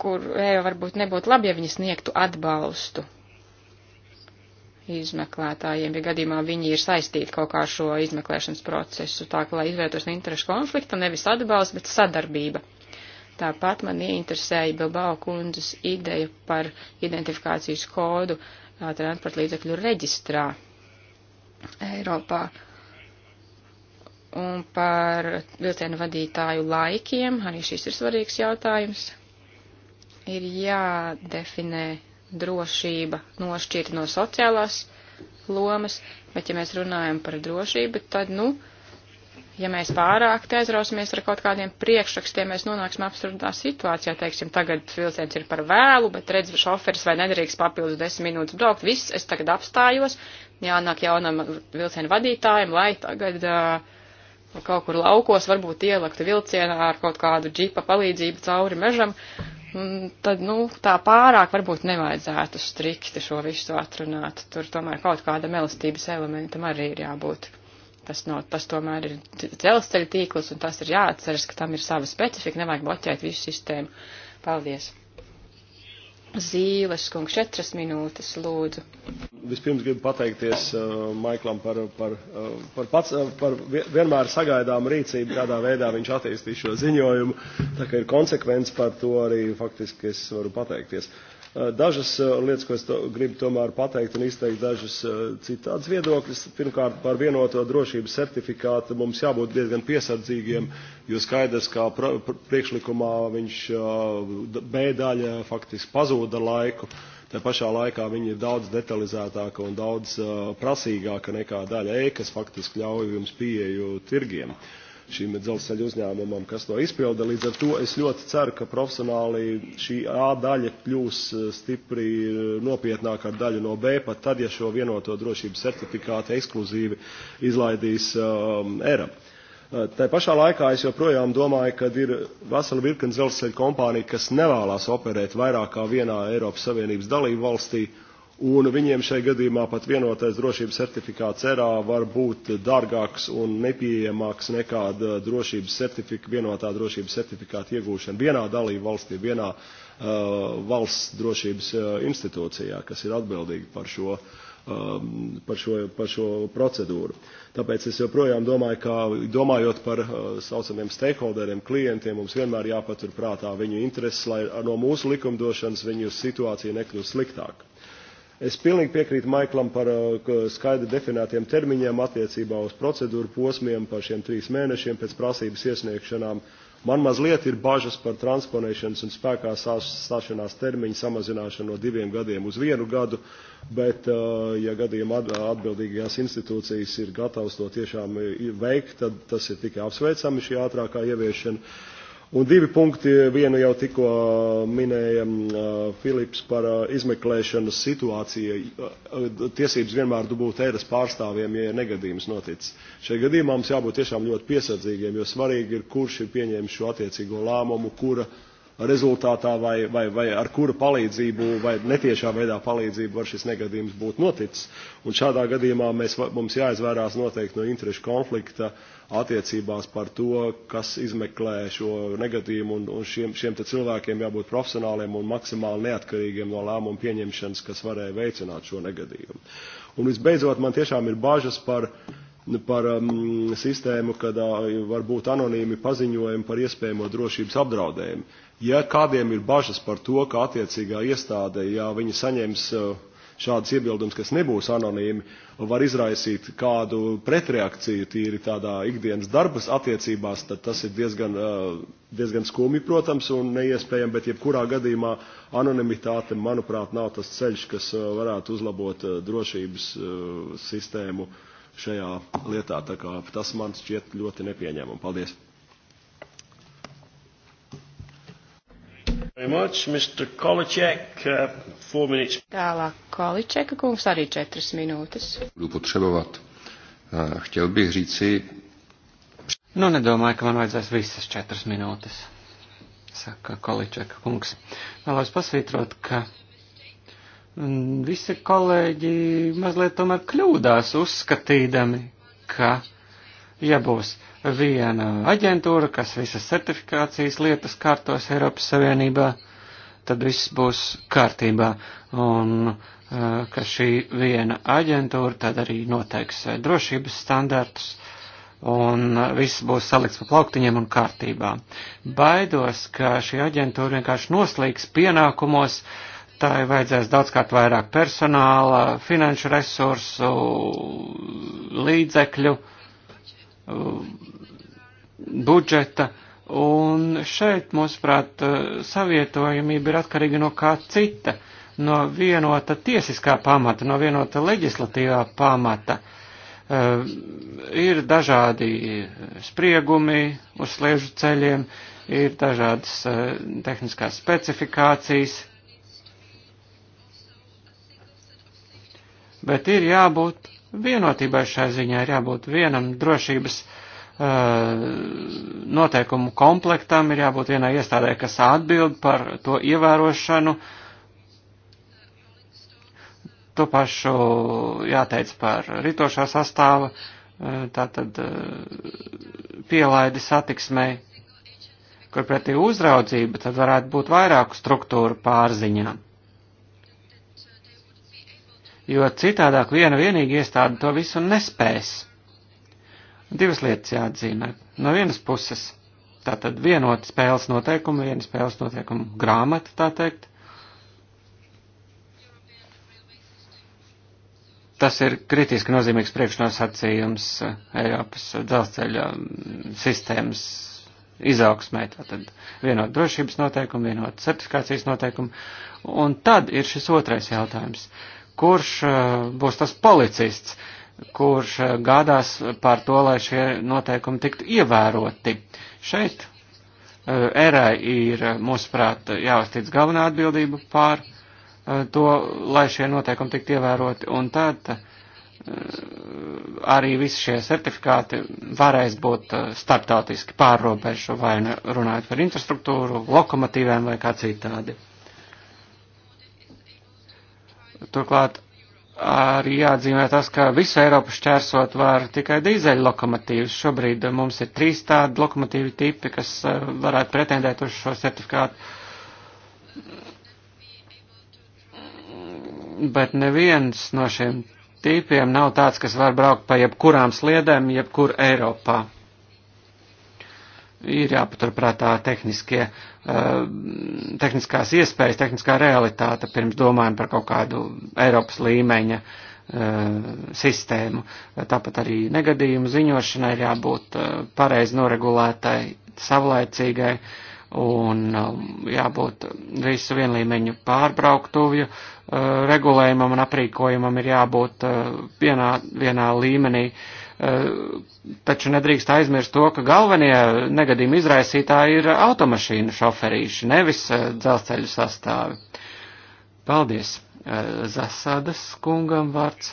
kur ēra varbūt nebūtu labi, ja viņi sniegtu atbalstu izmeklētājiem, ja gadījumā viņi ir saistīti kaut kā ar šo izmeklēšanas procesu, tā ka, lai izvērtos no interešu konflikta, nevis atbalsts, bet sadarbība. Tāpat man ieinteresēja Bilbao kundzes ideja par identifikācijas kodu transporta līdzekļu reģistrā Eiropā un par vilcienu vadītāju laikiem. Arī šis ir svarīgs jautājums. Ir jādefinē drošība nošķirta no sociālās lomas, bet ja mēs runājam par drošību, tad, nu, uh, ja mēs pārāk te aizrausimies ar kaut kādiem priekšrakstiem, mēs nonāksim absurdā situācijā, teiksim, tagad vilciens ir par vēlu, bet redz, šoferis vai nedrīkst papildus desmit minūtes braukt, viss, es tagad apstājos, jānāk jaunam vilcienu vadītājiem, lai tagad uh, kaut kur laukos varbūt ielaktu vilcienā ar kaut kādu džipa palīdzību cauri mežam, un tad, nu, tā pārāk varbūt nevajadzētu strikti šo visu atrunāt, tur tomēr kaut kādam elastības elementam arī ir jābūt. Tas, no, tas tomēr ir dzelzceļa tīkls, un tas ir jāatceras, ka tam ir sava specifika, nevajag bloķēt visu sistēmu. Paldies! Zīles, kungs, četras minūtes, lūdzu. Vispirms gribu pateikties uh, Maiklam par, par, uh, par, pats, uh, par vienmēr sagaidām rīcību, kādā veidā viņš attīstīs šo ziņojumu. Tā kā ir konsekvence par to arī faktiski es varu pateikties. Uh, Eh, dažas eh, lietas, ko es to gribu tomēr pateikt un izteikt dažas eh, citādas viedokļas. Pirmkārt, par vienoto drošības certifikātu mums jābūt diezgan piesardzīgiem, jo skaidrs, kā priekšlikumā viņš B daļa faktiski pazūda laiku. Tā pašā laikā viņa ir daudz detalizētāka un daudz prasīgāka nekā daļa E, kas faktiski ļauj jums pieeju tirgiem. Uh, šīm dzelzceļa uzņēmumam, kas to izpilda. Līdz ar to es ļoti ceru, ka profesionāli šī A daļa kļūs eh, stipri eh, nopietnākā daļa no B, pat tad, ja šo vienoto drošības certifikātu ekskluzīvi izlaidīs um, ERA. Tā pašā laikā es joprojām domāju, ka ir vesela virkne dzelzceļa kompānija, kas nevēlas operēt vairāk kā vienā Eiropas Savienības dalību valstī, uh, un viņiem šajā gadījumā pat vienotais drošības certifikāts ERA var būt dārgāks un nepieejamāks nekā drošības certifika, vienotā drošības certifikāta iegūšana vienā dalību valstī, vienā uh, valsts drošības uh, institūcijā, kas ir atbildīga par šo uh, par šo, par šo procedūru. Tāpēc es joprojām domāju, ka domājot par uh, saucamiem stakeholderiem, klientiem, mums vienmēr jāpatur prātā viņu intereses, lai no mūsu likumdošanas viņu situācija nekļūst sliktāka. Es pilnīgi piekrītu Maiklam par uh, skaidri definētiem termiņiem attiecībā uz procedūru posmiem par šiem trīs mēnešiem pēc prasības iesniegšanām. Man mazliet ir bažas par transponēšanas un spēkā stāšanās termiņu samazināšanu no diviem gadiem uz vienu gadu, bet, uh, ja gadījumā atbildīgajās institūcijas ir gatavs to tiešām uh, veikt, tad tas ir tikai apsveicami šī ātrākā ieviešana. Un divi punkti, vienu jau tikko minēja mm, Filips par izmeklēšanas situāciju. Tiesības vienmēr būtu eiras pārstāvjiem, ja negadījums noticis. Šajā gadījumā mums jābūt tiešām ļoti piesardzīgiem, jo svarīgi ir, kurš ir pieņēmis šo attiecīgo lēmumu, kura rezultātā vai, vai, vai ar kura palīdzību vai netiešā veidā palīdzību var šis negadījums būt noticis. Un šādā gadījumā mēs, mums jāizvērās noteikti no interešu konflikta uh, attiecībās par to, kas izmeklē šo negadījumu, un, un šiem, šiem te cilvēkiem jābūt profesionāliem un maksimāli neatkarīgiem no lēmumu pieņemšanas, kas varēja veicināt šo negadījumu. Un visbeidzot, man tiešām ir bažas par, par um, sistēmu, kad uh, var būt anonīmi paziņojumi par iespējamo drošības apdraudējumu. Ja kādiem ir bažas par to, ka attiecīgā iestāde, ja viņi saņems uh, šādas iebildumas, kas nebūs anonīmi, var izraisīt kādu pretreakciju tīri tādā ikdienas darbas attiecībās, tad tas ir diezgan, diezgan skumji, protams, un neiespējami, bet jebkurā gadījumā anonimitāte, manuprāt, nav tas ceļš, kas varētu uzlabot drošības sistēmu šajā lietā. Tā kā tas man šķiet ļoti nepieņemam. Paldies! Much, Količek, uh, Tālāk Količeka kungs arī četras minūtes. Uh, říci... Nu, nedomāju, ka man vajadzēs visas četras minūtes, saka Količeka kungs. Vēlos pasvītrot, ka mm, visi kolēģi mazliet tomēr kļūdās uzskatīdami, ka, ja būs viena aģentūra, kas visas certifikācijas lietas kārtos Eiropas Savienībā, tad viss būs kārtībā. Un eh, ka šī viena aģentūra tad arī noteiks eh, drošības standartus un eh, viss būs salikts pa plauktiņiem un kārtībā. Baidos, ka šī aģentūra vienkārši noslīgs pienākumos, tai vajadzēs daudzkārt vairāk personāla, finanšu resursu, līdzekļu. Uh, Uh, budžeta. Un šeit, mūsuprāt, uh, savietojamība ir atkarīga no kā cita, no vienota tiesiskā pamata, no vienota leģislatīvā pamata. Uh, ir dažādi spriegumi uz sliežu ceļiem, ir dažādas tehniskās specifikācijas, bet ir jābūt Vienotībai šai ziņā ir jābūt vienam drošības uh, noteikumu komplektam, ir jābūt vienai iestādē, kas atbild par to ievērošanu. To pašu jāteic par ritošā sastāva, uh, tātad uh, pielaidi satiksmei, kur pretī uzraudzība, tad varētu būt vairāku struktūru pārziņām jo citādāk viena vienīga iestāde to visu nespēs. Divas lietas jāatzīmē. No vienas puses, tā tad vienota spēles noteikuma, viena spēles noteikuma grāmata, tā teikt. Tas ir kritiski nozīmīgs priekšnosacījums eh, Eiropas dzelzceļa mm, sistēmas izaugsmē, tātad vienot drošības noteikumu, vienot certifikācijas noteikumu. Un tad ir šis otrais jautājums. Uh, kurš eh, būs tas policists, kurš eh, gādās par to, lai šie noteikumi tiktu ievēroti. Šeit eh, erai ir, mūsuprāt, jāuztic galvenā atbildība pār to, lai šie noteikumi tiktu ievēroti, un tad arī visi šie certifikāti varēs būt starptautiski pārrobežu, vai runājot par infrastruktūru, lokomotīvēm vai kā citādi. Turklāt arī jāatzīmē tas, ka visu Eiropu šķērsot var tikai dīzeļu lokomotīvas. Šobrīd mums ir trīs tādi lokomotīvi tipi, kas eh, varētu pretendēt uz šo certifikātu. Bet neviens no šiem tīpiem nav tāds, kas var braukt pa jebkurām sliedēm, jebkur Eiropā ir jāpaturprātā tehniskie, eh, tehniskās iespējas, tehniskā realitāte pirms domājam par kaut kādu Eiropas līmeņa eh, sistēmu. Tāpat arī negadījumu ziņošanai ir jābūt eh, pareizi noregulētai, savlaicīgai un jābūt visu vienlīmeņu pārbrauktuvju regulējumam un aprīkojumam ir jābūt vienā, vienā līmenī. Uh, Eh, taču nedrīkst aizmirst to, ka galvenie negadījuma izraisītāji ir automašīnu šoferīši, nevis eh, dzelzceļu sastāvi. Paldies! Eh, Zasādas kungam vārds.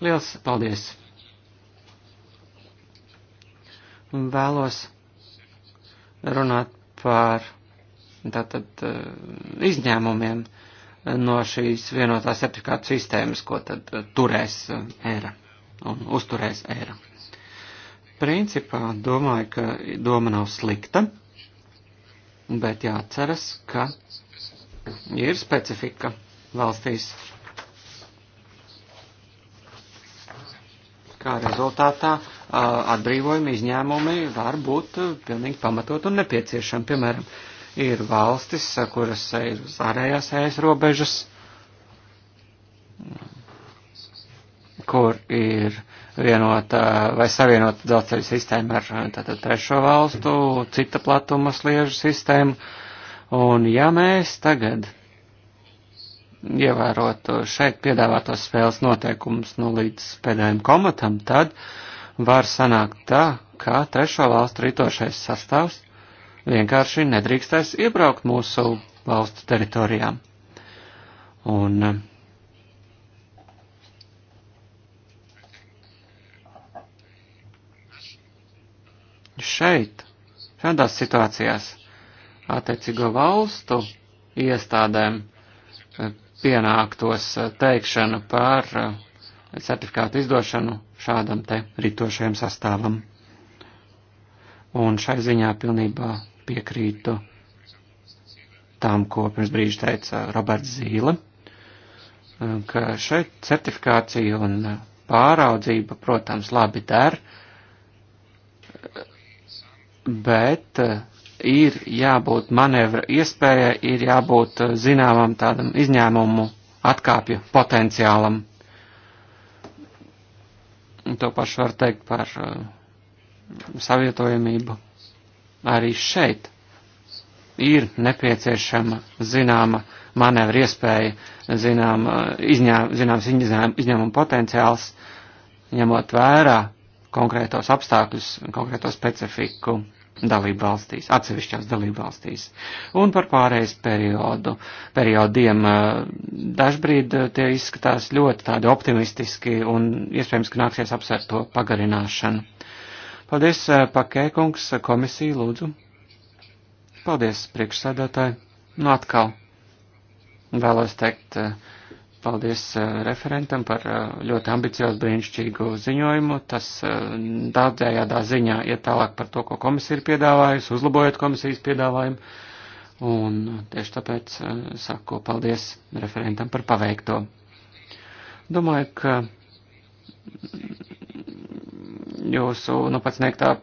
Liels paldies! Un vēlos runāt par tātad izņēmumiem no šīs vienotās sertifikātu sistēmas, ko tad turēs ERA un uzturēs eiro. Principā domāju, ka doma nav slikta, bet jāceras, ka ir specifika valstīs. Kā rezultātā atbrīvojumi izņēmumi var būt pilnīgi pamatot un nepieciešami. Piemēram, ir valstis, kuras ir uz ārējās ēs robežas, kur ir vienota vai savienota dzelzceļa sistēma ar tātad trešo valstu, cita platuma sliežu sistēmu. Un ja mēs tagad ievērotu šeit piedāvātos spēles noteikumus nu līdz pēdējiem komatam, tad var sanākt tā, ka trešo valstu ritošais sastāvs vienkārši nedrīkstēs iebraukt mūsu valstu teritorijām. Un šeit, šādās situācijās, attiecīgo valstu iestādēm eh, pienāktos eh, teikšana par eh, certifikātu izdošanu šādam te ritošajam sastāvam. Un šai ziņā pilnībā piekrītu tam, ko pirms brīža teica Roberts Zīle, ka šeit certifikācija un pāraudzība, protams, labi der, bet eh, ir jābūt manevra iespējai, ir jābūt eh, zināmam tādam izņēmumu atkāpju potenciālam. To pašu var teikt par eh, savietojamību. Arī šeit ir nepieciešama zināma manevra iespēja, zināma izņēm, zināms izņēmuma potenciāls, ņemot vērā konkrētos apstākļus, konkrēto specifiku dalību valstīs, atsevišķās dalību valstīs. Un par pārējais periodu, periodiem eh, dažbrīd eh, tie izskatās ļoti tādi optimistiski un iespējams, ka nāksies apsvērt to pagarināšanu. Paldies, eh, Pakēkungs, komisija, lūdzu. Paldies, priekšsēdētāji. Nu atkal vēlos teikt. Uh, Paldies eh, referentam par eh, ļoti ambiciozu brīnišķīgu ziņojumu. Tas eh, daudzējādā ziņā iet tālāk par to, ko komisija ir piedāvājusi, uzlabojot komisijas piedāvājumu. Un tieši tāpēc saku paldies referentam par paveikto. Domāju, ka jūsu nu, pats sniegtā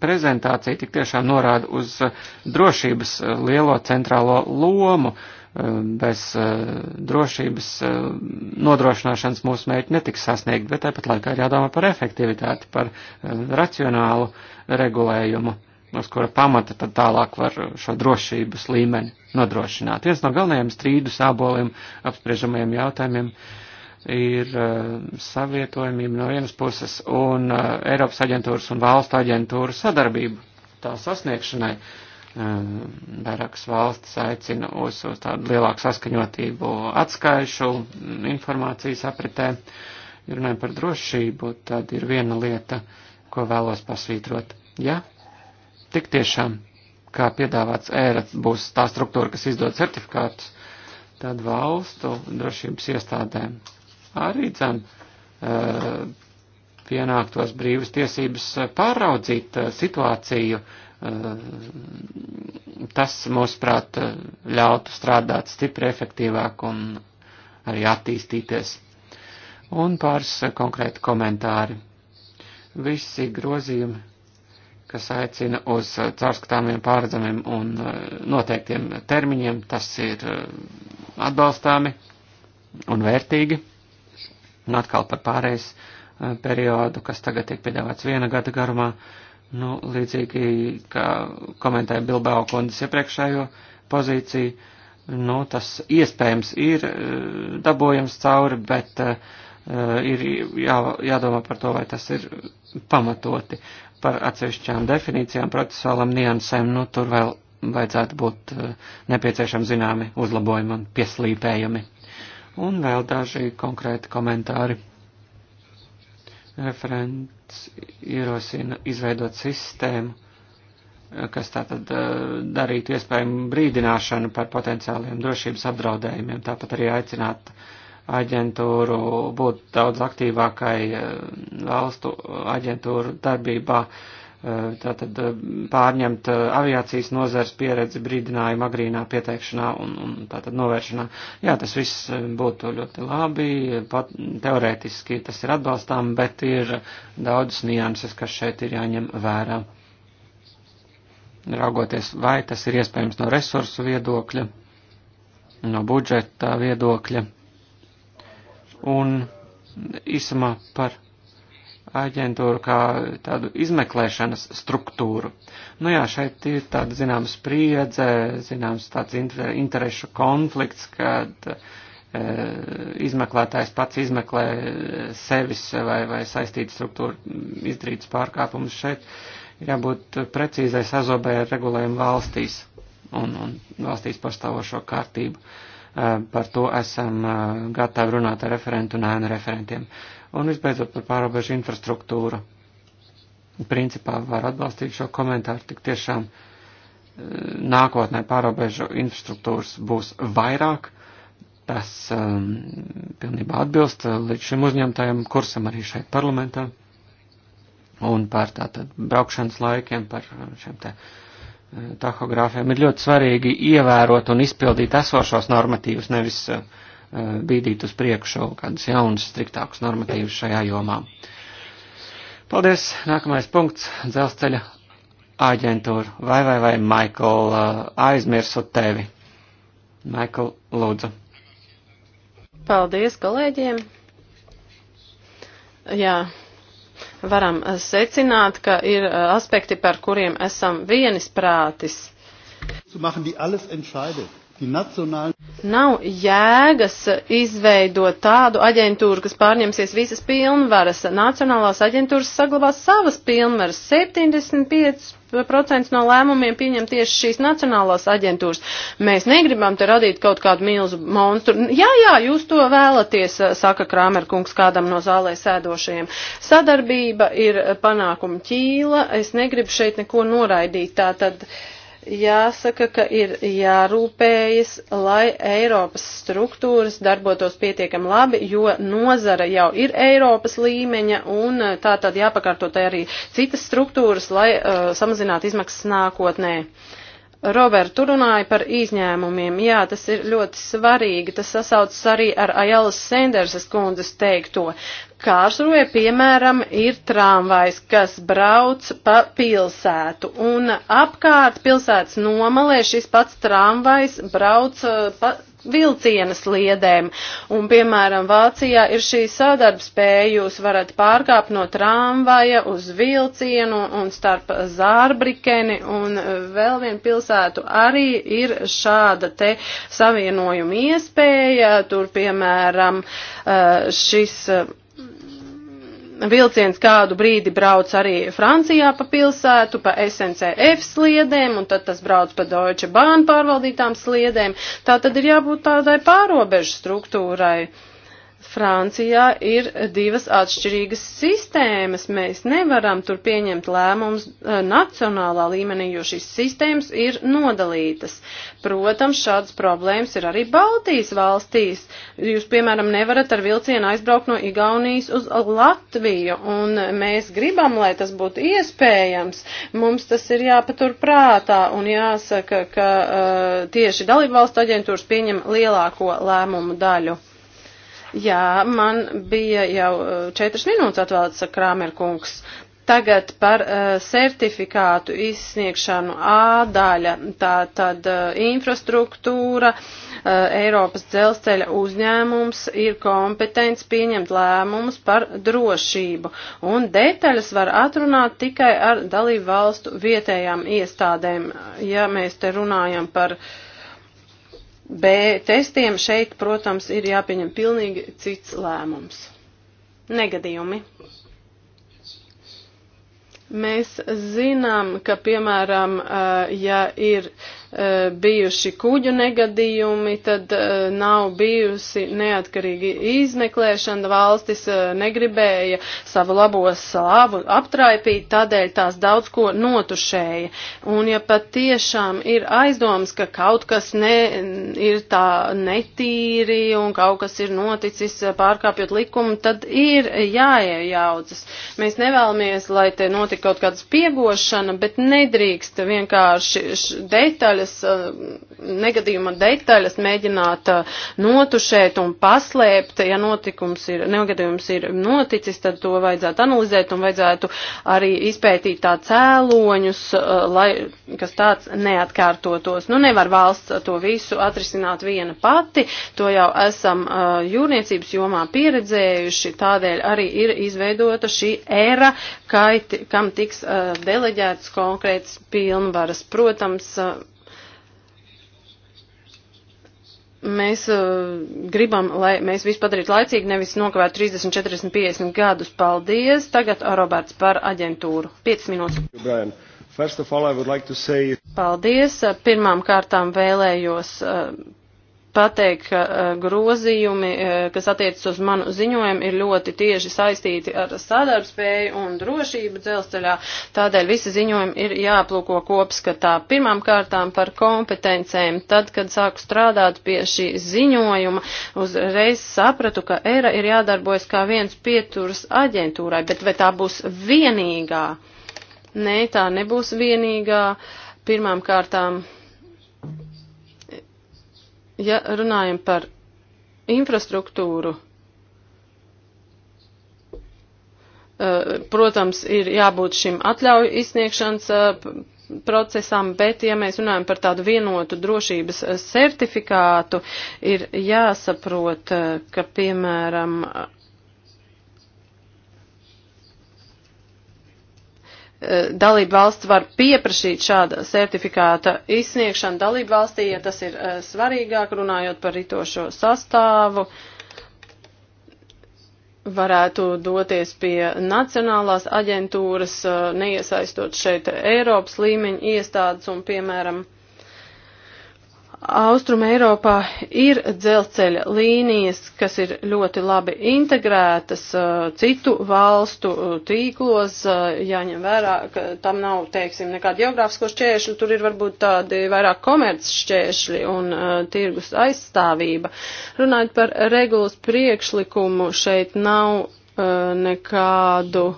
prezentācija tik tiešām norāda uz drošības lielo centrālo lomu. Uh, bez eh, drošības eh, nodrošināšanas mūsu mērķi netiks sasniegt, bet tāpat laikā ir jādomā par efektivitāti, par eh, racionālu regulējumu, uz kura pamata tad tālāk var šo drošības līmeni nodrošināt. Viens no galvenajiem strīdu sāboliem apspriežamajiem jautājumiem ir savietojamība no vienas puses un Eiropas aģentūras un valstu aģentūru sadarbību tā sasniegšanai. Uh, Ehm, vairākas valstis aicina uz, uz tādu lielāku saskaņotību atskaišu mm, informācijas apritē. Ja runājam par drošību, tad ir viena lieta, ko vēlos pasvītrot. Ja tik tiešām, kā piedāvāts ērats, būs tā struktūra, kas izdod certifikātus, tad valstu drošības iestādēm arī dzem ehm, pienāktos brīvas tiesības pāraudzīt eh, situāciju, Eh, tas, mūsuprāt, ļautu strādāt stipri efektīvāk un arī attīstīties. Un pāris konkrēti komentāri. Visi grozījumi, kas aicina uz caurskatāmiem pārredzamiem un eh, noteiktiem termiņiem, tas ir eh, atbalstāmi un vērtīgi. Un atkal par pārējais periodu, kas tagad tiek piedāvāts viena gada garumā, uh, Nu, līdzīgi kā komentēja Bilbao kundas iepriekšējo pozīciju, nu, tas iespējams ir eh, dabojams cauri, bet uh, ir jā, jādomā par to, vai tas ir pamatoti. Par atsevišķām definīcijām, procesuālam niansēm, nu, tur vēl vajadzētu būt uh, nepieciešami zināmi uzlabojumi un pieslīpējumi. Un vēl daži konkrēti komentāri. Referents ierosina izveidot sistēmu, kas tātad eh, darītu iespējamu brīdināšanu par potenciāliem drošības apdraudējumiem, tāpat arī aicināt aģentūru būt daudz aktīvākai eh, valstu aģentūru darbībā Eh, tātad eh, pārņemt eh, aviācijas nozars pieredzi brīdinājuma agrīnā pieteikšanā un, un tātad novēršanā. Jā, tas viss būtu ļoti labi, pat teorētiski tas ir atbalstām, bet ir daudz nianses, kas šeit ir jāņem vērā. Raugoties, vai tas ir iespējams no resursu viedokļa, no budžeta viedokļa un īsumā par aģentūru kā tādu izmeklēšanas struktūru. Nu jā, šeit ir tāda zināms spriedze, zināms tāds interešu konflikts, kad e, izmeklētājs pats izmeklē sevis vai, vai saistītu struktūru izdarītas pārkāpumus šeit. Jābūt precīzai sazobē ar regulējumu valstīs un, un valstīs pastāvošo kārtību. E, par to esam e, gatavi runāt ar referentu un ēnu referentiem. Uh, Un visbeidzot par pārobežu infrastruktūru. Principā var atbalstīt šo komentāru, tik tiešām e, nākotnē pārobežu infrastruktūras būs vairāk. Tas um, pilnībā atbilst e, līdz šim uzņemtajam kursam arī šeit parlamentā un par tātad braukšanas laikiem, par šiem te e, tahogrāfiem ir ļoti svarīgi ievērot un izpildīt esošos normatīvus, nevis Eh, bīdīt uz priekšu kādus jaunus, striktākus normatīvus šajā jomā. Paldies! Nākamais punkts - dzelzceļa aģentūra. Vai, vai, vai, Maikl, eh, aizmirsu tevi. Maikl, lūdzu. Paldies kolēģiem! Jā, varam eh, secināt, ka ir aspekti, par kuriem esam vienisprātis. Zu machen, die alles entscheidet. Nav jēgas izveidot tādu aģentūru, kas pārņemsies visas pilnvaras. Nacionālās aģentūras saglabās savas pilnvaras. 75% no lēmumiem pieņem tieši šīs nacionālās aģentūras. Mēs negribam te radīt kaut kādu milzu monstru. Jā, jā, jūs to vēlaties, saka Krāmerkungs kādam no zālē sēdošajiem. Sadarbība ir panākuma ķīla. Es negribu šeit neko noraidīt. Tātad, uh, jāsaka, ka ir jārūpējas, lai Eiropas struktūras darbotos pietiekam labi, jo nozara jau ir Eiropas līmeņa un eh, tā tad jāpakārtot arī citas struktūras, lai uh, samazinātu izmaksas nākotnē. Roberts, tu runāji par izņēmumiem. Jā, tas ir ļoti svarīgi. Tas sasaucas arī ar Ajalas Sendersas kundzes teikto. Kārsrūē, piemēram, ir tramvajs, kas brauc pa pilsētu, un apkārt pilsētas nomalē šis pats tramvajs brauc uh, pa vilciena sliedēm. Un, piemēram, Vācijā ir šī sadarbspēja, jūs varat pārkāpt no tramvaja uz vilcienu un starp Zārbrikeni un uh, vēl vienu pilsētu arī ir šāda te savienojuma iespēja. Tur, piemēram, uh, šis vilciens kādu brīdi brauc arī Francijā pa pilsētu, pa SNCF sliedēm, un tad tas brauc pa Deutsche Bahn pārvaldītām sliedēm. Tā tad ir jābūt tādai pārobežu struktūrai. Francijā ir divas atšķirīgas sistēmas. Mēs nevaram tur pieņemt lēmumus eh, nacionālā līmenī, jo šīs sistēmas ir nodalītas. Protams, šādas problēmas ir arī Baltijas valstīs. Jūs, piemēram, nevarat ar vilcienu aizbraukt no Igaunijas uz Latviju, un mēs gribam, lai tas būtu iespējams. Mums tas ir jāpatur prātā, un jāsaka, ka uh, tieši dalībvalstu aģentūras pieņem lielāko lēmumu daļu. Jā, man bija jau e, četras minūtes atvēlēts, saka Krāmerkungs. Tagad par uh, e, sertifikātu izsniegšanu A daļa, tā tad uh, infrastruktūra, uh, Eiropas dzelzceļa uzņēmums ir kompetents pieņemt lēmumus par drošību, un detaļas var atrunāt tikai ar dalību valstu vietējām iestādēm, ja mēs te runājam par uh, B testiem šeit, protams, ir jāpieņem pilnīgi cits lēmums. Negadījumi. Mēs zinām, ka, piemēram, ja ir E, bijuši kuģu negadījumi, tad e, nav bijusi neatkarīgi izmeklēšana, valstis e, negribēja savu labo slāvu aptraipīt, tādēļ tās daudz ko notušēja. Un ja pat tiešām ir aizdoms, ka kaut kas ne, ir tā netīri un kaut kas ir noticis pārkāpjot likumu, tad ir jāiejaucas. Mēs nevēlamies, lai te notika kaut kādas piegošana, bet nedrīkst vienkārši detaļas detaļas, eh, negadījuma detaļas mēģināt eh, notušēt un paslēpt. Ja notikums ir, negadījums ir noticis, tad to vajadzētu analizēt un vajadzētu arī izpētīt tā cēloņus, eh, lai, kas tāds neatkārtotos. Nu, nevar valsts to visu atrisināt viena pati, to jau esam jūrniecības jomā pieredzējuši, tādēļ arī ir izveidota šī era, kaiti, kam tiks deleģētas konkrētas pilnvaras. Protams, mēs uh, gribam, lai mēs visu padarītu laicīgi, nevis nokavētu 30, 40, 50 gadus. Paldies! Tagad Roberts par aģentūru. 5 minūtes. Brian. All, like say... Paldies! Pirmām kārtām vēlējos uh, pateikt, ka e, grozījumi, e, kas attiecas uz manu ziņojumu, ir ļoti tieši saistīti ar sadarbspēju un drošību dzelzceļā. Tādēļ visi ziņojumi ir jāplūko kopskatā. Pirmām kārtām par kompetencēm. Tad, kad sāku strādāt pie šī ziņojuma, uzreiz sapratu, ka ERA ir jādarbojas kā viens pieturs aģentūrai, bet vai tā būs vienīgā? Nē, tā nebūs vienīgā. Pirmām kārtām Ja runājam par infrastruktūru, eh, protams, ir jābūt šim atļauju izsniegšanas eh, procesam, bet, ja mēs runājam par tādu vienotu drošības eh, certifikātu, ir jāsaprot, ka, piemēram, Eh, dalību valsts var pieprasīt šāda certifikāta izsniegšanu dalību valstī, ja tas ir eh, svarīgāk, runājot par ritošo sastāvu, varētu doties pie nacionālās aģentūras, eh, neiesaistot šeit Eiropas līmeņa iestādes un, piemēram, Austrum Eiropā ir dzelceļa līnijas, kas ir ļoti labi integrētas uh, citu valstu uh, tīklos, uh, jāņem vērā, ka tam nav, teiksim, nekāda geogrāfisko šķēršļu, tur ir varbūt tādi vairāk komerces šķēršļi un uh, tirgus aizstāvība. Runājot par regulas priekšlikumu, šeit nav uh, nekādu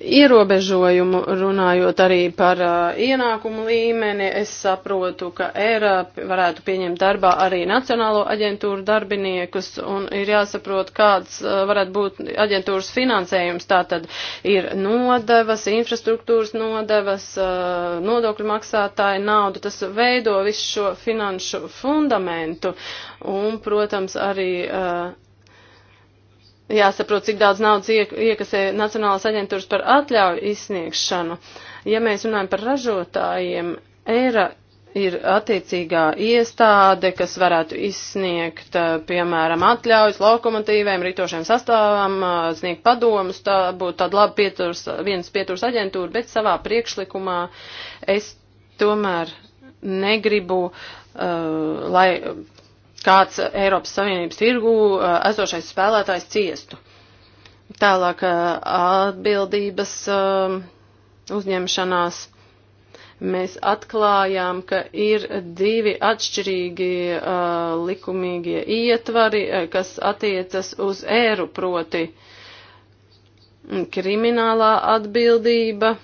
ierobežojumu, runājot arī par uh, ienākumu līmeni, es saprotu, ka ERA varētu pieņemt darbā arī Nacionālo aģentūru darbiniekus, un ir jāsaprot, kāds uh, varētu būt aģentūras finansējums. Tātad ir nodevas, infrastruktūras nodevas, uh, nodokļu maksātāja nauda, tas veido visu šo finanšu fundamentu, un, protams, arī. Uh, jāsaprot, cik daudz naudas iekasē Nacionālās aģentūras par atļauju izsniegšanu. Ja mēs runājam par ražotājiem, ERA ir attiecīgā iestāde, kas varētu izsniegt, eh, piemēram, atļaujas lokomotīvēm, ritošiem sastāvam, eh, sniegt padomus, tā būtu tāda laba pieturs, viens pieturs aģentūra, bet savā priekšlikumā es tomēr negribu, uh, lai kāds Eiropas Savienības tirgu eh, esošais spēlētājs ciestu. Tālāk eh, atbildības eh, uzņemšanās mēs atklājām, ka ir divi atšķirīgi uh, likumīgie ietvari, kas attiecas uz ēru proti kriminālā atbildība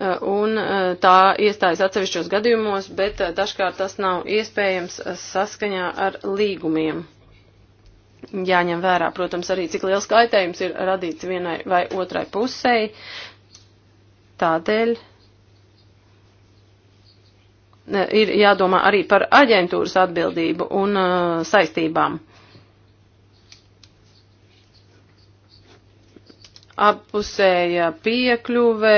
Eh, un eh, tā iestājas atsevišķos gadījumos, bet eh, dažkārt tas nav iespējams saskaņā ar līgumiem. Jāņem vērā, protams, arī cik liels kaitējums ir radīts vienai vai otrai pusēji. Tādēļ ir jādomā arī par aģentūras atbildību un uh, saistībām. Appusēja piekļuve,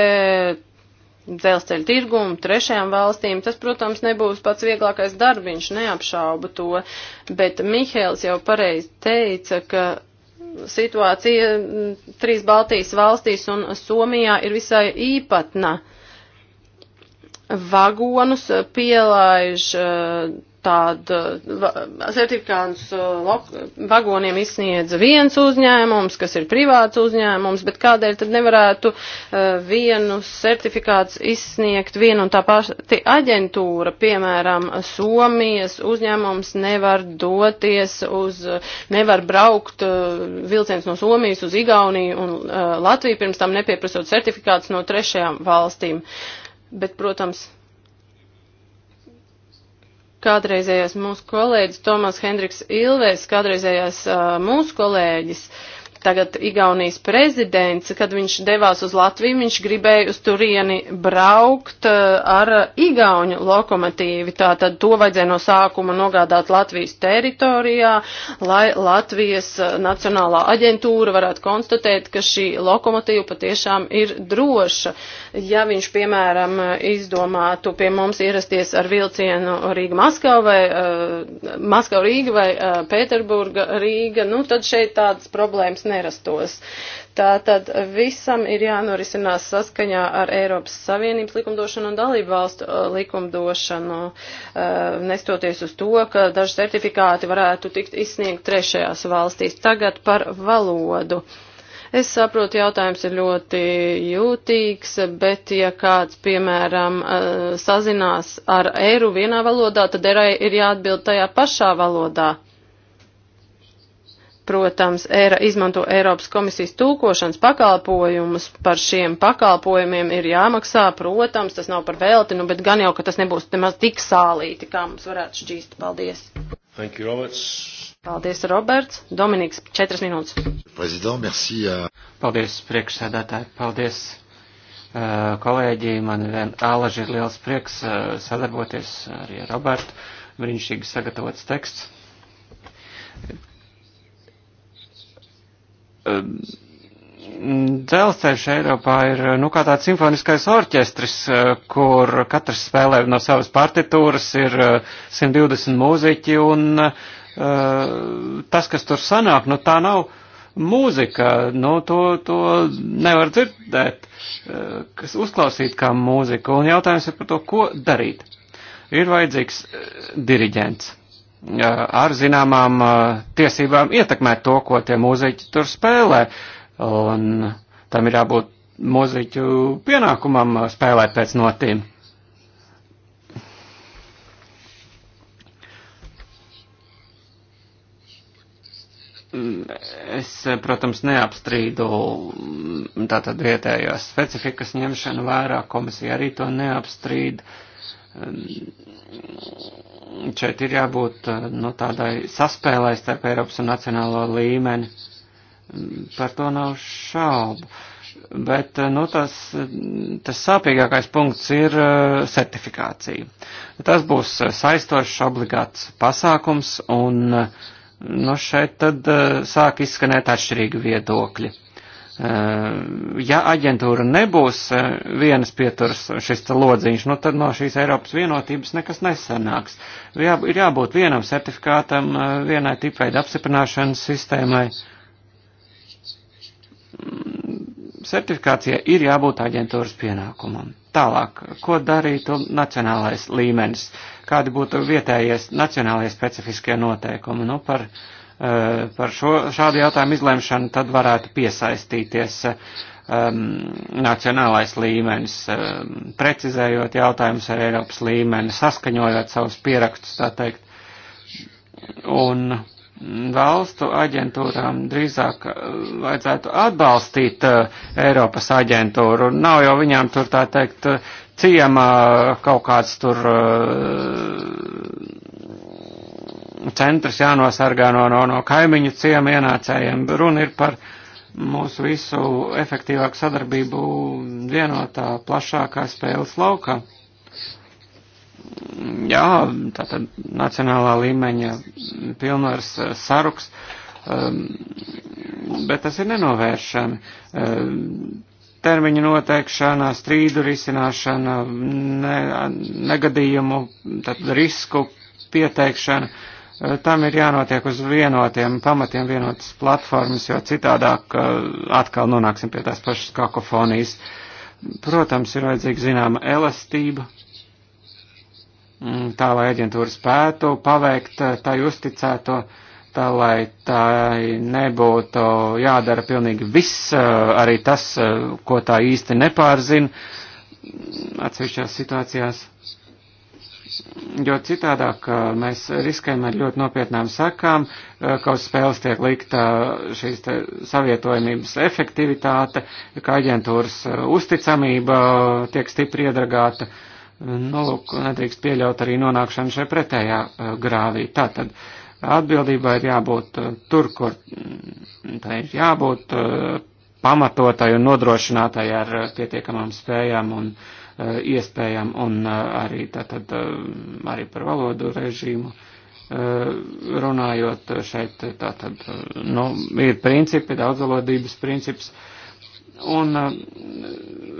dzelzceļa tirgu un trešajām valstīm. Tas, protams, nebūs pats vieglākais darbiņš, neapšaubu to, bet Mihēls jau pareizi teica, ka situācija mm, trīs Baltijas valstīs un Somijā ir visai īpatna. Vagonus pielaiž uh, tāda sertifikāns uh, vagoniem izsniedz viens uzņēmums, kas ir privāts uzņēmums, bet kādēļ tad nevarētu uh, vienu sertifikāts izsniegt vienu un tā paša aģentūra, piemēram, Somijas uzņēmums nevar doties uz, nevar braukt uh, vilciens no Somijas uz Igauniju un Latviju pirms tam nepieprasot sertifikāts no trešajām valstīm. Bet, protams, kādreizējais mūsu kolēģis Tomas Hendriks Ilvēs, kādreizējais uh, mūsu kolēģis, tagad Igaunijas prezidents, kad viņš devās uz Latviju, viņš gribēja uz turieni braukt ar Igauņu lokomotīvi, tātad to vajadzēja no sākuma nogādāt Latvijas teritorijā, lai Latvijas Nacionālā aģentūra varētu konstatēt, ka šī lokomotīva patiešām ir droša. Uh, ja viņš, piemēram, izdomātu pie mums ierasties ar vilcienu Rīga-Maskava vai uh, eh, Maskava-Rīga vai uh, eh, Pēterburga-Rīga, nu tad šeit tādas problēmas nerastos. Tātad visam ir jānorisinās saskaņā ar Eiropas Savienības likumdošanu un dalību valstu eh, likumdošanu, nestoties uz to, ka daži certifikāti varētu tikt izsniegt trešajās valstīs. Tagad par valodu. Uh, Es saprotu, jautājums ir ļoti jūtīgs, bet ja kāds, piemēram, eh, sazinās ar eiru vienā valodā, tad erai ir jāatbild tajā pašā valodā. Protams, ERA izmanto Eiropas komisijas tūkošanas pakalpojumus, par šiem pakalpojumiem ir jāmaksā, protams, tas nav par velti, nu, bet gan jau, ka tas nebūs nemaz tik sālīti, kā mums varētu šķīst. Paldies! Thank you, Roberts. Paldies, Roberts. Dominiks, četras minūtes. Merci, uh... Paldies, priekšsēdētāji. Paldies, uh, kolēģi. Man vien ālaži ir liels prieks uh, sadarboties arī ar Robertu. Brīnišķīgi sagatavots teksts. Um, dzelzceļš Eiropā ir, nu, kā tāds simfoniskais orķestris, uh, kur katrs spēlē no savas partitūras, ir 120 uh, mūziķi un uh, Eh, tas, kas tur sanāk, nu tā nav mūzika, nu to, to nevar dzirdēt, eh, kas uzklausīt kā mūzika, un jautājums ir par to, ko darīt. Ir vajadzīgs eh, diriģents ar zināmām tiesībām ietekmēt to, ko tie mūziķi tur spēlē, un tam ir jābūt mūziķu pienākumam spēlēt pēc notīm. Es, protams, neapstrīdu mm, tātad vietējās specifikas ņemšanu vērā, komisija arī to neapstrīd. Mm, šeit ir jābūt mm, no nu, tādai saspēlēs starp Eiropas un nacionālo līmeni. Par to nav šaubu. Bet, nu, tas, tas sāpīgākais punkts ir certifikācija. Tas būs saistošs obligāts pasākums un uh, nu šeit tad eh, sāk izskanēt atšķirīgi viedokļi. Eh, ja aģentūra nebūs eh, vienas pieturas šis lodziņš, nu tad no šīs Eiropas vienotības nekas nesanāks. Jā, ir jābūt vienam certifikātam, vienai tipveida apsiprināšanas sistēmai Certifikācija ir jābūt aģentūras pienākumam. Tālāk, ko darītu nacionālais līmenis? Kādi būtu vietējais nacionālajie specifiskie noteikumi? Nu, par, eh, par šo, šādu jautājumu izlemšanu tad varētu piesaistīties eh, um, nacionālais līmenis, um, precizējot jautājumus ar Eiropas līmeni, saskaņojot savus pierakstus, tā teikt. Un, valstu aģentūrām drīzāk uh, vajadzētu atbalstīt uh, Eiropas aģentūru. Nav jau viņām tur tā teikt uh, ciemā kaut kāds tur centrs jānosargā no, no, no kaimiņu ciemu ienācējiem. Runa ir par mūsu visu efektīvāku sadarbību vienotā plašākā spēles laukā jā, tātad nacionālā līmeņa pilnvars eh, saruks, ehm, bet tas ir nenovēršami. Ehm, Termiņu noteikšana, strīdu risināšana, ne, negadījumu, tad risku pieteikšana, eh, tam ir jānotiek uz vienotiem pamatiem, vienotas platformas, jo citādāk eh, atkal nonāksim pie tās pašas kakofonijas. Protams, ir vajadzīga zināma elastība, Mm, tā lai aģentūra spētu paveikt eh, tai uzticēto, tā lai tai nebūtu jādara pilnīgi viss, eh, arī tas, eh, ko tā īsti nepārzina mm, atsevišķās situācijās. Jo citādāk mēs riskējam ar ļoti nopietnām sakām, kaut spēles tiek likta šīs savietojumības efektivitāte, kā aģentūras uzticamība tiek stipri iedragāta. Uh, nolūk nu, nedrīkst pieļaut arī nonākšanu šai pretējā eh, grāvī. Tātad atbildībai ir jābūt eh, tur, kur mm, tai ir jābūt eh, pamatotai un nodrošinātai ar pietiekamām spējām un iespējām un arī, tātad, arī par valodu režīmu runājot šeit, tātad, nu, ir principi, daudzvalodības princips Un uh,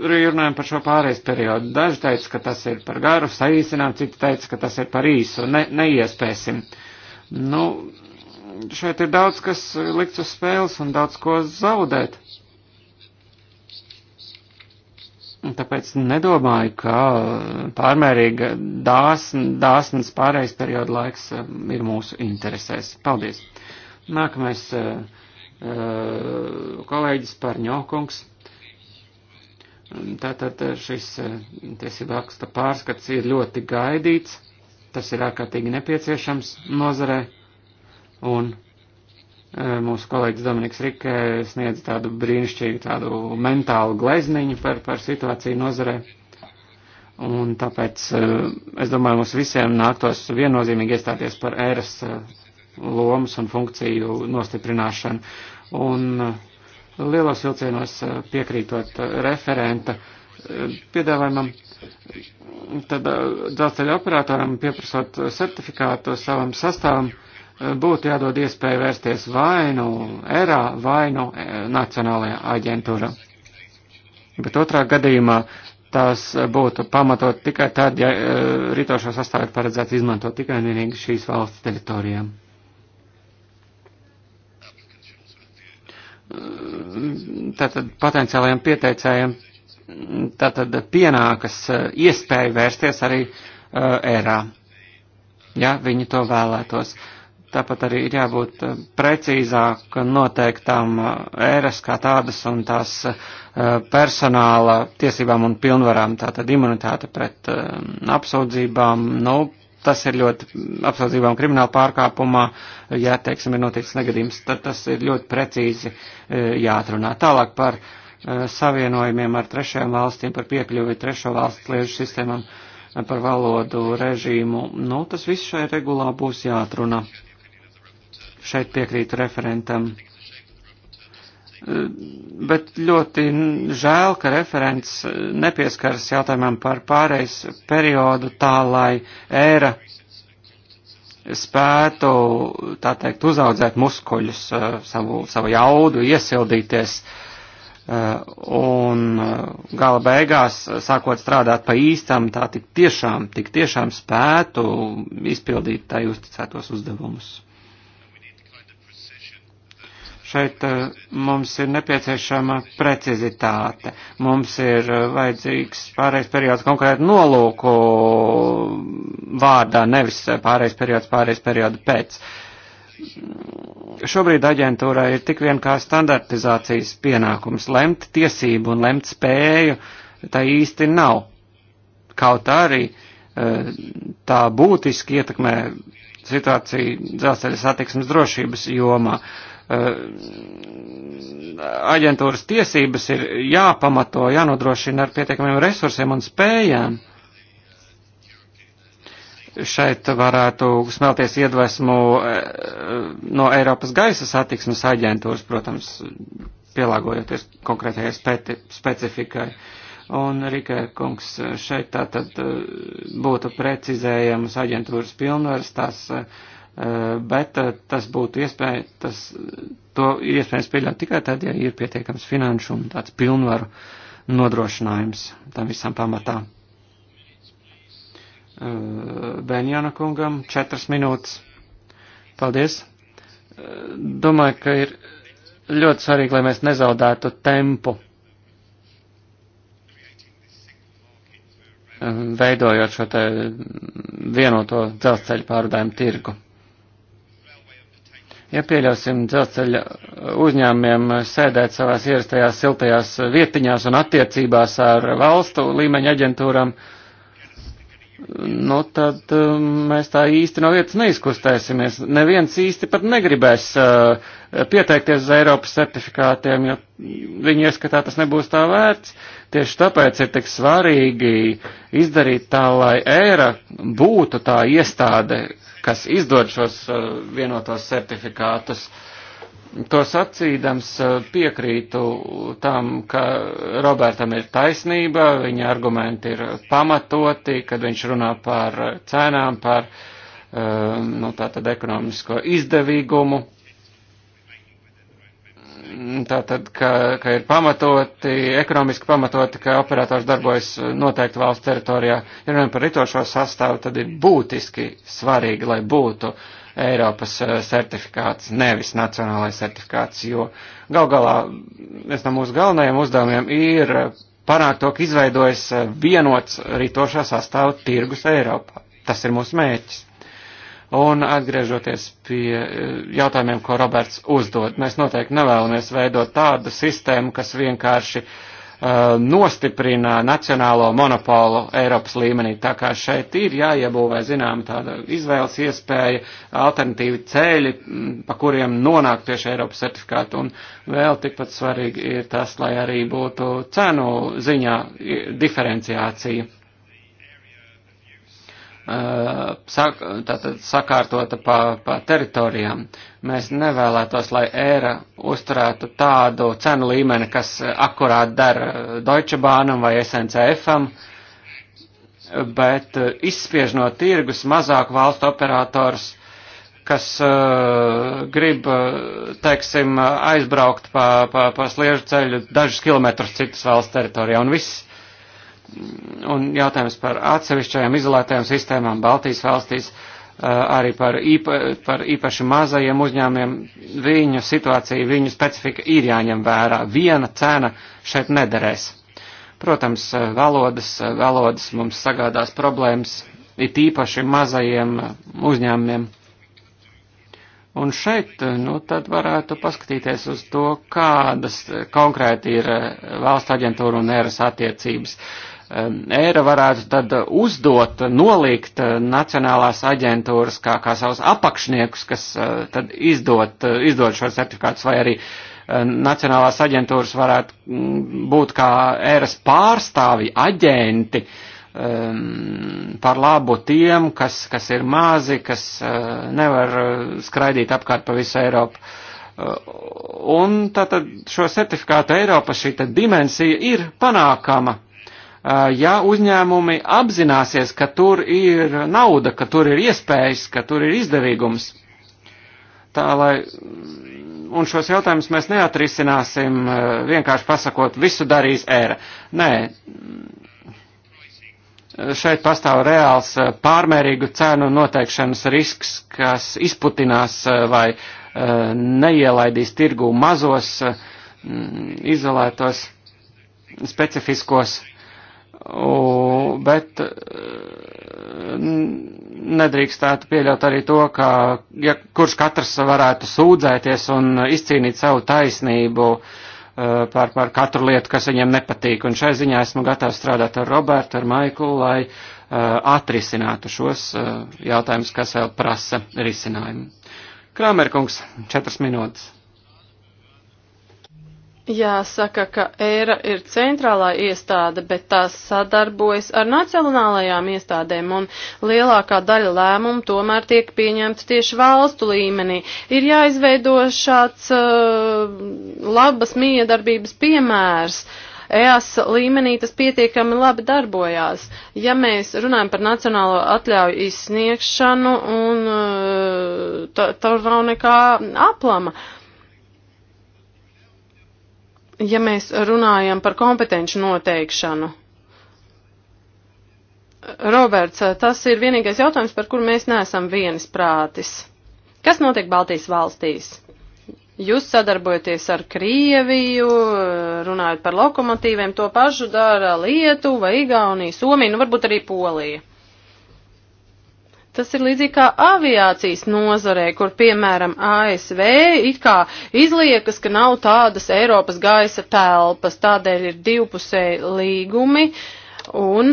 arī runājam par šo pārējais periodu. Daži teica, ka tas ir par garu, saīsinām, citi teica, ka tas ir par īsu, ne, neiespēsim. Nu, šeit ir daudz, kas likts uz spēles un daudz ko zaudēt. Tāpēc nedomāju, ka pārmērīga dāsn, dāsnas pārējais perioda laiks uh, ir mūsu interesēs. Paldies! Nākamais uh, Eh, kolēģis Parņokungs. Tātad šis eh, tiesība aksta pārskats ir ļoti gaidīts, tas ir ārkārtīgi nepieciešams nozarē, un eh, mūsu kolēģis Dominiks Rikē sniedz tādu brīnišķīgu tādu mentālu glezniņu par, par situāciju nozarē. Un tāpēc es domāju, mums visiem nāktos viennozīmīgi iestāties par ēras lomas un funkciju nostiprināšanu un uh, lielos vilcienos uh, piekrītot uh, referenta piedāvājumam, tad dzelzceļa operatoram pieprasot certifikātu savam sastāvam būtu jādod iespēju vērsties vai nu ERA, vai nu Nacionālajā aģentūra. Bet otrā gadījumā tās būtu pamatot tikai tad, ja rītošo sastāvu ir paredzēts izmantot tikai un vienīgi šīs valsts teritorijām. tātad potenciālajiem pieteicējiem tātad pienākas eh, iespēja vērsties arī uh, ērā, ja viņi to vēlētos. Tāpat arī ir jābūt eh, precīzāk noteiktām ēras kā tādas un tās uh, personāla tiesībām un pilnvarām, tātad imunitāte pret uh, apsūdzībām, nu, tas ir ļoti apsaudzībām krimināla pārkāpumā, ja, teiksim, ir noticis negadījums, tad tas ir ļoti precīzi e, jāatrunā. Tālāk par e, savienojumiem ar trešajām valstīm, par piekļuvi trešo valstu liežu sistēmām, e, par valodu režīmu, nu, tas viss šai regulā būs jāatrunā. Šeit piekrītu referentam bet ļoti žēl, ka referents nepieskaras jautājumam par pārejas periodu tā, lai ēra spētu, tā teikt, uzaudzēt muskuļus, eh, savu, savu jaudu, iesildīties eh, un eh, gala beigās, sākot strādāt pa īstam, tā tik tiešām, tik tiešām spētu izpildīt tai uzticētos uzdevumus. Šeit eh, mums ir nepieciešama precizitāte. Mums ir eh, vajadzīgs pārējais periods konkrēti nolūku vārdā, nevis eh, pārējais periods pārējais perioda pēc. Šobrīd aģentūrai ir tik vien kā standartizācijas pienākums lemt tiesību un lemt spēju, tā īsti nav. Kaut arī tā būtiski ietekmē situāciju dzelzceļa satiksmes drošības jomā. Uh, Eh, aģentūras tiesības ir jāpamato, jānodrošina ar pietiekamiem resursiem un spējām. Šeit varētu smelties iedvesmu eh, no Eiropas gaisa satiksmes aģentūras, protams, pielāgojoties konkrētajai speci specifikai. Un Rikai kungs eh, šeit tātad būtu precizējamas aģentūras pilnvaras, tās uh, Eh, bet eh, tas būtu iespēja, tas, to iespējams pieļaut tikai tad, ja ir pietiekams finanšu un tāds pilnvaru nodrošinājums tam visam pamatā. Eh, Benjana kungam četras minūtes. Paldies! Domāju, ka ir ļoti svarīgi, lai mēs nezaudētu tempu, veidojot šo te vienoto dzelzceļa pārvadājumu tirgu Ja pieļausim dzelzceļa uzņēmumiem sēdēt savās ierastajās siltajās vietiņās un attiecībās ar valstu līmeņa aģentūram, uh, nu tad um, mēs tā īsti no vietas neizkustēsimies. Neviens īsti pat negribēs uh, pieteikties uz Eiropas certifikātiem, jo viņi ieskatā tas nebūs tā vērts. Tieši tāpēc ir tik svarīgi izdarīt tā, lai eira būtu tā iestāde, kas izdod šos uh, vienotos certifikātus. Uh, To sacīdams piekrītu tam, ka Robertam ir taisnība, viņa argumenti ir pamatoti, kad viņš runā par cenām, par nu, tātad ekonomisko izdevīgumu. Tātad, ka, ka ir pamatoti, ekonomiski pamatoti, ka operators darbojas noteikti valsts teritorijā. Ja runājam par ritošo sastāvu, tad ir būtiski svarīgi, lai būtu uh, Eiropas eh, certifikāts, nevis nacionālais certifikāts, jo gal galā viens no mūsu galvenajiem uzdevumiem ir eh, panākt to, ka izveidojas eh, vienots rītošā sastāva tirgus Eiropā. Tas ir mūsu mērķis. Un atgriežoties pie jautājumiem, ko Roberts uzdod, mēs noteikti nevēlamies veidot tādu sistēmu, kas vienkārši uh, Uh, nostiprina nacionālo monopolu Eiropas līmenī. Tā kā šeit ir jāiebūvē, zinām, tāda izvēles iespēja, alternatīvi ceļi, mm, pa kuriem nonākt tieši Eiropas certifikātu. Un vēl tikpat svarīgi ir tas, lai arī būtu cenu ziņā diferenciācija. Uh, Sak, tātad sakārtota pa, pa teritorijām. Uh, Mēs nevēlētos, lai ēra uzturētu tādu cenu līmeni, kas akurāt der eh, Deutsche Bahnam vai SNCFam, bet eh, izspiež no tirgus mazāku valstu operators, kas uh, grib, teiksim, aizbraukt pa, pa, pa sliežu ceļu dažus kilometrus citas valsts teritorijā un viss mm, un jautājums par atsevišķajām izolētajām sistēmām Baltijas valstīs. Eh, arī par, īpa, par īpaši mazajiem uzņēmiem, viņu situācija, viņu specifika ir jāņem vērā. Viena cena šeit nederēs. Protams, eh, valodas, eh, valodas mums sagādās problēmas, it īpaši mazajiem uzņēmumiem. Un šeit, nu, tad varētu paskatīties uz to, kādas konkrēti ir valsts aģentūra un eras attiecības. Uh, eira varētu tad uzdot, nolikt eh, nacionālās aģentūras kā, kā savus apakšniekus, kas eh, tad izdot, eh, izdot šo certifikātus, vai arī nacionālās aģentūras varētu mm, būt kā eiras pārstāvi, aģenti par labu tiem, kas, kas ir mazi, kas nevar skraidīt apkārt pa visu Eiropu. Un tātad šo certifikātu Eiropa šī dimensija ir panākama ja uzņēmumi apzināsies, ka tur ir nauda, ka tur ir iespējas, ka tur ir izdevīgums. Tā lai, mm, un šos jautājumus mēs neatrisināsim vienkārši pasakot, visu darīs ēra. Nē, šeit pastāv reāls pārmērīgu cenu noteikšanas risks, kas izputinās vai neielaidīs tirgū mazos, izolētos, specifiskos bet eh, nedrīkstētu pieļaut arī to, ka ja kurš katrs varētu sūdzēties un izcīnīt savu taisnību eh, par, par katru lietu, kas viņam nepatīk. Un šai ziņā esmu gatavs strādāt ar Robertu, ar Maiklu, lai eh, atrisinātu šos jautājumus, kas vēl prasa risinājumu. Krāmerkungs, četras minūtes. Jāsaka, ka ERA ir centrālā iestāde, bet tās sadarbojas ar nacionālajām iestādēm, un lielākā daļa lēmumu tomēr tiek pieņemta tieši valstu līmenī. Ir jāizveido šāds uh, labas miedarbības piemērs. EAS līmenī tas pietiekami labi darbojās. Ja mēs runājam par nacionālo atļauju izsniegšanu, un uh, tur nav nekā aplama. Uh, ja mēs runājam par kompetenci noteikšanu, Roberts, tas ir vienīgais jautājums, par kuru mēs neesam vienas prātis. Kas notiek Baltijas valstīs? Jūs sadarbojaties ar Krieviju, runājot par lokomotīviem, to pašu dara Lietuva, Igaunija, Somija, nu varbūt arī Polija. Tas ir līdzīgi kā aviācijas nozarē, kur, piemēram, ASV it kā izliekas, ka nav tādas Eiropas gaisa telpas, tādēļ ir divpusēji līgumi un,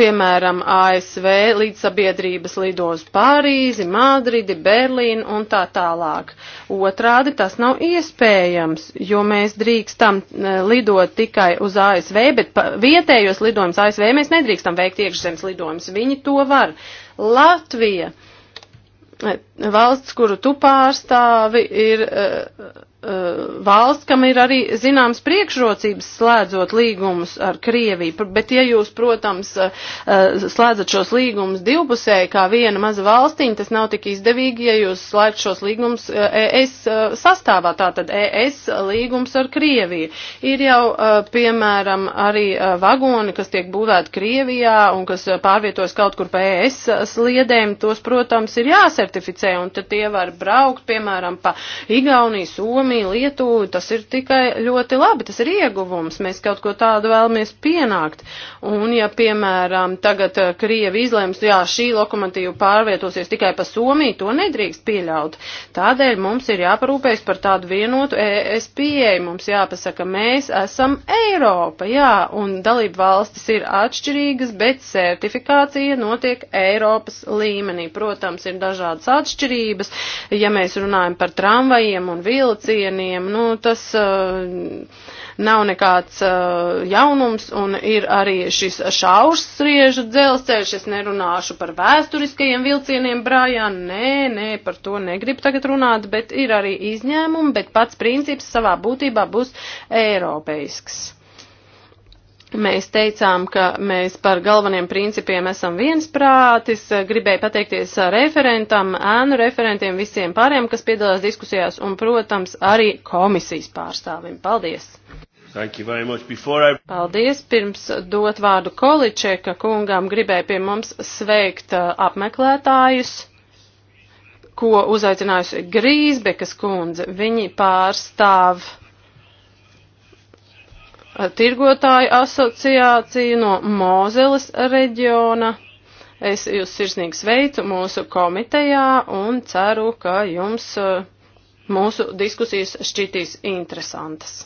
piemēram, ASV līdz sabiedrības lidos Parīzi, Madridi, Berlīnu un tā tālāk. Otrādi tas nav iespējams, jo mēs drīkstam e, lidot tikai uz ASV, bet vietējos lidojumus ASV mēs nedrīkstam veikt iekšzemes lidojumus. Viņi to var. Uh, Latvija valsts, kuru tu pārstāvi, ir uh, uh, valsts, kam ir arī zināms priekšrocības slēdzot līgumus ar Krieviju. Bet, ja jūs, protams, uh, slēdzat šos līgumus divpusēji kā viena maza valstiņa, tas nav tik izdevīgi, ja jūs slēdz šos līgumus ES sastāvā, tātad ES līgums ar Krieviju. Ir jau, piemēram, arī vagoni, kas tiek būvēti Krievijā un kas pārvietojas kaut kur pa ES sliedēm, tos, protams, ir jāsertificē interesē, un tad tie var braukt, piemēram, pa Igauniju, Somiju, Lietuvu, tas ir tikai ļoti labi, tas ir ieguvums, mēs kaut ko tādu vēlamies pienākt. Un ja, piemēram, tagad eh, Krievi izlems, jā, šī lokomotīva pārvietosies tikai pa Somiju, to nedrīkst pieļaut. Tādēļ mums ir jāparūpējas par tādu vienotu ES pieeju, mums jāpasaka, mēs esam Eiropa, jā, un dalību valstis ir atšķirīgas, bet certifikācija notiek Eiropas līmenī. Protams, ir dažādas atšķirības atšķirības. Ja mēs runājam par tramvajiem un vilcieniem, nu, tas uh, nav nekāds uh, jaunums un ir arī šis šaursriežu dzelzceļš. Es nerunāšu par vēsturiskajiem vilcieniem brājā, nē, nē, par to negribu tagad runāt, bet ir arī izņēmumi, bet pats princips savā būtībā būs eiropeisks. Mēs teicām, ka mēs par galveniem principiem esam viensprātis. Gribēju pateikties referentam, ēnu referentiem, visiem pāriem, kas piedalās diskusijās, un, protams, arī komisijas pārstāvim. Paldies! I... Paldies! Pirms dot vārdu Količeka kungām, gribēju pie mums sveikt uh, apmeklētājus, ko uzaicinājusi Grīsbekas kundze. Viņi pārstāv tirgotāju asociāciju no Mozeles reģiona. Es jūs sirsnīgi sveicu mūsu komitejā un ceru, ka jums eh, mūsu diskusijas šķitīs interesantas.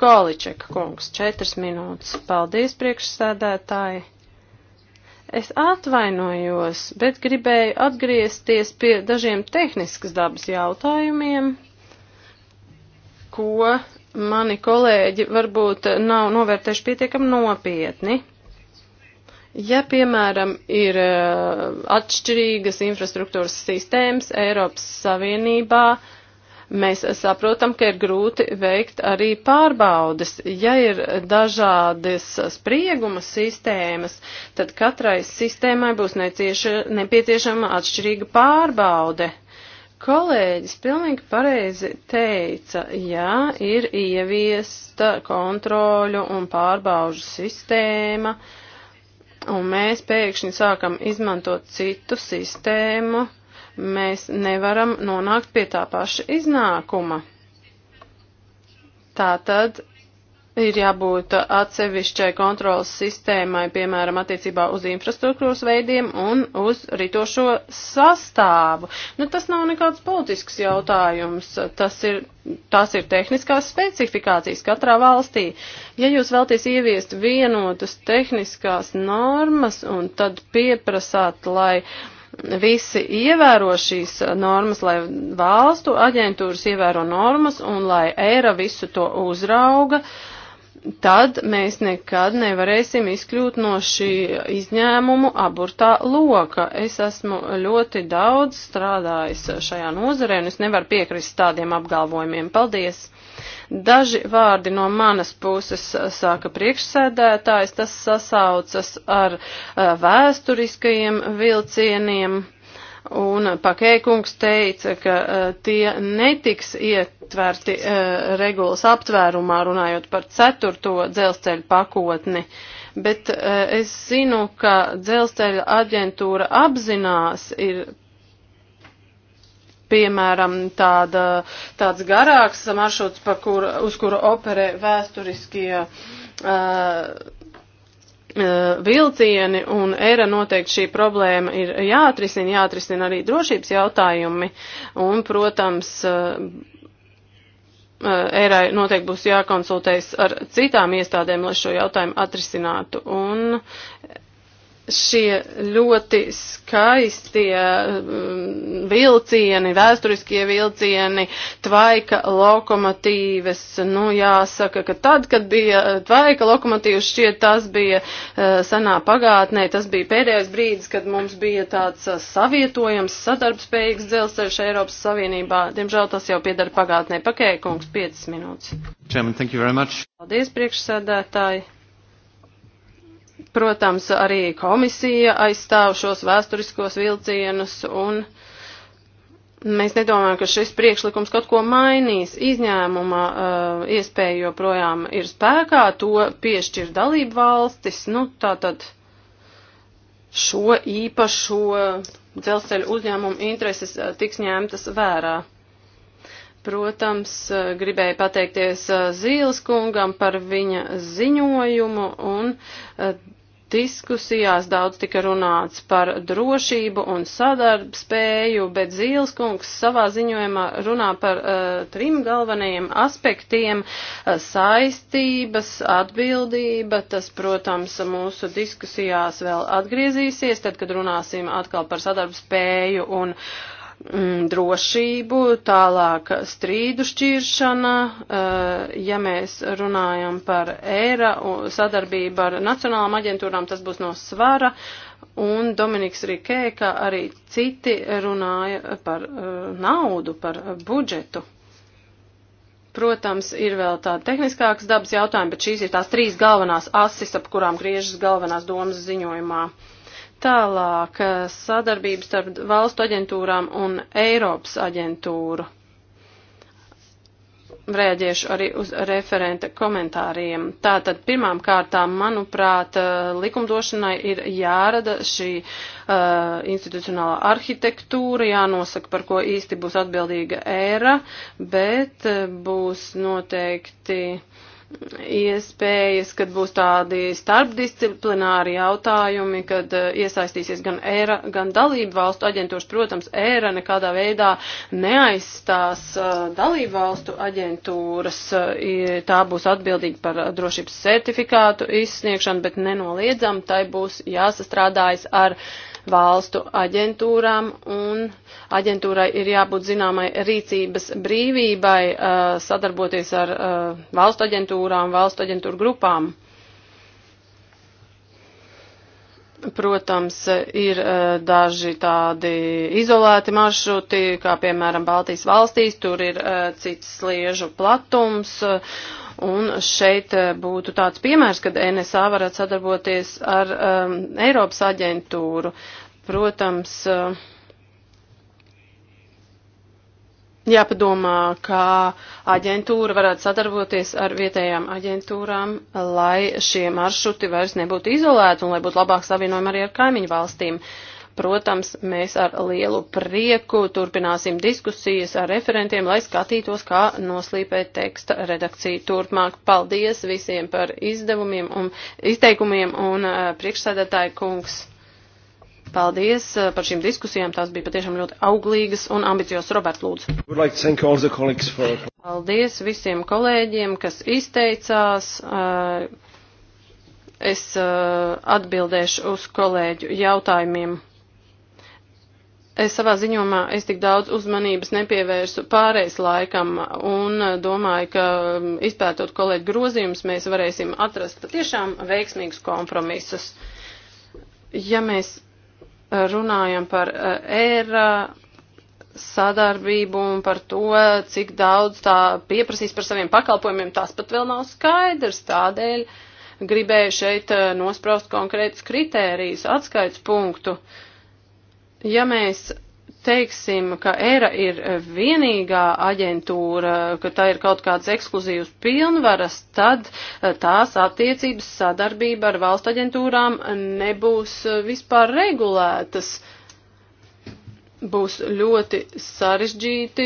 Količeka kungs, četras minūtes. Paldies, priekšsēdētāji. Es atvainojos, bet gribēju atgriezties pie dažiem tehniskas dabas jautājumiem, ko mani kolēģi varbūt nav novērtējuši pietiekam nopietni. Ja, piemēram, ir eh, atšķirīgas infrastruktūras sistēmas Eiropas Savienībā, mēs saprotam, ka ir grūti veikt arī pārbaudes. Ja ir dažādas sprieguma sistēmas, tad katrai sistēmai būs necieša, nepieciešama atšķirīga pārbaude. Uh, Kolēģis pilnīgi pareizi teica, jā, ir ieviesta kontroļu un pārbaužu sistēma, un mēs pēkšņi sākam izmantot citu sistēmu, mēs nevaram nonākt pie tā paša iznākuma. Tātad Ir jābūt atsevišķai kontrolas sistēmai, piemēram, attiecībā uz infrastruktūras veidiem un uz ritošo sastāvu. Nu, tas nav nekāds politisks jautājums, tas ir, tas ir tehniskās specifikācijas katrā valstī. Ja jūs vēlties ieviest vienotas tehniskās normas un tad pieprasāt, lai visi ievēro šīs normas, lai valstu aģentūras ievēro normas un lai eira visu to uzrauga, uh, tad mēs nekad nevarēsim izkļūt no šī izņēmumu aburtā loka. Es esmu ļoti daudz strādājis šajā nozarē, un es nevaru piekrist tādiem apgalvojumiem. Paldies! Daži vārdi no manas puses sāka priekšsēdētājs, tas sasaucas ar eh, vēsturiskajiem vilcieniem Un Pakēkungs teica, ka uh, tie netiks ietverti uh, regulas aptvērumā, runājot par ceturto dzelzceļu pakotni. Bet uh, es zinu, ka dzelzceļa aģentūra apzinās ir piemēram, tāda, tāds garāks maršruts, kur, uz kuru operē vēsturiskie uh, Uh, vilcieni, un era noteikti šī problēma ir jāatrisina, jāatrisina arī drošības jautājumi, un, protams, uh, uh, Eirai noteikti būs jākonsultējas ar citām iestādēm, lai šo jautājumu atrisinātu. Un šie ļoti skaistie um, vilcieni, vēsturiskie vilcieni, tvaika lokomotīves. Nu, jāsaka, ka tad, kad bija uh, tvaika lokomotīvas, šķiet, tas bija uh, senā pagātnē, tas bija pēdējais brīdis, kad mums bija tāds uh, savietojams, sadarbspējīgs dzelzceļš Eiropas Savienībā. Diemžēl tas jau piedara pagātnē. Pakēkungs, 5 minūtes. Chairman, thank you very much. Paldies, priekšsēdētāji. Protams, arī komisija aizstāv šos vēsturiskos vilcienus un mēs nedomājam, ka šis priekšlikums kaut ko mainīs. Izņēmuma uh, iespēja joprojām ir spēkā, to piešķir dalību valstis, nu tātad šo īpašo dzelzceļu uzņēmumu intereses uh, tiks ņemtas vērā. Protams, uh, gribēju pateikties uh, Zīles kungam par viņa ziņojumu un Diskusijās daudz tika runāts par drošību un sadarbspēju, bet Zīleskungs savā ziņojumā runā par uh, trim galvenajiem aspektiem uh, - eh, saistības, atbildība. Tas, protams, mūsu diskusijās vēl atgriezīsies, tad, kad runāsim atkal par sadarbspēju un uh, Mm, drošību, tālāk strīdu šķiršana, eh, ja mēs runājam par ERA sadarbību ar nacionālām aģentūrām, tas būs no svara, un Dominiks Rikē, kā arī citi runāja par eh, naudu, par budžetu. Protams, ir vēl tāda tehniskākas dabas jautājuma, bet šīs ir tās trīs galvenās asis, ap kurām griežas galvenās domas ziņojumā. Uh, Tālāk eh, sadarbības starp valstu aģentūrām un Eiropas aģentūru. Rēģiešu arī uz referenta komentāriem. Tātad pirmām kārtām, manuprāt, eh, likumdošanai ir jārada šī uh, institucionālā arhitektūra, jānosaka, par ko īsti būs atbildīga ēra, bet būs noteikti uh, iespējas, kad būs tādi starpdisciplināri jautājumi, kad eh, iesaistīsies gan ERA, gan dalību valstu aģentūras. Protams, ERA nekādā veidā neaizstās eh, dalību valstu aģentūras. Eh, tā būs atbildīga par drošības certifikātu izsniegšanu, bet nenoliedzam, tai būs jāsastrādājas ar uh, valstu aģentūrām, un aģentūrai ir jābūt zināmai rīcības brīvībai uh, sadarboties ar uh, valstu aģentūrām, valstu aģentūru grupām. Protams, ir uh, daži tādi izolēti maršruti, kā piemēram Baltijas valstīs, tur ir cits sliežu platums Un šeit eh, būtu tāds piemērs, kad NSA varētu sadarboties ar um, Eiropas aģentūru. Protams, uh, jāpadomā, kā aģentūra varētu sadarboties ar vietējām aģentūrām, lai šie maršruti vairs nebūtu izolēti un lai būtu labāk savienojumi arī ar kaimiņu valstīm. Uh, Protams, mēs ar lielu prieku turpināsim diskusijas ar referentiem, lai skatītos, kā noslīpēt teksta redakciju turpmāk. Paldies visiem par izdevumiem un izteikumiem un eh, priekšsēdētāju kungs. Paldies eh, par šīm diskusijām. Tās bija patiešām ļoti auglīgas un ambiciozas. Roberts, lūdzu. Like for... Paldies visiem kolēģiem, kas izteicās. Eh, es atbildēšu uz kolēģu jautājumiem es savā ziņomā es tik daudz uzmanības nepievērsu pārējais laikam un domāju, ka um, izpētot kolēģi grozījumus, mēs varēsim atrast patiešām veiksmīgus kompromisus. Ja mēs runājam par uh, ēra uh, sadarbību un par to, cik daudz tā pieprasīs par saviem pakalpojumiem, tas pat vēl nav skaidrs. Tādēļ gribēju šeit uh, nospraust konkrētus kritērijus, atskaits punktu. Uh, ja mēs teiksim, ka ERA ir vienīgā aģentūra, ka tā ir kaut kāds ekskluzīvs pilnvaras, tad eh, tās attiecības sadarbība ar valstu aģentūrām nebūs eh, vispār regulētas. Uh, būs ļoti sarežģīti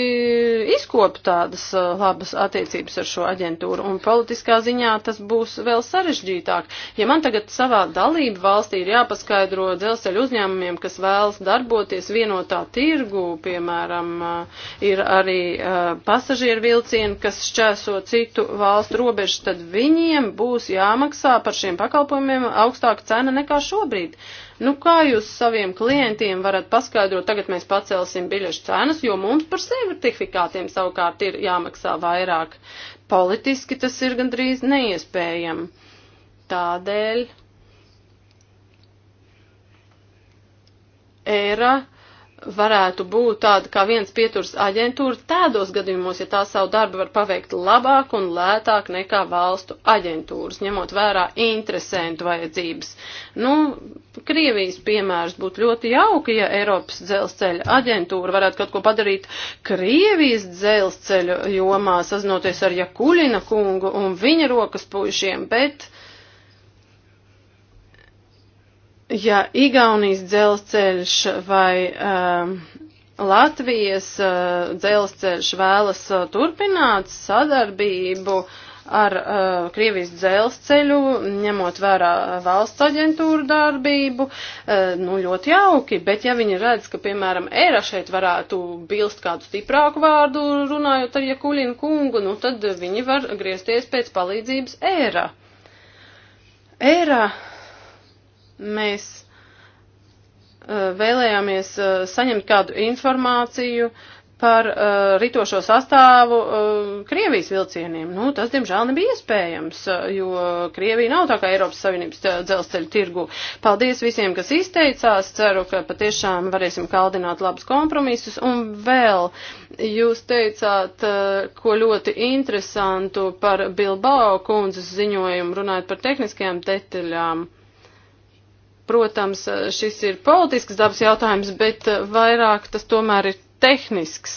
izkopt tādas uh, labas attiecības ar šo aģentūru, un politiskā ziņā tas būs vēl sarežģītāk. Ja man tagad savā dalību valstī ir jāpaskaidro dzelzceļu uzņēmumiem, kas vēlas darboties vienotā tirgu, piemēram, uh, ir arī uh, pasažieru vilcieni, kas šķēso citu valstu robežu, tad viņiem būs jāmaksā par šiem pakalpojumiem augstāka cena nekā šobrīd. Uh, Nu, kā jūs saviem klientiem varat paskaidrot, tagad mēs pacelsim biļešu cenas, jo mums par sertifikātiem savukārt ir jāmaksā vairāk. Politiski tas ir gandrīz neiespējami. Tādēļ era varētu būt tāda kā viens pieturs aģentūra tādos gadījumos, ja tā savu darbu var paveikt labāk un lētāk nekā valstu aģentūras, ņemot vērā interesentu vajadzības. Nu, Krievijas piemērs būtu ļoti jauki, ja Eiropas dzelzceļa aģentūra varētu kaut ko padarīt Krievijas dzelzceļa jomā, sazinoties ar Jakuļina kungu un viņa rokas puišiem, bet ja Igaunijas dzelzceļš vai um, Latvijas uh, dzelzceļš vēlas uh, turpināt sadarbību ar uh, Krievijas dzelzceļu, ņemot vērā uh, valsts aģentūru darbību, uh, nu ļoti jauki, bet ja viņi redz, ka, piemēram, Eira šeit varētu bilst kādu stiprāku vārdu, runājot ar Jakuļinu kungu, nu tad viņi var griezties pēc palīdzības Eira. Eira Mēs eh, vēlējāmies eh, saņemt kādu informāciju par eh, ritošo sastāvu Krievijas vilcieniem. Nu, tas, diemžēl, nebija iespējams, jo Krievija nav tā kā Eiropas Savienības dzelzceļa tirgu. Paldies visiem, kas izteicās. Ceru, ka patiešām varēsim kaldināt labus kompromisus. Un vēl jūs teicāt, ko ļoti interesantu par Bilbao kundzes ziņojumu, runājot par tehniskajām detaļām. Protams, eh, šis ir politisks dabas jautājums, bet eh, vairāk tas tomēr ir tehnisks.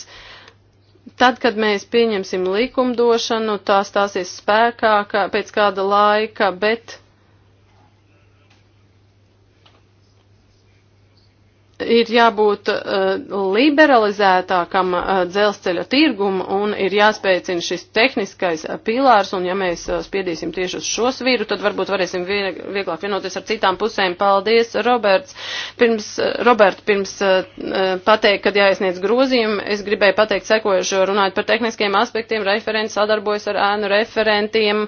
Tad, kad mēs pieņemsim likumdošanu, tā stāsies spēkā kā, pēc kāda laika, bet ir jābūt uh, liberalizētākam uh, dzelzceļa tirgumu un ir jāspēcina šis tehniskais uh, pilārs, un ja mēs uh, spiedīsim tieši uz šo svīru, tad varbūt varēsim vieg vieglāk vienoties ar citām pusēm. Paldies, Roberts. Pirms, uh, Robert, pirms uh, pateikt, kad jāiesniedz grozījumi, es gribēju pateikt sekojušo, runājot par tehniskiem aspektiem, referents sadarbojas ar ēnu referentiem,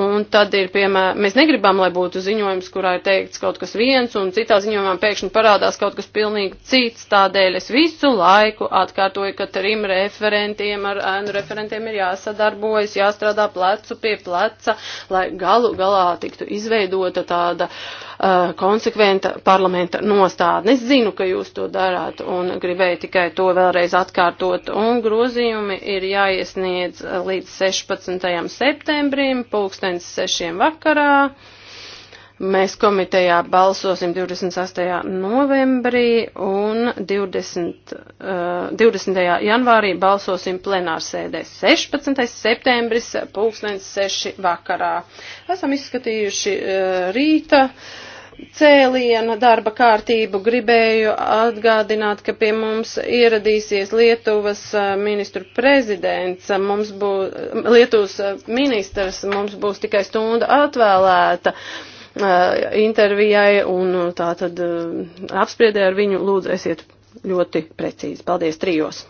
un tad ir, piemēram, mēs negribam, lai būtu ziņojums, kurā ir teikts kaut kas viens, un citā ziņojumā pēkšņi parādās kaut kas pilnīgi pilnīgi cits, tādēļ es visu laiku atkārtoju, ka trim referentiem ar ēnu referentiem ir jāsadarbojas, jāstrādā plecu pie pleca, lai galu galā tiktu izveidota tāda uh, konsekventa parlamenta nostādne. Es zinu, ka jūs to darāt un gribēju tikai to vēlreiz atkārtot. Un grozījumi ir jāiesniedz uh, līdz 16. septembrim, pulkstens 6. vakarā. Mēs komitejā balsosim 28. novembrī un 20, uh, 20. janvārī balsosim plenārsēdē 16. septembris pulkstens 6 vakarā. Esam izskatījuši uh, rīta cēliena darba kārtību gribēju atgādināt, ka pie mums ieradīsies Lietuvas eh, ministru prezidents, mums būs, Lietuvas eh, ministrs, mums būs tikai stunda atvēlēta. Uh, Uh, intervijai un uh, tā tad uh, apspriedē ar viņu lūdzu esiet ļoti precīzi. Paldies trijos!